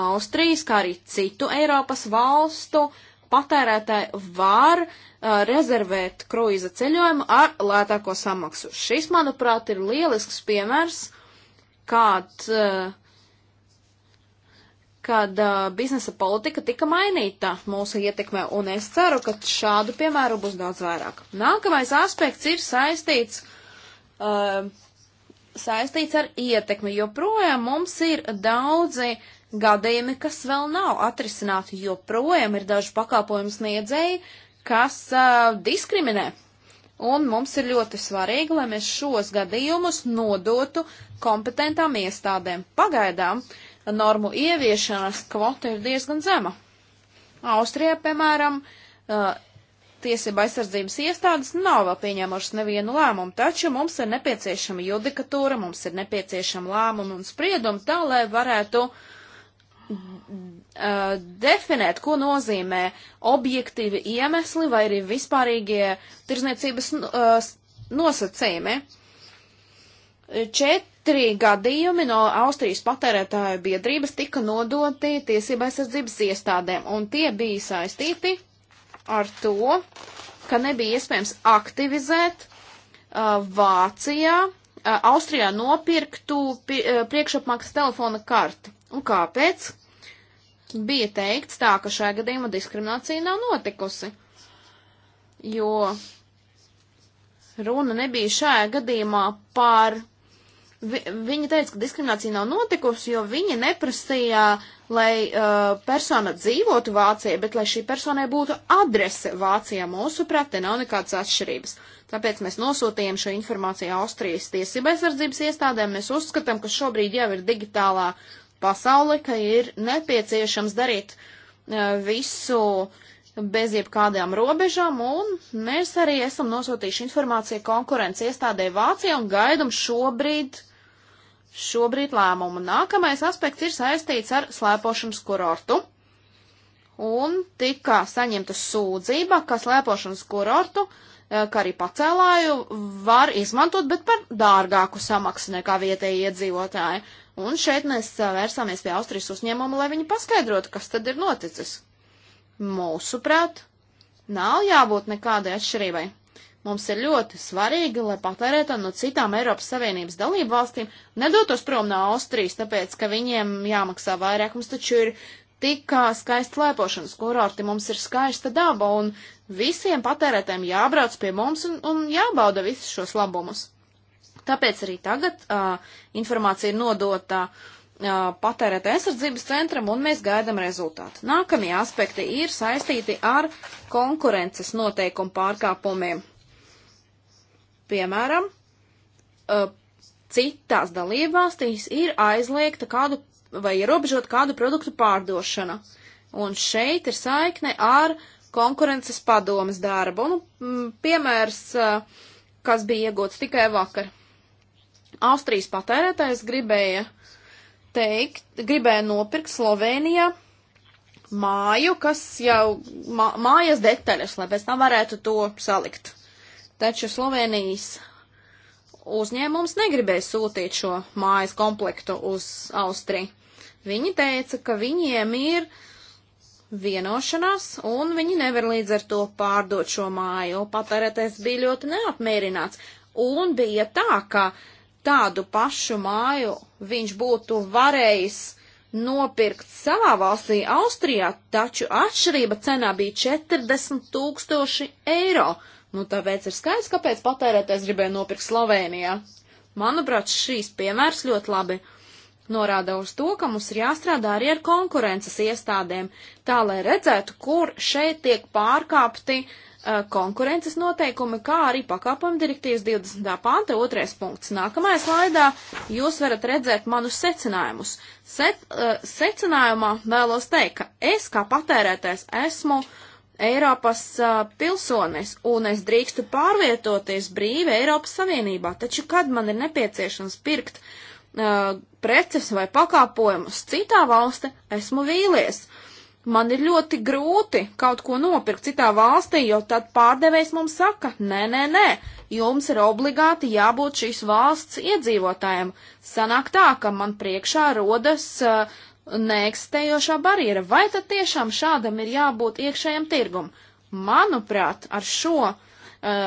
Austrijas, kā arī citu Eiropas valstu patērētāji var uh, rezervēt kruīza ceļojumu ar lētāko samaksu. Šis, manuprāt, ir lielisks piemērs, kāds uh, kad uh, biznesa politika tika mainīta mūsu ietekmē, un es ceru, ka šādu piemēru būs daudz vairāk. Nākamais aspekts ir saistīts, uh, saistīts ar ietekmi, jo projām mums ir daudzi gadījumi, kas vēl nav atrisināti, jo projām ir daži pakāpojums niedzēji, kas uh, diskriminē. Un mums ir ļoti svarīgi, lai mēs šos gadījumus nodotu kompetentām iestādēm. Pagaidām uh, normu ieviešanas kvota ir diezgan zema. Austrijā, piemēram, tiesība aizsardzības iestādes nav vēl pieņēmušas nevienu lēmumu, taču mums ir nepieciešama judikatūra, mums ir nepieciešama lēmuma un sprieduma tā, lai varētu definēt, ko nozīmē objektīvi iemesli vai arī vispārīgie tirzniecības nosacījumi. Čet, Trīs gadījumi no Austrijas patērētāju biedrības tika nodoti tiesībai sardzības iestādēm, un tie bija saistīti ar to, ka nebija iespējams aktivizēt uh, Vācijā, uh, Austrijā nopirktu pi, uh, priekšapmaksas telefona karti. Un kāpēc? Bija teikts tā, ka šajā gadījumā diskriminācija nav notikusi, jo runa nebija šajā gadījumā par Vi, viņa teica, ka diskriminācija nav notikusi, jo viņa neprasīja, lai uh, persona dzīvotu Vācijā, bet lai šī personai būtu adrese Vācijā. Mūsuprāt, te nav nekādas atšķirības. Tāpēc mēs nosūtījām šo informāciju Austrijas tiesība aizsardzības iestādēm. Mēs uzskatām, ka šobrīd jau ir digitālā pasaule, ka ir nepieciešams darīt uh, visu bez jebkādām robežām, un mēs arī esam nosūtījuši informāciju konkurences iestādē Vācijā un gaidam šobrīd šobrīd lēmumu. Nākamais aspekts ir saistīts ar slēpošanas kurortu. Un tika saņemta sūdzība, ka slēpošanas kurortu, eh, kā arī pacēlāju, var izmantot, bet par dārgāku samaksu nekā vietējie iedzīvotāji. Un šeit mēs eh, vērsāmies pie Austrijas uzņēmuma, lai viņi paskaidrotu, kas tad ir noticis. Mūsuprāt, nav jābūt nekādai atšķirībai Mums ir ļoti svarīgi, lai patērētāji no citām Eiropas Savienības dalību valstīm nedotos prom no Austrijas, tāpēc, ka viņiem jāmaksā vairāk. Mums taču ir tik skaisti lēpošanas kurorti, mums ir skaista daba, un visiem patērētājiem jābrauc pie mums un, un jābauda visus šos labumus. Tāpēc arī tagad uh, informācija ir nodota uh, patērēta aizsardzības centram, un mēs gaidām rezultātu. Nākamie aspekti ir saistīti ar konkurences noteikumu pārkāpumiem. Piemēram, citās dalībvalstīs ir aizliegta kādu vai ierobežot kādu produktu pārdošana. Un šeit ir saikne ar konkurences padomas darbu. Un, mm, piemērs, kas bija iegūts tikai vakar. Austrijas patērētājs gribēja teikt, gribēja nopirkt Slovenijā māju, kas jau mā, mājas detaļas, lai pēc tam varētu to salikt taču Slovenijas uzņēmums negribēja sūtīt šo mājas komplektu uz Austriju. Viņi teica, ka viņiem ir vienošanās, un viņi nevar līdz ar to pārdot šo māju. Patērētais bija ļoti neapmierināts, un bija tā, ka tādu pašu māju viņš būtu varējis nopirkt savā valstī, Austrijā, taču atšķirība cenā bija 40 tūkstoši eiro. Nu, tāpēc ir skaidrs, kāpēc patērētājs gribēja nopirkt Slovenijā. Manuprāt, šīs piemērs ļoti labi norāda uz to, ka mums ir jāstrādā arī ar konkurences iestādēm, tā lai redzētu, kur šeit tiek pārkāpti uh, konkurences noteikumi, kā arī pakāpuma direktīvas 20. panta otrais punkts. Nākamajā slaidā jūs varat redzēt manus secinājumus. Set, uh, secinājumā vēlos teikt, ka es kā patērētājs esmu uh, Eiropas uh, pilsonis un es drīkstu pārvietoties brīvi Eiropas Savienībā, taču kad man ir nepieciešams pirkt uh, preces vai pakāpojumus citā valstī, esmu vīlies. Man ir ļoti grūti kaut ko nopirkt citā valstī, jo tad pārdevējs mums saka, nē, nē, nē, jums ir obligāti jābūt šīs valsts iedzīvotājiem. Sanāk tā, ka man priekšā rodas uh, neeksistējošā barjera. Vai tad tiešām šādam ir jābūt iekšējam tirgum? Manuprāt, ar šo, uh,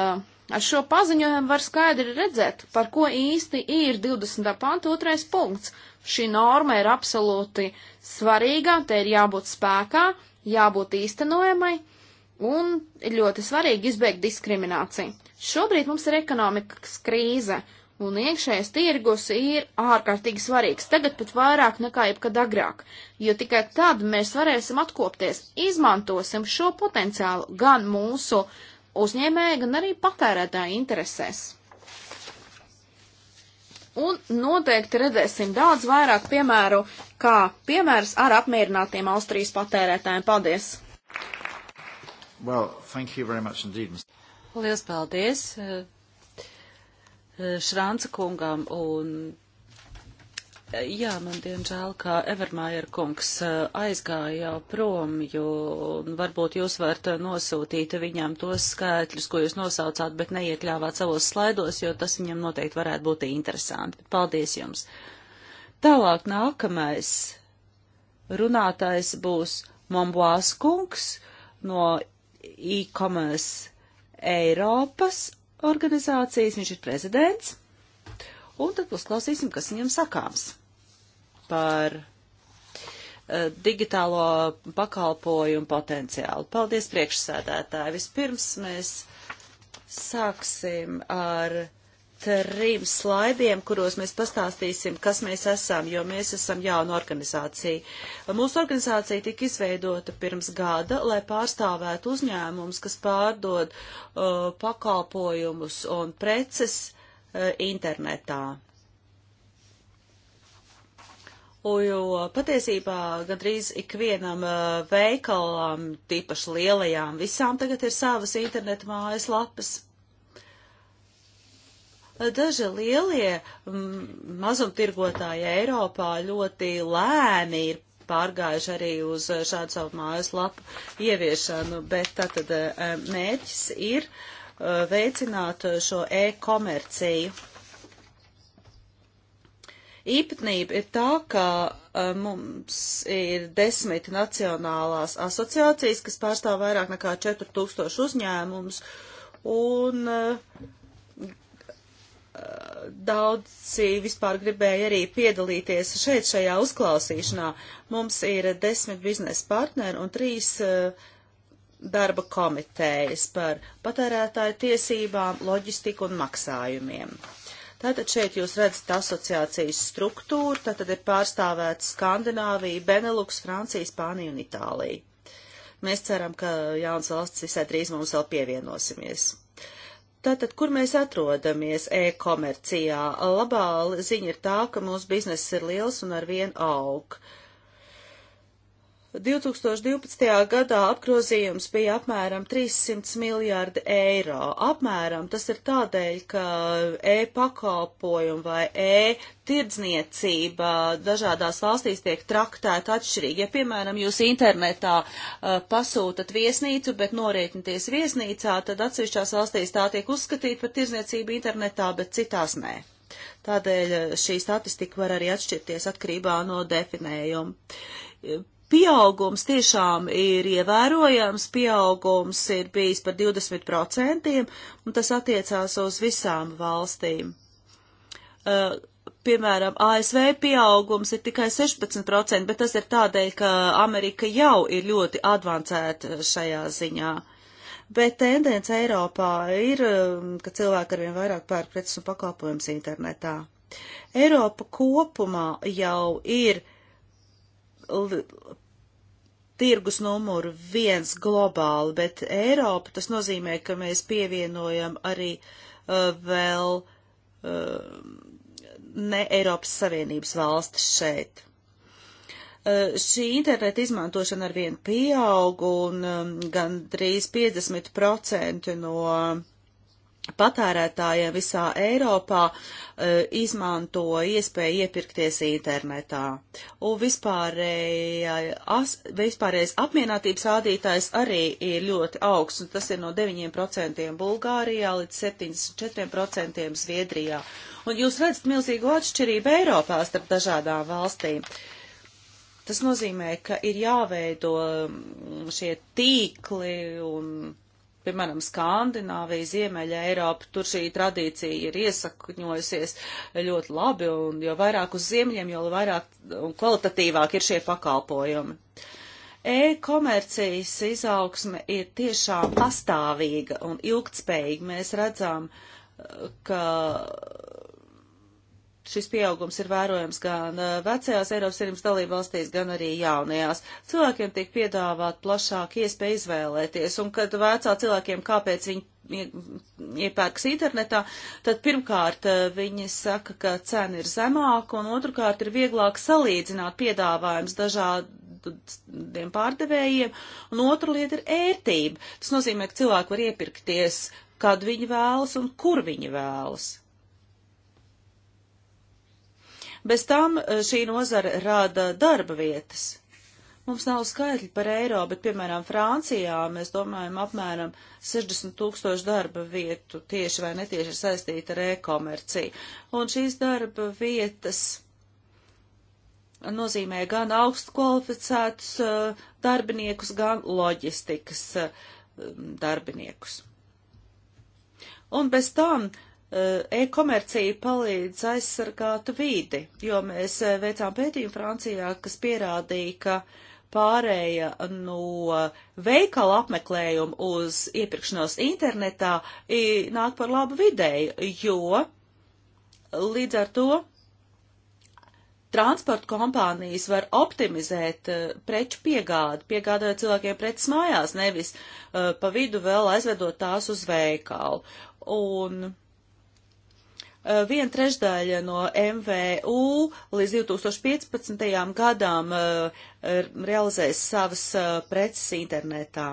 ar šo paziņojumu var skaidri redzēt, par ko īsti ir 20. pānta otrais punkts. Šī norma ir absolūti svarīga, te ir jābūt spēkā, jābūt īstenojamai un ir ļoti svarīgi izbeigt diskrimināciju. Šobrīd mums ir ekonomikas krīze, un iekšējais tirgus ir ārkārtīgi svarīgs, tagad pat vairāk nekā jebkad agrāk, jo tikai tad mēs varēsim atkopties, izmantosim šo potenciālu gan mūsu uzņēmēja, gan arī patērētāja interesēs. Un noteikti redzēsim daudz vairāk piemēru, kā piemērs ar apmierinātiem Austrijas patērētājiem. Paldies! Well, thank you very much indeed, Mr. Lielas paldies! Eh, Šrānca kungam un eh, Jā, man diemžēl, kā Evermājer kungs eh, aizgāja jau prom, jo varbūt jūs varat nosūtīt viņam tos skaitļus, ko jūs nosaucāt, bet neiekļāvāt savos slaidos, jo tas viņam noteikti varētu būt interesanti. Paldies jums! Tālāk nākamais runātājs būs Mombuās kungs no e-commerce Eiropas organizācijas, viņš ir prezidents, un tad uzklausīsim, kas viņam sakāms par uh, digitālo pakalpojumu potenciālu. Paldies priekšsēdētāji. Vispirms mēs sāksim ar trim slaidiem, kuros mēs pastāstīsim, kas mēs esam, jo mēs esam jauna organizācija. Mūsu organizācija tika izveidota pirms gada, lai pārstāvētu uzņēmums, kas pārdod uh, pakalpojumus un preces uh, internetā. Un, jo patiesībā gandrīz ikvienam uh, veikalam, tīpaši lielajām, visām tagad ir savas interneta mājas lapas daži lielie mazumtirgotāji Eiropā ļoti lēni ir pārgājuši arī uz eh, šādu savu mājaslapu ieviešanu, bet tātad eh, mērķis ir eh, veicināt šo e-komerciju. Īpatnība ir tā, ka mums ir desmit nacionālās asociācijas, kas pārstāv vairāk nekā 4000 uzņēmumus, un uh, daudzi vispār gribēja arī piedalīties šeit šajā uzklausīšanā. Mums ir desmit biznesa partneri un trīs eh, darba komitejas par patērētāju tiesībām, loģistiku un maksājumiem. Tātad šeit jūs redzat asociācijas struktūru, tātad ir pārstāvēta Skandināvija, Beneluks, Francija, Spānija un Itālija. Mēs ceram, ka jauns valsts visai drīz mums vēl pievienosimies. Tātad, kur mēs atrodamies e-komercijā? Labā ziņa ir tā, ka mūsu bizness ir liels un ar vienu aug. Uh, 2012. gadā apgrozījums bija apmēram 300 miljārdi eiro. Apmēram tas ir tādēļ, ka e-pakalpojumi vai e-tirdzniecība dažādās valstīs tiek traktēta atšķirīgi. Ja, piemēram, jūs internetā uh, pasūtat viesnīcu, bet norietnieties viesnīcā, tad atsevišķās valstīs tā tiek uzskatīta par tirdzniecību internetā, bet citās nē. Tādēļ šī statistika var arī atšķirties atkarībā no definējuma pieaugums tiešām ir ievērojams, pieaugums ir bijis par 20%, un tas attiecās uz visām valstīm. Uh, piemēram, ASV pieaugums ir tikai 16%, bet tas ir tādēļ, ka Amerika jau ir ļoti advancēta šajā ziņā. Bet tendence Eiropā ir, um, ka cilvēki arvien vairāk pērk preces un pakalpojumus internetā. Eiropa kopumā jau ir tirgus numuru viens globāli, bet Eiropa tas nozīmē, ka mēs pievienojam arī uh, vēl uh, ne Eiropas Savienības valstis šeit. Uh, šī interneta izmantošana ar vienu pieaug un um, gan drīz 50% no patērētājiem visā Eiropā uh, izmanto iespēju iepirkties internetā. Un vispārējais vispārēj apmierinātības rādītājs arī ir ļoti augsts, un tas ir no 9% Bulgārijā līdz 74% Zviedrijā. Un jūs redzat milzīgu atšķirību Eiropā starp dažādām valstīm. Tas nozīmē, ka ir jāveido mm, šie tīkli un piemēram, Skandināvija, Ziemeļa Eiropa, tur šī tradīcija ir iesakņojusies ļoti labi, un jo vairāk uz ziemeļiem, jo vairāk un kvalitatīvāk ir šie pakalpojumi. E-komercijas izaugsme ir tiešām pastāvīga un ilgtspējīga. Mēs redzam, ka šis pieaugums ir vērojams gan eh, vecajās Eiropas Savienības dalību valstīs, gan arī jaunajās. Cilvēkiem tiek piedāvāt plašāk iespēja izvēlēties, un kad vecā cilvēkiem kāpēc viņi iepērkas internetā, tad pirmkārt eh, viņi saka, ka cena ir zemāka, un otrkārt ir vieglāk salīdzināt piedāvājums dažādiem pārdevējiem, un otra lieta ir ērtība. Tas nozīmē, ka cilvēki var iepirkties, kad viņi vēlas un kur viņi vēlas. Bez tam eh, šī nozara rada darba vietas. Mums nav skaitļi par eiro, bet, piemēram, Francijā mēs domājam apmēram 60 tūkstoši darba vietu tieši vai netieši ir saistīta ar e-komerciju. Un šīs darba vietas nozīmē gan augstu kvalificētus uh, darbiniekus, gan loģistikas uh, darbiniekus. Un bez tam uh, Eh, e-komercija palīdz aizsargāt vidi, jo mēs eh, veicām pētījumu Francijā, kas pierādīja, ka pārēja no veikala apmeklējuma uz iepirkšanos internetā nāk par labu videi, jo līdz ar to transporta kompānijas var optimizēt uh, preču piegādi, piegādājot cilvēkiem preces mājās, nevis uh, pa vidu vēl aizvedot tās uz veikalu. Un Eh, viena trešdaļa no MVU līdz 2015. gadām eh, realizēs savas eh, preces internetā.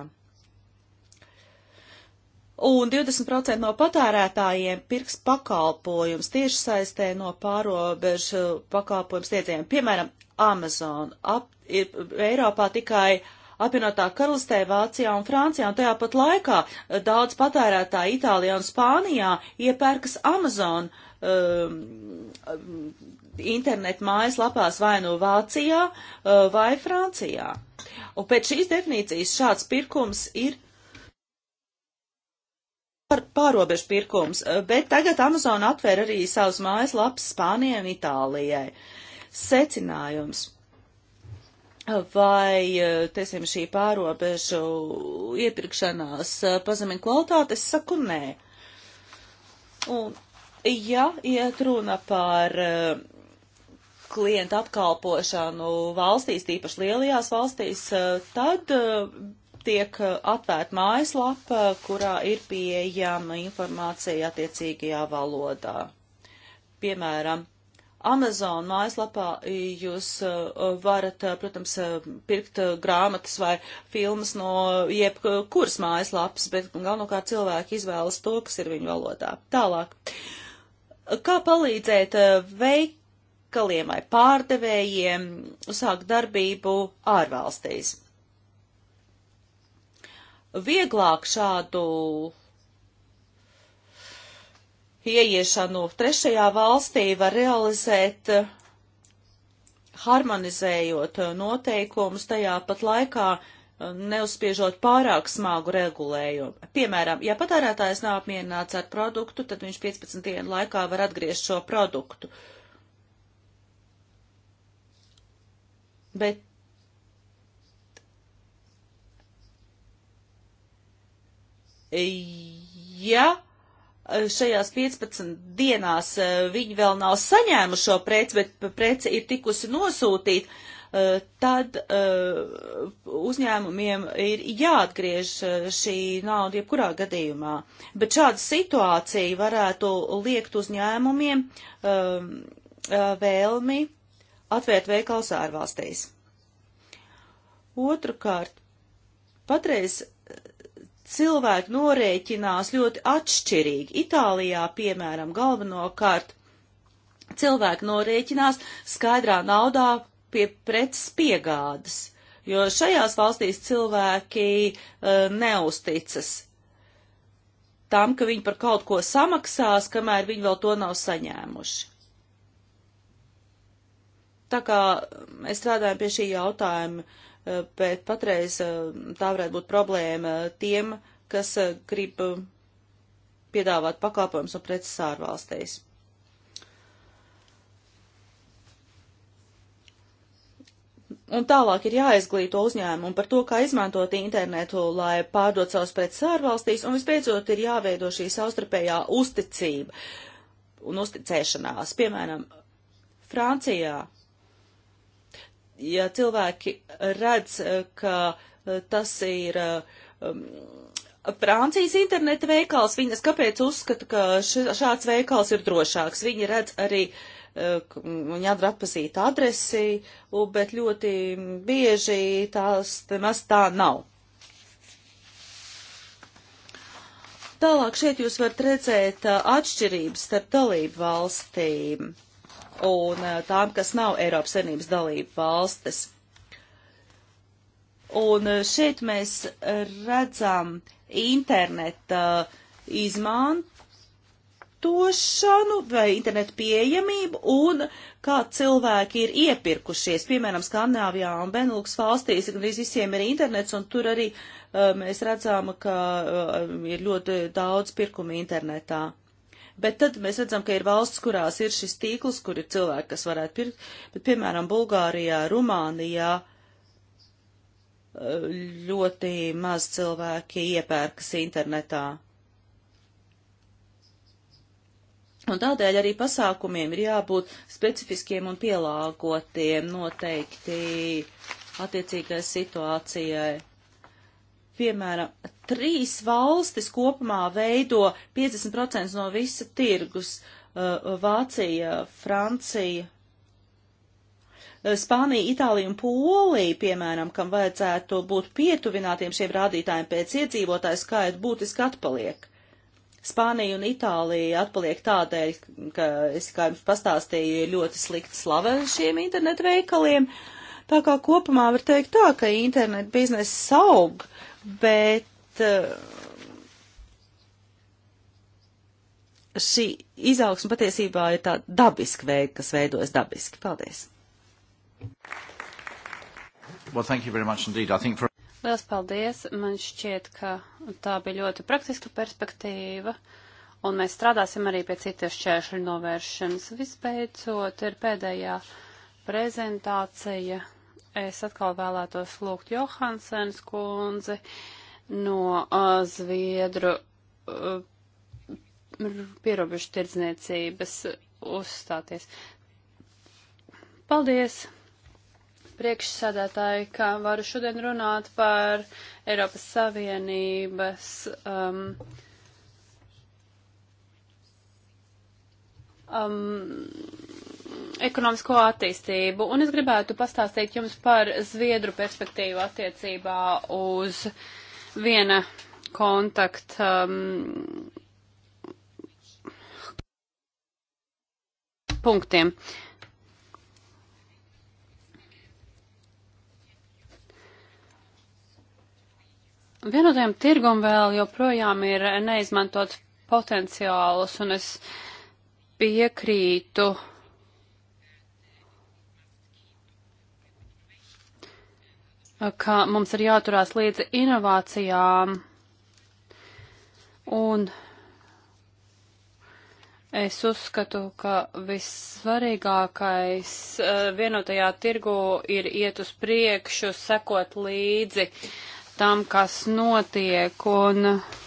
Un 20% no patērētājiem pirks pakalpojums tieši saistē no pārobežu pakalpojums tiecējiem. Piemēram, Amazon. Ap, ir, Eiropā tikai uh, apvienotā karalistē, Vācijā un Francijā, un tajā pat laikā eh, daudz patērētāji Itālijā un Spānijā iepērkas Amazon um, ehm, ehm, internetu mājaslapās vai no nu Vācijā uh, vai Francijā. Un pēc šīs definīcijas šāds pirkums ir par pārobežu pirkums, eh, bet tagad Amazon atver arī savus mājaslapas Spānijai un Itālijai. Secinājums vai, e, teiksim, šī pārobežu iepirkšanās e, pazemina kvalitāti, es saku nē. Un, ja iet runa par e, klientu apkalpošanu valstīs, tīpaši lielajās valstīs, tad tiek atvērta mājaslapa, kurā ir pieejama informācija attiecīgajā valodā. Piemēram, Amazon mājaslapā jūs eh, varat, eh, protams, eh, pirkt grāmatas vai filmas no jebkuras mājaslapas, bet galvenokārt cilvēki izvēlas to, kas ir viņu valodā. Tālāk. Kā palīdzēt veikaliem vai pārdevējiem uzsākt darbību ārvalstīs? Vieglāk šādu ieiešanu trešajā valstī var realizēt eh, harmonizējot eh, noteikumus tajā pat laikā, eh, neuzspiežot pārāk smagu regulējumu. Piemēram, ja patērētājs nav apmierināts ar produktu, tad viņš 15 dienu laikā var atgriezt šo produktu. Bet ja šajās 15 dienās e, viņi vēl nav saņēmuši šo preci, bet preci ir tikusi nosūtīta, e, tad e, uzņēmumiem ir jāatgriež šī nauda jebkurā gadījumā. Bet šāda situācija varētu liekt uzņēmumiem vēlmi atvērt veikals ārvalstīs. Otrukārt, patreiz cilvēki norēķinās ļoti atšķirīgi. Itālijā, piemēram, galvenokārt cilvēki norēķinās skaidrā naudā pie preces piegādes, jo šajās valstīs cilvēki uh, neusticas tam, ka viņi par kaut ko samaksās, kamēr viņi vēl to nav saņēmuši. Tā kā e, mēs strādājam pie šī jautājuma, uh, bet patreiz eh, tā varētu būt problēma tiem, kas eh, grib eh, piedāvāt pakalpojumus un preces ārvalstīs. Un tālāk ir jāizglīto uzņēmumu par to, kā izmantot internetu, lai pārdot savus preces ārvalstīs, un visbeidzot ir jāveido šī saustarpējā uzticība un uzticēšanās. Piemēram, Francijā ja cilvēki redz, ka eh, tas ir eh, um, Francijas interneta veikals, viņas kāpēc uzskata, ka šāds veikals ir drošāks? Viņi redz arī, eh, viņi uh, atrapazīt adresi, bet ļoti bieži tās maz tā nav. Tālāk šeit jūs varat redzēt atšķirības starp dalību valstīm un eh, tām, kas nav Eiropas Savienības dalība valstis. Un eh, šeit mēs redzam interneta eh, izmantošanu vai internetu pieejamību un kā cilvēki ir iepirkušies. Piemēram, Skandināvijā un Benelūks valstīs gandrīz visiem ir internets un tur arī uh, mēs redzam, ka uh, ir ļoti daudz pirkumu internetā. Bet tad mēs redzam, ka ir valsts, kurās ir šis tīkls, kur ir cilvēki, kas varētu pirkt, bet, piemēram, Bulgārijā, Rumānijā eh, ļoti maz cilvēki iepērkas internetā. Un tādēļ arī pasākumiem ir jābūt specifiskiem un pielāgotiem noteikti attiecīgai situācijai. Piemēram, trīs valstis kopumā veido 50% no visa tirgus uh, - uh, Vācija, Francija, uh, Spānija, Itālija un Polija, piemēram, kam vajadzētu būt pietuvinātiem šiem rādītājiem pēc iedzīvotāju skaita, būtiski atpaliek. Spānija un Itālija atpaliek tādēļ, ka es kā jums pastāstīju, ir ļoti slikta slava šiem internetu veikaliem. Tā kā kopumā var teikt tā, ka internetu biznesa aug, bet bet eh, šī izaugsme patiesībā ir tā dabiska veida, kas veidojas dabiski. Paldies! Well, thank you very much indeed. I think for... Liels paldies! Man šķiet, ka tā bija ļoti praktiska perspektīva, un mēs strādāsim arī pie citas šķēršļu novēršanas. Visbeidzot, ir pēdējā prezentācija. Es atkal vēlētos lūgt Johansens kundzi no uh, Zviedru uh, pierobežu tirdzniecības uzstāties. Paldies, priekšsēdētāji, ka varu šodien runāt par Eiropas Savienības um, um, ekonomisko attīstību, un es gribētu pastāstīt jums par Zviedru perspektīvu attiecībā uz uh, viena kontakta. Um, punktiem. Vienotajam tirgum vēl joprojām ir neizmantot potenciālus, un es piekrītu uh, ka mums ir jāturās līdzi inovācijām. Un es uzskatu, ka vissvarīgākais eh, vienotajā tirgu ir iet uz priekšu, sekot līdzi tam, kas notiek. Un, uh,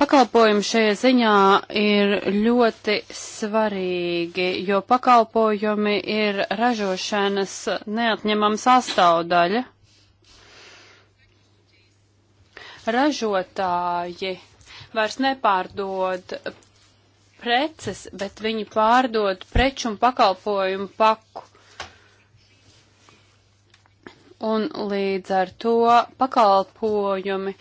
Pakalpojumi šajā ziņā ir ļoti svarīgi, jo pakalpojumi ir ražošanas neatņemama sastāvdaļa. Ražotāji vairs nepārdod preces, bet viņi pārdod preču un pakalpojumu paku. Un līdz ar to pakalpojumi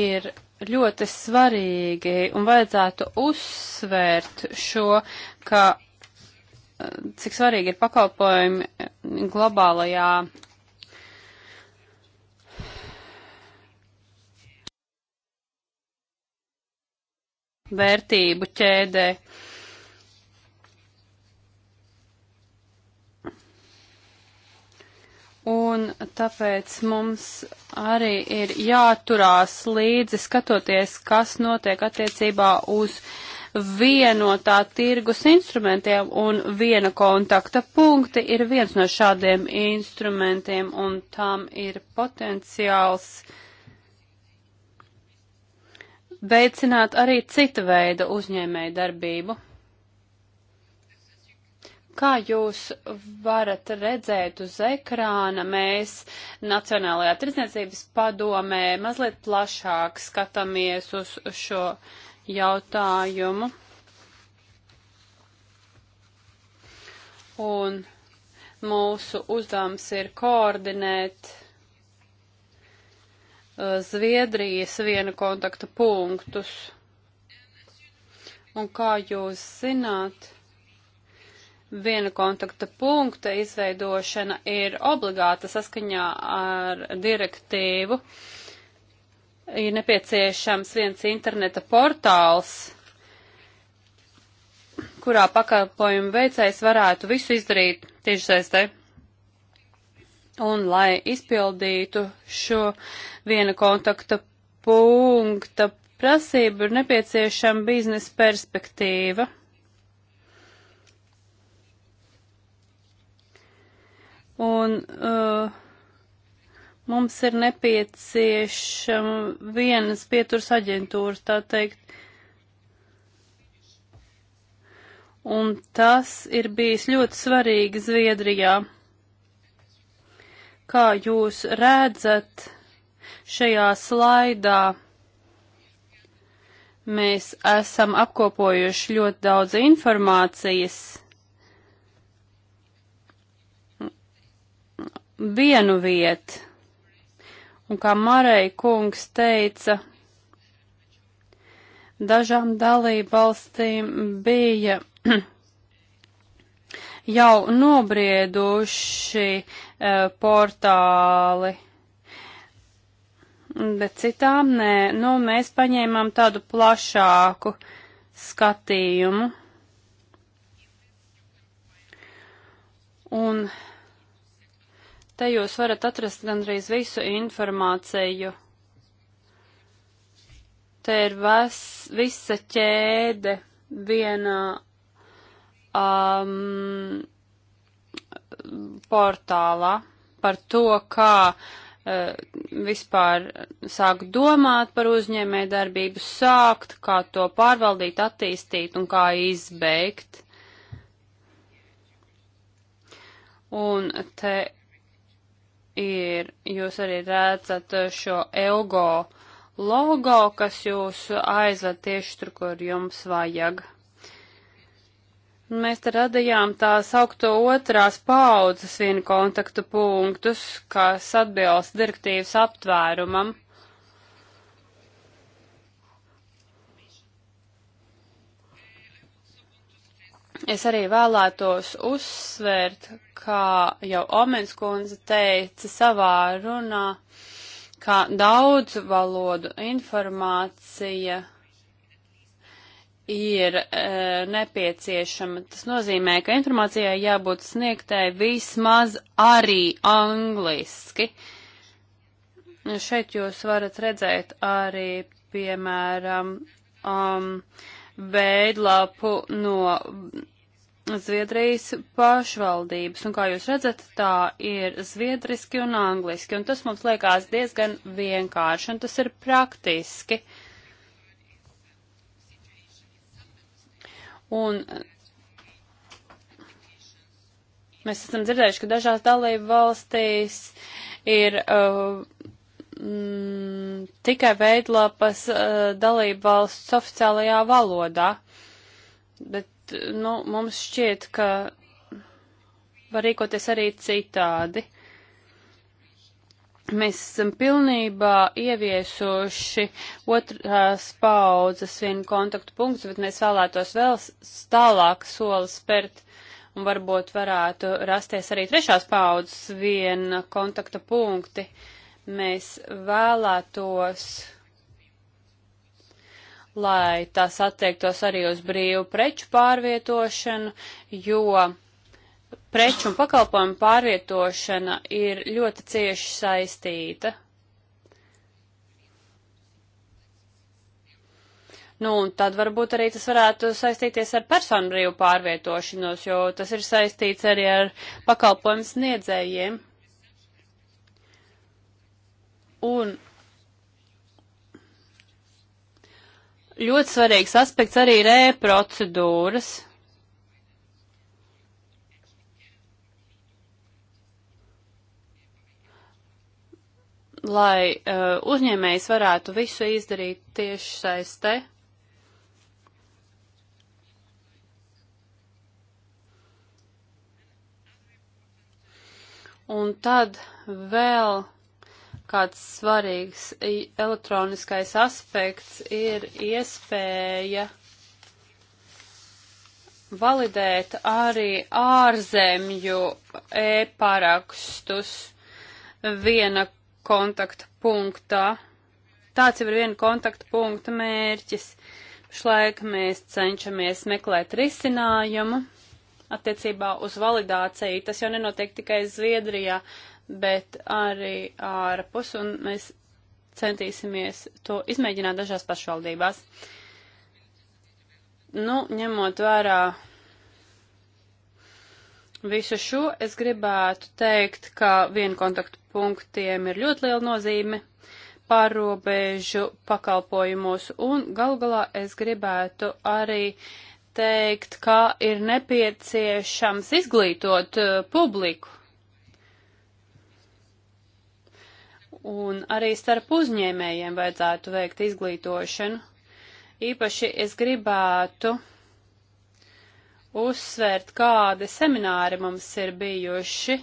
ir ļoti svarīgi un vajadzētu uzsvērt šo, ka eh, cik svarīgi ir pakalpojumi globālajā vērtību ķēdē. Uh, Un tāpēc mums arī ir jāturās līdzi skatoties, kas notiek attiecībā uz vienotā tirgus instrumentiem un viena kontakta punkti ir viens no šādiem instrumentiem un tam ir potenciāls veicināt arī cita veida uzņēmēju darbību. Kā jūs varat redzēt uz ekrāna, mēs Nacionālajā tirdzniecības padomē mazliet plašāk skatāmies uz šo jautājumu. Un mūsu uzdevums ir koordinēt uh, Zviedrijas viena kontakta punktus. Un kā jūs zināt, viena kontakta punkta izveidošana ir obligāta saskaņā ar direktīvu. Ir nepieciešams viens interneta portāls, kurā pakalpojumu veicējs varētu visu izdarīt tiešsaistē. Un, lai izpildītu šo viena kontakta punkta prasību, ir nepieciešama biznesa perspektīva Un uh, mums ir nepieciešama um, vienas pieturas aģentūras, tā teikt. Un tas ir bijis ļoti svarīgi Zviedrijā. Kā jūs redzat šajā slaidā, mēs esam apkopojuši ļoti daudz informācijas vienu vietu. Un kā Marei kungs teica, dažām dalību valstīm bija jau nobrieduši e, portāli, bet citām nē. Nu, mēs paņēmām tādu plašāku skatījumu. Un Te jūs varat atrast gandrīz visu informāciju. Te ir ves, visa ķēde vienā um, portālā par to, kā uh, vispār sāku domāt par uzņēmē darbību, sākt, kā to pārvaldīt, attīstīt un kā izbeigt. Un te ir, jūs arī redzat šo Elgo logo, kas jūs aizved tieši tur, kur jums vajag. Mēs te radījām tā saukto otrās paudzes vienu kontaktu punktus, kas atbilst direktīvas aptvērumam. Es arī vēlētos uzsvērt, kā jau Omens kundze teica savā runā, ka daudz valodu informācija ir e, nepieciešama. Tas nozīmē, ka informācijai jābūt sniegtai vismaz arī angliski. Šeit jūs varat redzēt arī, piemēram, um, veidlapu no Zviedrijas pašvaldības, un kā jūs redzat, tā ir zviedriski un angliski, un tas mums liekas diezgan vienkārši, un tas ir praktiski. Un mēs esam dzirdējuši, ka dažās dalību valstīs ir uh, mm, tikai veidlapas uh, dalība valsts oficiālajā valodā. Bet, nu, mums šķiet, ka var rīkoties arī citādi. Mēs esam pilnībā ieviesuši otrās paudzes vienu kontaktu punktu, bet mēs vēlētos vēl tālāk soli spērt un varbūt varētu rasties arī trešās paudzes viena kontakta punkti. Uh, Mēs vēlētos, lai tas attiektos arī uz brīvu preču pārvietošanu, jo preču un pakalpojumu pārvietošana ir ļoti cieši saistīta. Nu, un tad varbūt arī tas varētu saistīties ar personu brīvu pārvietošanos, jo tas ir saistīts arī ar pakalpojumu sniedzējiem. Un ļoti svarīgs aspekts arī ir e-procedūras. Lai uh, uzņēmējs varētu visu izdarīt tieši saistē. Un tad vēl kāds svarīgs elektroniskais aspekts ir iespēja validēt arī ārzemju e-parakstus viena kontakta punktā. Tāds jau ir viena kontakta punkta mērķis. Šlaik mēs cenšamies meklēt risinājumu attiecībā uz validāciju. Tas jau nenotiek tikai Zviedrijā, bet arī ārpus, un mēs centīsimies to izmēģināt dažās pašvaldībās. Nu, ņemot vērā visu šo, es gribētu teikt, ka vienkontaktu punktiem ir ļoti liela nozīme pārobežu pakalpojumos, un galu galā es gribētu arī teikt, ka ir nepieciešams izglītot uh, publiku Un arī starp uzņēmējiem vajadzētu veikt izglītošanu. Īpaši es gribētu uzsvērt, kādi semināri mums ir bijuši.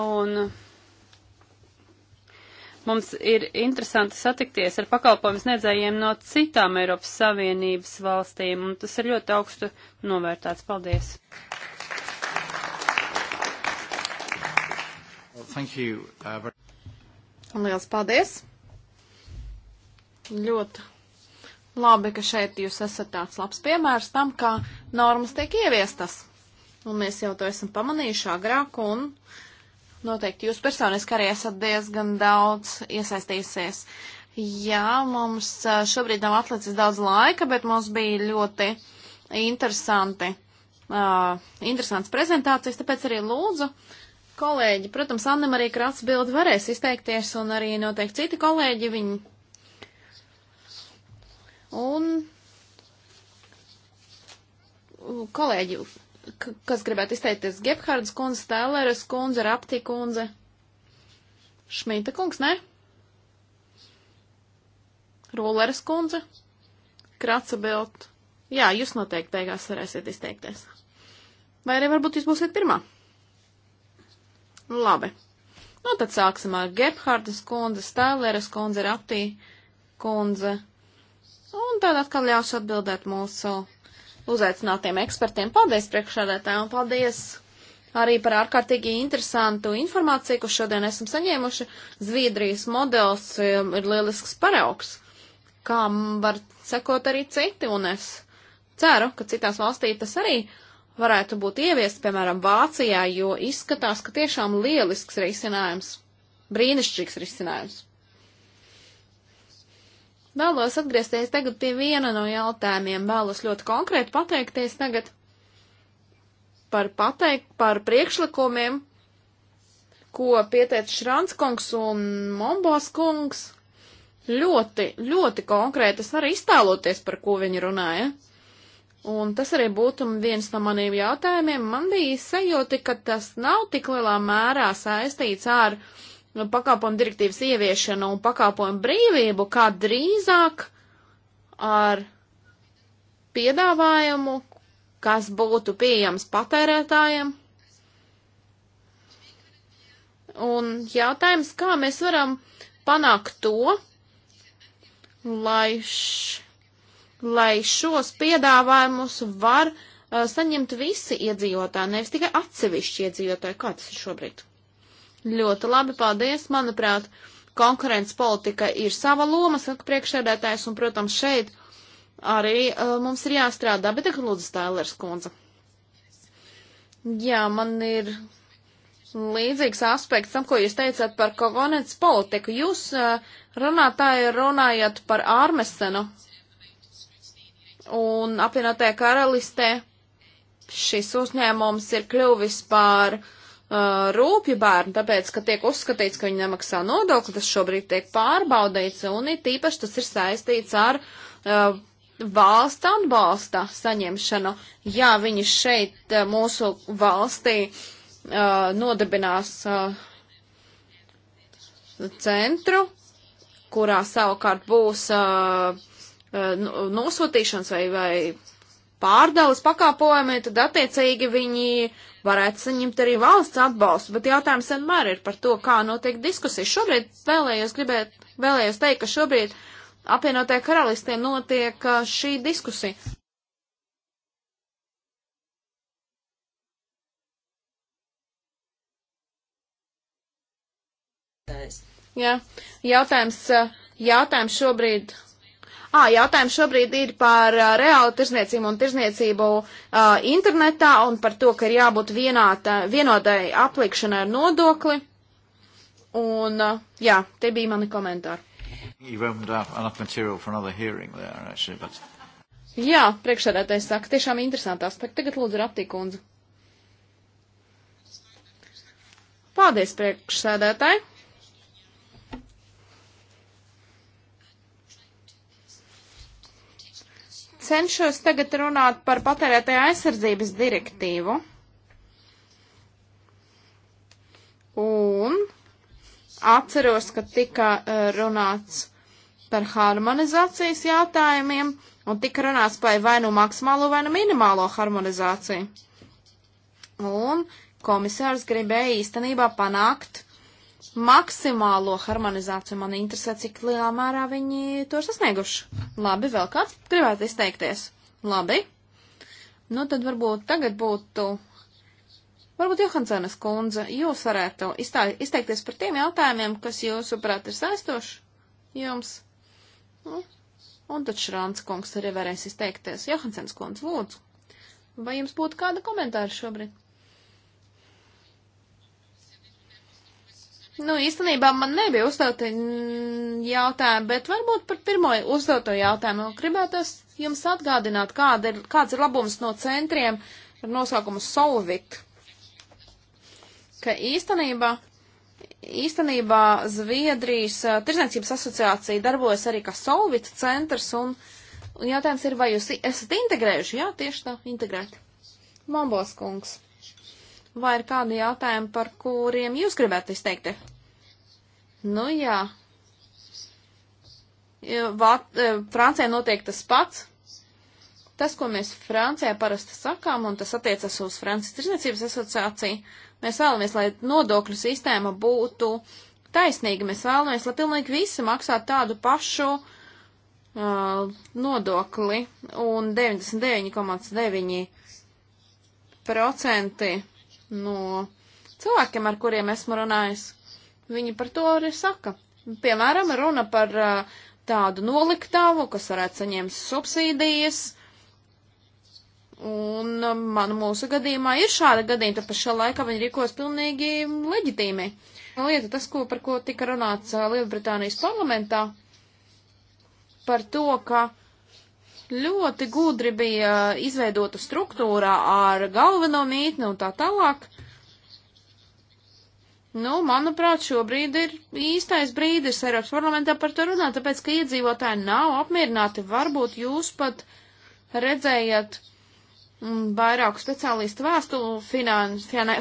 Un mums ir interesanti satikties ar pakalpojumu sniedzējiem no citām Eiropas Savienības valstīm, un tas ir ļoti augstu novērtāts. Paldies! Thank you. Uh, very... Liels paldies! Ļoti labi, ka šeit jūs esat tāds labs piemērs tam, kā normas tiek ieviestas. Un mēs jau to esam pamanījuši agrāk, un noteikti jūs personiski arī esat diezgan daudz iesaistījusies. Jā, mums uh, šobrīd nav atlicis daudz laika, bet mums bija ļoti interesanti, uh, interesants prezentācijas, tāpēc arī lūdzu kolēģi. Protams, Anna Marija Kratsbilda varēs izteikties un arī noteikti citi kolēģi viņi. Un kolēģi, kas gribētu izteikties, Gebhards kundze, Tēleres kundze, Rapti kundze, Šmita kungs, ne? Rūleres kundze, Kratsabilt. Jā, jūs noteikti beigās varēsiet izteikties. Vai arī varbūt jūs būsiet pirmā? Labi. Nu, tad sāksim ar Gebhardas kundze, Stēleres kundze, Raptī kundze. Un tad atkal ļaušu atbildēt mūsu uzaicinātiem ekspertiem. Paldies priekšādētāji un paldies arī par ārkārtīgi interesantu informāciju, ko šodien esam saņēmuši. Zviedrijas modelis um, ir lielisks paraugs, kā var sekot arī citi, un es ceru, ka citās valstī tas arī uh, varētu būt ieviests, piemēram, Vācijā, jo izskatās, ka tiešām lielisks risinājums, brīnišķīgs risinājums. Vēlos atgriezties tagad pie viena no jautājumiem. Vēlos ļoti konkrēti pateikties tagad par, pateik, par priekšlikumiem, ko pieteica Šranskungs un Momboskungs. Ļoti, ļoti konkrēti es varu iztēloties, par ko viņi runāja. Ja? Un tas arī būtu viens no maniem jautājumiem. Man bija sajūta, ka tas nav tik lielā mērā saistīts ar pakāpojumu direktīvas ieviešanu un pakāpojumu brīvību, kā drīzāk ar piedāvājumu, kas būtu pieejams patērētājiem. Un jautājums, kā mēs varam panākt to, lai š lai šos piedāvājumus var uh, saņemt visi iedzīvotāji, nevis tikai atsevišķi iedzīvotāji, kā tas ir šobrīd. Ļoti labi, paldies, manuprāt, konkurences politika ir sava loma, saka priekšsēdētājs, un, protams, šeit arī uh, mums ir jāstrādā, bet tagad lūdzu Stēlers kundze. Jā, man ir līdzīgs aspekts tam, ko jūs teicāt par konkurences politiku. Jūs uh, runātāji runājat par ārmesenu Un apvienotajā karalistē šis uzņēmums ir kļuvis par uh, rūpju bērnu, tāpēc, ka tiek uzskatīts, ka viņi nemaksā nodokli, tas šobrīd tiek pārbaudīts, un it īpaši tas ir saistīts ar uh, valsts atbalsta saņemšanu. Jā, viņi šeit uh, mūsu valstī uh, nodibinās uh, centru, kurā savukārt būs uh, Eh, nu, nosūtīšanas vai, vai pārdales pakāpojumi, tad attiecīgi viņi varētu saņemt arī valsts atbalstu, bet jautājums vienmēr ir par to, kā notiek diskusija. Šobrīd vēlējos, gribēt, vēlējos teikt, ka šobrīd apvienotajā karalistē notiek eh, šī diskusija. Jā, jautājums, eh, jautājums šobrīd Ā, jautājums šobrīd ir par reālu tirzniecību un tirzniecību uh, internetā un par to, ka ir jābūt vienāta, vienodai aplikšanai ar nodokli. Un, uh, jā, te bija mani komentāri. There, actually, but... Jā, priekšsēdētājs saka, tiešām interesanti aspekti. Tagad lūdzu aptīkundzi. Paldies, priekšsēdētāji! cenšos tagad runāt par patērētāju aizsardzības direktīvu. Un atceros, ka tika e, runāts par harmonizācijas jautājumiem un tika runāts par vai nu maksimālo vai nu minimālo harmonizāciju. Un komisārs gribēja īstenībā panākt maksimālo harmonizāciju. Man interesē, cik lielā mērā viņi to ir sasnieguši. Labi, vēl kāds gribētu izteikties. Labi. Nu, tad varbūt tagad būtu. Varbūt Johansēnas kundze, jūs varētu iztā, izteikties par tiem jautājumiem, kas jūsuprāt ir saistoši jums. Nu, un tad Šrāns kungs arī varēs izteikties. Johansēnas kundze, lūdzu. Vai jums būtu kāda komentāra šobrīd? Nu, īstenībā man nebija uzdota jautājuma, bet varbūt par pirmo uzdoto jautājumu. Gribētos jums atgādināt, kāda ir, kāds ir labums no centriem ar nosaukumu Solvit. Ka īstenībā, īstenībā Zviedrijas uh, Tirzniecības asociācija darbojas arī kā Solvit centrs, un, un jautājums ir, vai jūs esat integrējuši? Jā, tieši tā, integrēti. Mambos kungs. Vai ir kādi jautājumi, par kuriem jūs gribētu izteikt? Nu jā. Vāt, eh, Francijā notiek tas pats. Tas, ko mēs Francijā parasti sakām, un tas attiecas uz Francijas Tirzniecības asociāciju, mēs vēlamies, lai nodokļu sistēma būtu taisnīga. Mēs vēlamies, lai pilnīgi visi maksātu tādu pašu uh, nodokli, un 99,9% no cilvēkiem, ar kuriem esmu runājis, Viņi par to arī saka. Piemēram, runa par uh, tādu noliktavu, kas varētu saņemt subsīdijas. Un man mūsu gadījumā ir šāda gadījuma, tad pašā laikā viņi rīkos pilnīgi leģitīmi. Lieta tas, ko, par ko tika runāts Lielbritānijas parlamentā, par to, ka ļoti gudri bija izveidota struktūrā ar galveno mītni un tā tālāk. Nu, manuprāt, šobrīd ir īstais brīdis Eiropas parlamentā par to runāt, tāpēc, ka iedzīvotāji nav apmierināti. Varbūt jūs pat redzējat mm, vairāku speciālistu vēstuli finan,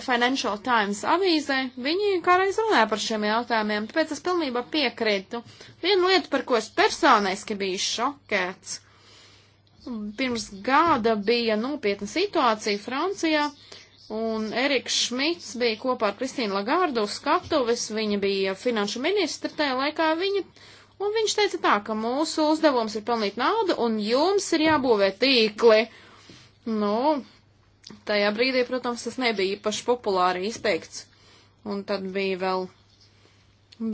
Financial Times avīzē. Viņi kādreiz runāja par šiem jautājumiem, tāpēc es pilnībā piekrītu. Viena lieta, par ko es personiski biju šokēts, pirms gada bija nopietna situācija Francijā. Uh, Un Eriks Šmits bija kopā ar Kristīnu Lagārdu uz skatuves, viņa bija finanšu ministra tajā laikā, viņa, un viņš teica tā, ka mūsu uzdevums ir pelnīt naudu, un jums ir jābūvē tīkli. Nu, tajā brīdī, protams, tas nebija īpaši populāri izteikts. Un tad bija vēl,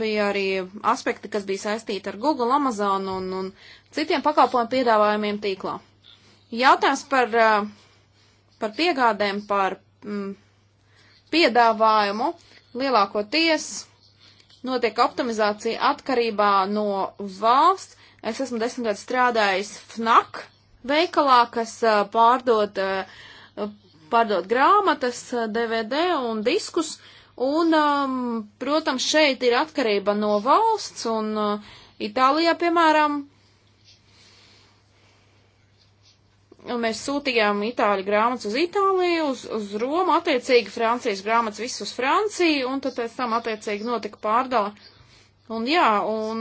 bija arī aspekti, kas bija saistīti ar Google, Amazon un, un citiem pakalpojumu piedāvājumiem tīklā. Jautājums par, eh, par piegādēm, par mm, piedāvājumu lielākoties notiek optimizācija atkarībā no valsts. Es esmu desmit gadus strādājis FNAC veikalā, kas uh, pārdod, uh, pārdod grāmatas, DVD un diskus. Un, um, protams, šeit ir atkarība no valsts, un uh, Itālijā, piemēram, un mēs sūtījām itāļu grāmatas uz Itāliju, uz, uz Romu, attiecīgi Francijas grāmatas visus uz Franciju, un tad pēc tam attiecīgi notika pārdala. Un jā, un,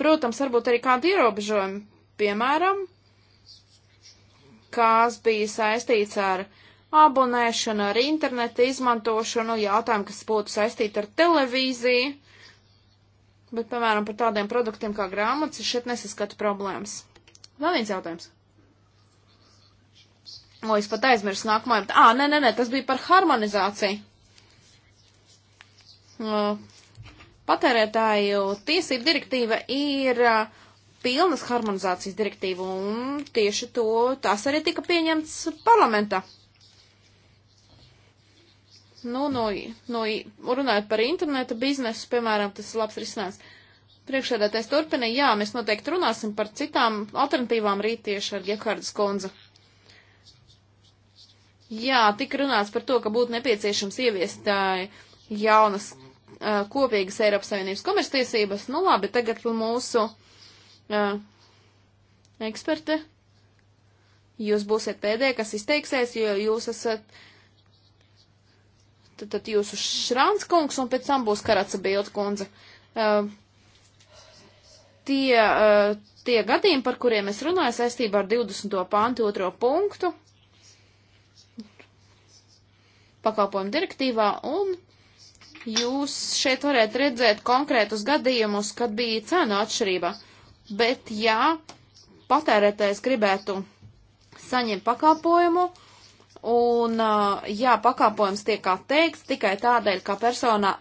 protams, varbūt arī kādi ierobežojumi, piemēram, kas bija saistīts ar abonēšanu, ar internetu izmantošanu, jautājumu, kas būtu saistīti ar televīziju, bet, piemēram, par tādiem produktiem kā grāmatas, šeit nesaskatu problēmas. Vēl viens jautājums. O, nu, es pat aizmirsu nākamajam. Ā, nē, nē, nē, tas bija par harmonizāciju. Nu, patērētāju tiesību direktīva ir pilnas harmonizācijas direktīva, un tieši to tas arī tika pieņemts parlamentā. Nu, no, no, runājot par interneta biznesu, piemēram, tas ir labs risinājums. Priekšēdētais turpina, jā, mēs noteikti runāsim par citām alternatīvām rīt tieši ar Gekardas kundzi. Jā, tik runāts par to, ka būtu nepieciešams ieviest jaunas kopīgas Eiropas Savienības komerctiesības. Nu labi, tagad mūsu uh, eksperte. Jūs būsiet pēdējie, kas izteiksies, jo jūs esat. Tad, tad jūs uz Šrāns kungs un pēc tam būs Karatsa Bild kundze. Uh, tie, uh, tie gadījumi, par kuriem es runāju saistībā ar 20. pāntu otro punktu, pakalpojumu direktīvā, un jūs šeit varētu redzēt konkrētus gadījumus, kad bija cēnu atšķirība. Bet, ja patērētājs gribētu saņemt pakalpojumu, un, ja pakalpojums tiek atteikts tikai tādēļ, ka persona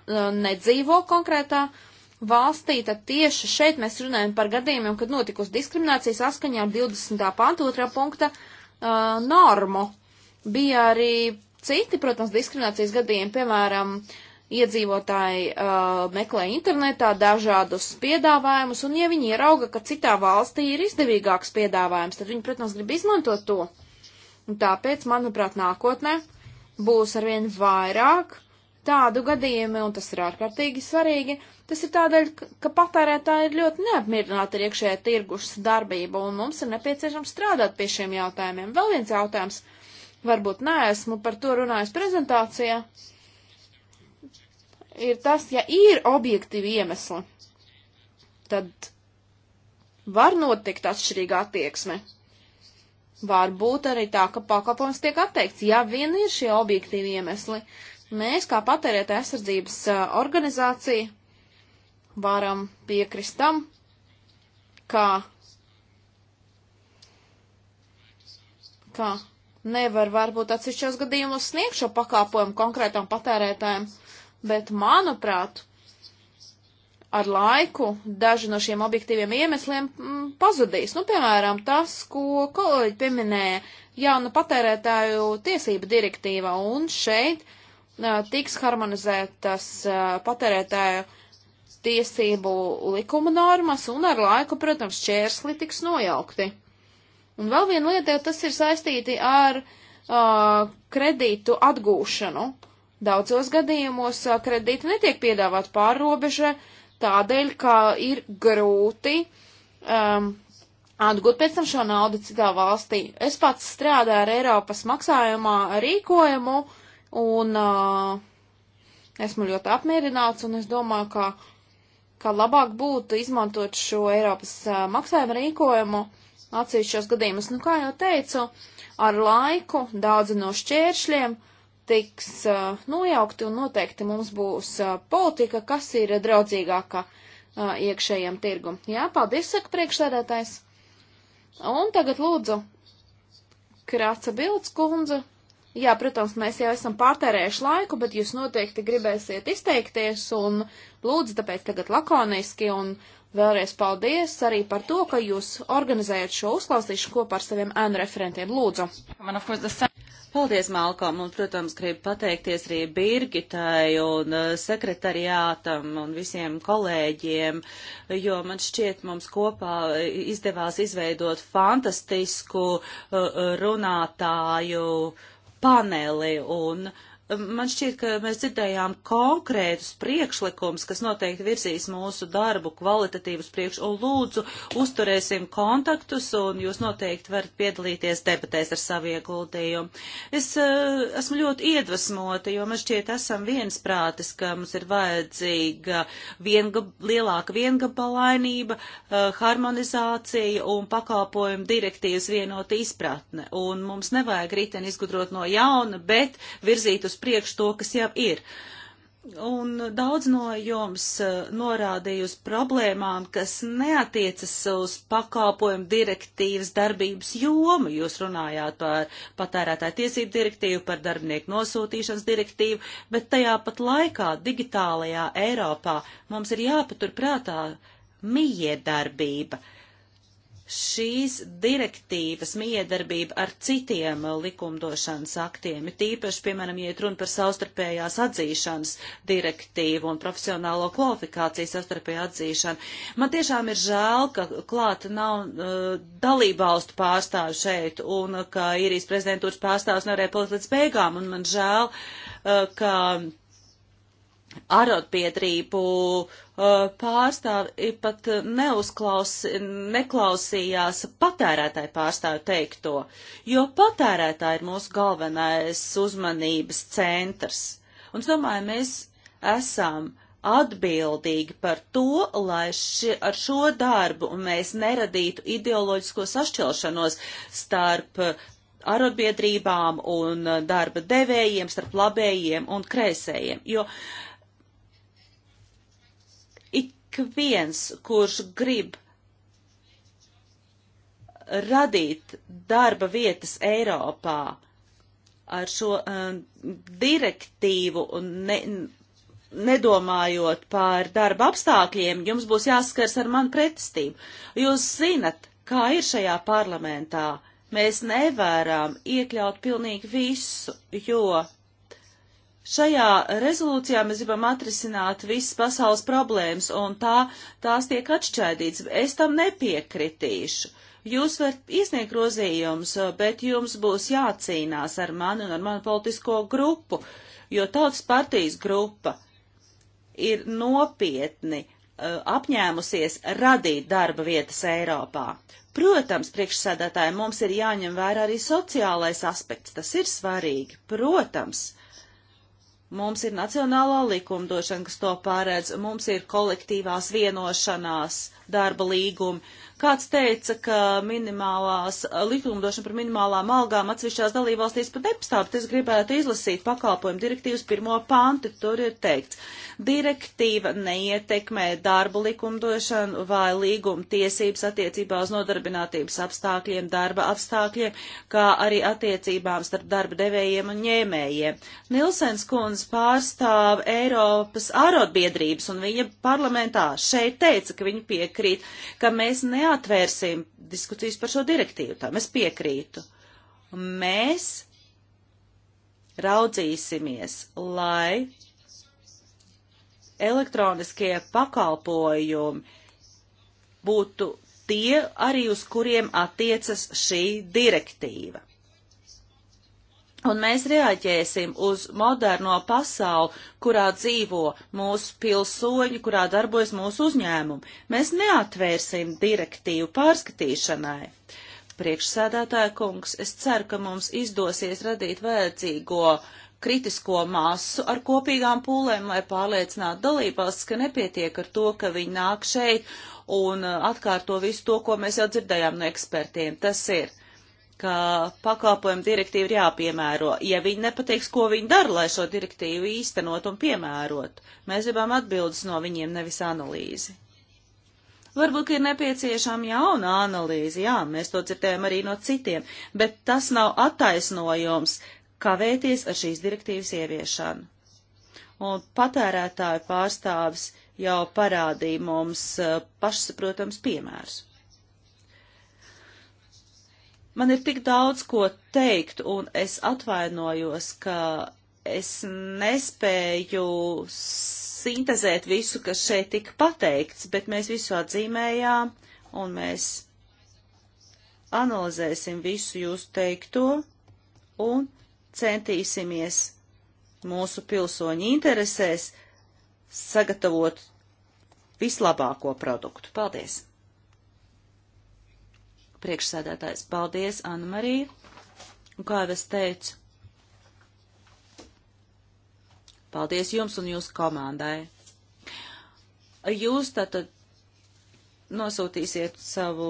nedzīvo konkrētā valstī, tad tieši šeit mēs runājam par gadījumiem, kad notikusi diskriminācija saskaņā ar 20. pāntu 2. punkta uh, normu. Bija arī Citi, protams, diskriminācijas gadījumi, piemēram, iedzīvotāji uh, meklē internetā dažādus piedāvājumus, un ja viņi ierauga, ka citā valstī ir izdevīgāks piedāvājums, tad viņi, protams, grib izmantot to. Un tāpēc, manuprāt, nākotnē būs arvien vairāk tādu gadījumu, un tas ir ārkārtīgi svarīgi. Tas ir tādēļ, ka patērētāji ir ļoti neapmierināti ar iekšējā tirgus darbību, un mums ir nepieciešams strādāt pie šiem jautājumiem. Vēl viens jautājums, varbūt neesmu par to runājis prezentācijā, ir tas, ja ir objektīvi iemesli, tad var notikt atšķirīga attieksme. Var būt arī tā, ka pakalpojums tiek atteikts, ja vien ir šie objektīvi iemesli. Mēs, kā patērētāja aizsardzības organizācija, varam piekrist tam, ka, ka nevar varbūt atsevišķos gadījumos sniegt šo pakāpojumu konkrētam patērētājiem, bet manuprāt, ar laiku daži no šiem objektīviem iemesliem m, mm, pazudīs. Nu, piemēram, tas, ko kolēģi pieminēja jaunu patērētāju tiesību direktīva, un šeit uh, tiks harmonizētas uh, patērētāju tiesību likuma normas, un ar laiku, protams, čērsli tiks nojaukti. Un vēl viena lieta, jo tas ir saistīti ar uh, kredītu atgūšanu. Daudzos gadījumos uh, kredīti netiek piedāvāt pārrobežē, tādēļ, ka ir grūti um, atgūt pēc tam šo naudu citā valstī. Es pats strādāju ar Eiropas maksājumā rīkojumu un uh, esmu ļoti apmierināts un es domāju, ka, ka labāk būtu izmantot šo Eiropas uh, maksājuma rīkojumu atsevišķos gadījumus. Nu, kā jau teicu, ar laiku daudzi no šķēršļiem tiks uh, nojaukti un noteikti mums būs uh, politika, kas ir draudzīgāka uh, iekšējiem tirgum. Jā, paldies, saka priekšsēdētājs. Un tagad lūdzu, Krāca Bilds kundze. Jā, protams, mēs jau esam pārtērējuši laiku, bet jūs noteikti gribēsiet izteikties un lūdzu tāpēc tagad lakoniski un Vēlreiz paldies arī par to, ka jūs organizējat šo uzklausīšanu kopā ar saviem ēnu referentiem. Lūdzu! Paldies, Malkom, un, protams, gribu pateikties arī Birgitai un uh, sekretariātam un visiem kolēģiem, jo man šķiet mums kopā uh, izdevās izveidot fantastisku uh, runātāju paneli un uh, man šķiet, ka mēs dzirdējām konkrētus priekšlikumus, kas noteikti virzīs mūsu darbu kvalitatīvus priekš, un lūdzu, uzturēsim kontaktus, un jūs noteikti varat piedalīties debatēs ar savu ieguldījumu. Es uh, esmu ļoti iedvesmota, jo man šķiet, esam viensprātis, ka mums ir vajadzīga viengab, lielāka viengabalainība, uh, harmonizācija un pakalpojumu direktīvas vienota izpratne, un mums nevajag riteni izgudrot no jauna, bet virzīt uz uz priekšu to, kas jau ir. Un daudz no jums eh, norādīja uz problēmām, kas neatiecas uz pakalpojumu direktīvas darbības jomu. Jūs runājāt par patērētāju tiesību direktīvu, par darbinieku nosūtīšanas direktīvu, bet tajā pat laikā digitālajā Eiropā mums ir jāpatur prātā mijiedarbība. darbība šīs direktīvas miedarbība ar citiem likumdošanas aktiem, ir tīpaši, piemēram, ja runa par savstarpējās atzīšanas direktīvu un profesionālo kvalifikāciju savstarpēju atzīšanu. Man tiešām ir žēl, ka klāt nav uh, dalībvalstu pārstāvu šeit un ka īrijas prezidentūras pārstāvs nevarēja palikt līdz beigām, un man žēl, uh, ka arotbiedrību uh, pārstāvi pat uh, neuzklaus, neklausījās patērētāju pārstāvi teikto, jo patērētāji ir mūsu galvenais uzmanības centrs. Un es domāju, mēs esam atbildīgi par to, lai ši, ar šo darbu mēs neradītu ideoloģisko sašķelšanos starp uh, arotbiedrībām un darba devējiem, starp labējiem un kreisējiem. Jo uh, ik viens, kurš grib radīt darba vietas Eiropā ar šo um, direktīvu un ne, nedomājot par darba apstākļiem, jums būs jāskars ar manu pretestību. Jūs zinat, kā ir šajā parlamentā. Mēs nevaram iekļaut pilnīgi visu, jo Šajā rezolūcijā mēs gribam atrisināt visas pasaules problēmas, un tā, tās tiek atšķaidīts. Es tam nepiekritīšu. Jūs varat iesniegt grozījumus, bet jums būs jācīnās ar mani un ar manu politisko grupu, jo tautas partijas grupa ir nopietni uh, apņēmusies radīt darba vietas Eiropā. Protams, priekšsēdētāji, mums ir jāņem vērā arī sociālais aspekts, tas ir svarīgi, protams. Uh, Mums ir nacionālā likumdošana, kas to pārēdz, mums ir kolektīvās vienošanās, darba līgumi, Kāds teica, ka minimālās likumdošana par minimālām algām atsevišķās dalībvalstīs pat nepastāv, bet es gribētu izlasīt pakalpojumu direktīvas pirmo panti, tur ir teikts. Direktīva neietekmē darba likumdošanu vai līguma tiesības attiecībā uz nodarbinātības apstākļiem, darba apstākļiem, kā arī attiecībām starp darba devējiem un ņēmējiem. Nilsens kundze pārstāv Eiropas arotbiedrības un viņa parlamentā šeit teica, ka viņa piekrīt, ka mēs ne neatvērsim diskusijas par šo direktīvu, tam es piekrītu. Mēs raudzīsimies, lai elektroniskie pakalpojumi būtu tie arī, uz kuriem attiecas šī direktīva. Un mēs reaģēsim uz moderno pasauli, kurā dzīvo mūsu pilsoņi, kurā darbojas mūsu uzņēmumi. Mēs neatvērsim direktīvu pārskatīšanai. Priekšsēdētāja kungs, es ceru, ka mums izdosies radīt vajadzīgo kritisko masu ar kopīgām pūlēm, lai pārliecinātu dalībvalstis, ka nepietiek ar to, ka viņi nāk šeit un uh, atkārto visu to, ko mēs jau dzirdējām no ekspertiem. Tas ir ka pakalpojumu direktīva ir jāpiemēro. Ja viņi nepateiks, ko viņi dara, lai šo direktīvu īstenot un piemērot, mēs gribam atbildes no viņiem, nevis analīzi. Varbūt ir nepieciešama jauna analīze, jā, mēs to dzirdējam arī no citiem, bet tas nav attaisnojums kavēties ar šīs direktīvas ieviešanu. Un patērētāju pārstāvis jau parādīja mums eh, pašsaprotams piemērs. Man ir tik daudz ko teikt, un es atvainojos, ka es nespēju sintezēt visu, kas šeit tika pateikts, bet mēs visu atzīmējām, un mēs analizēsim visu jūsu teikto un centīsimies mūsu pilsoņu interesēs sagatavot vislabāko produktu. Paldies! Priekšsēdētājs, paldies, Anna Marija. Un kā jau es teicu, paldies jums un jūsu komandai. Jūs tātad nosūtīsiet savu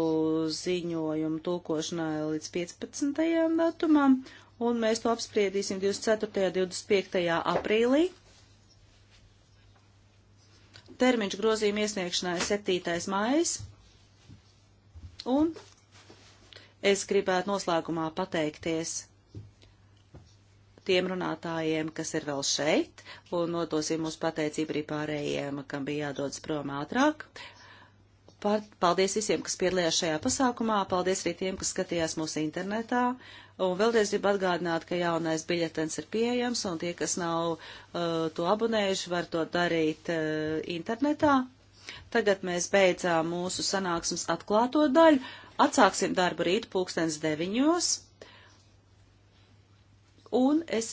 ziņojumu tulkošanai līdz 15. datumam, un mēs to apspriedīsim 24. un 25. aprīlī. Termiņš grozījuma iesniegšanai 7. mājas, un Es gribētu noslēgumā pateikties tiem runātājiem, kas ir vēl šeit, un nodosim mūsu pateicību arī pārējiem, kam bija jādodas prom ātrāk. Paldies visiem, kas piedalījās šajā pasākumā, paldies arī tiem, kas skatījās mūsu internetā. Un vēlreiz gribu atgādināt, ka jaunais biļetens ir pieejams, un tie, kas nav uh, to abonējuši, var to darīt uh, internetā. Tagad mēs beidzām mūsu sanāksmes atklāto daļu. Atsāksim darbu rīt pulkstens deviņos, un es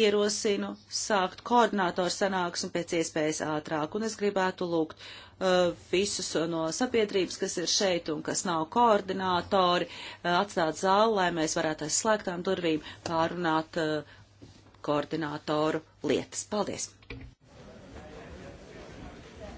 ierosinu sākt koordinātoru sanāksmi pēc iespējas ātrāk, un es gribētu lūgt uh, visus no sabiedrības, kas ir šeit un kas nav koordinātori, uh, atstāt zāli, lai mēs varētu aiz slēgtām durvīm pārunāt uh, koordinātoru lietas. Paldies!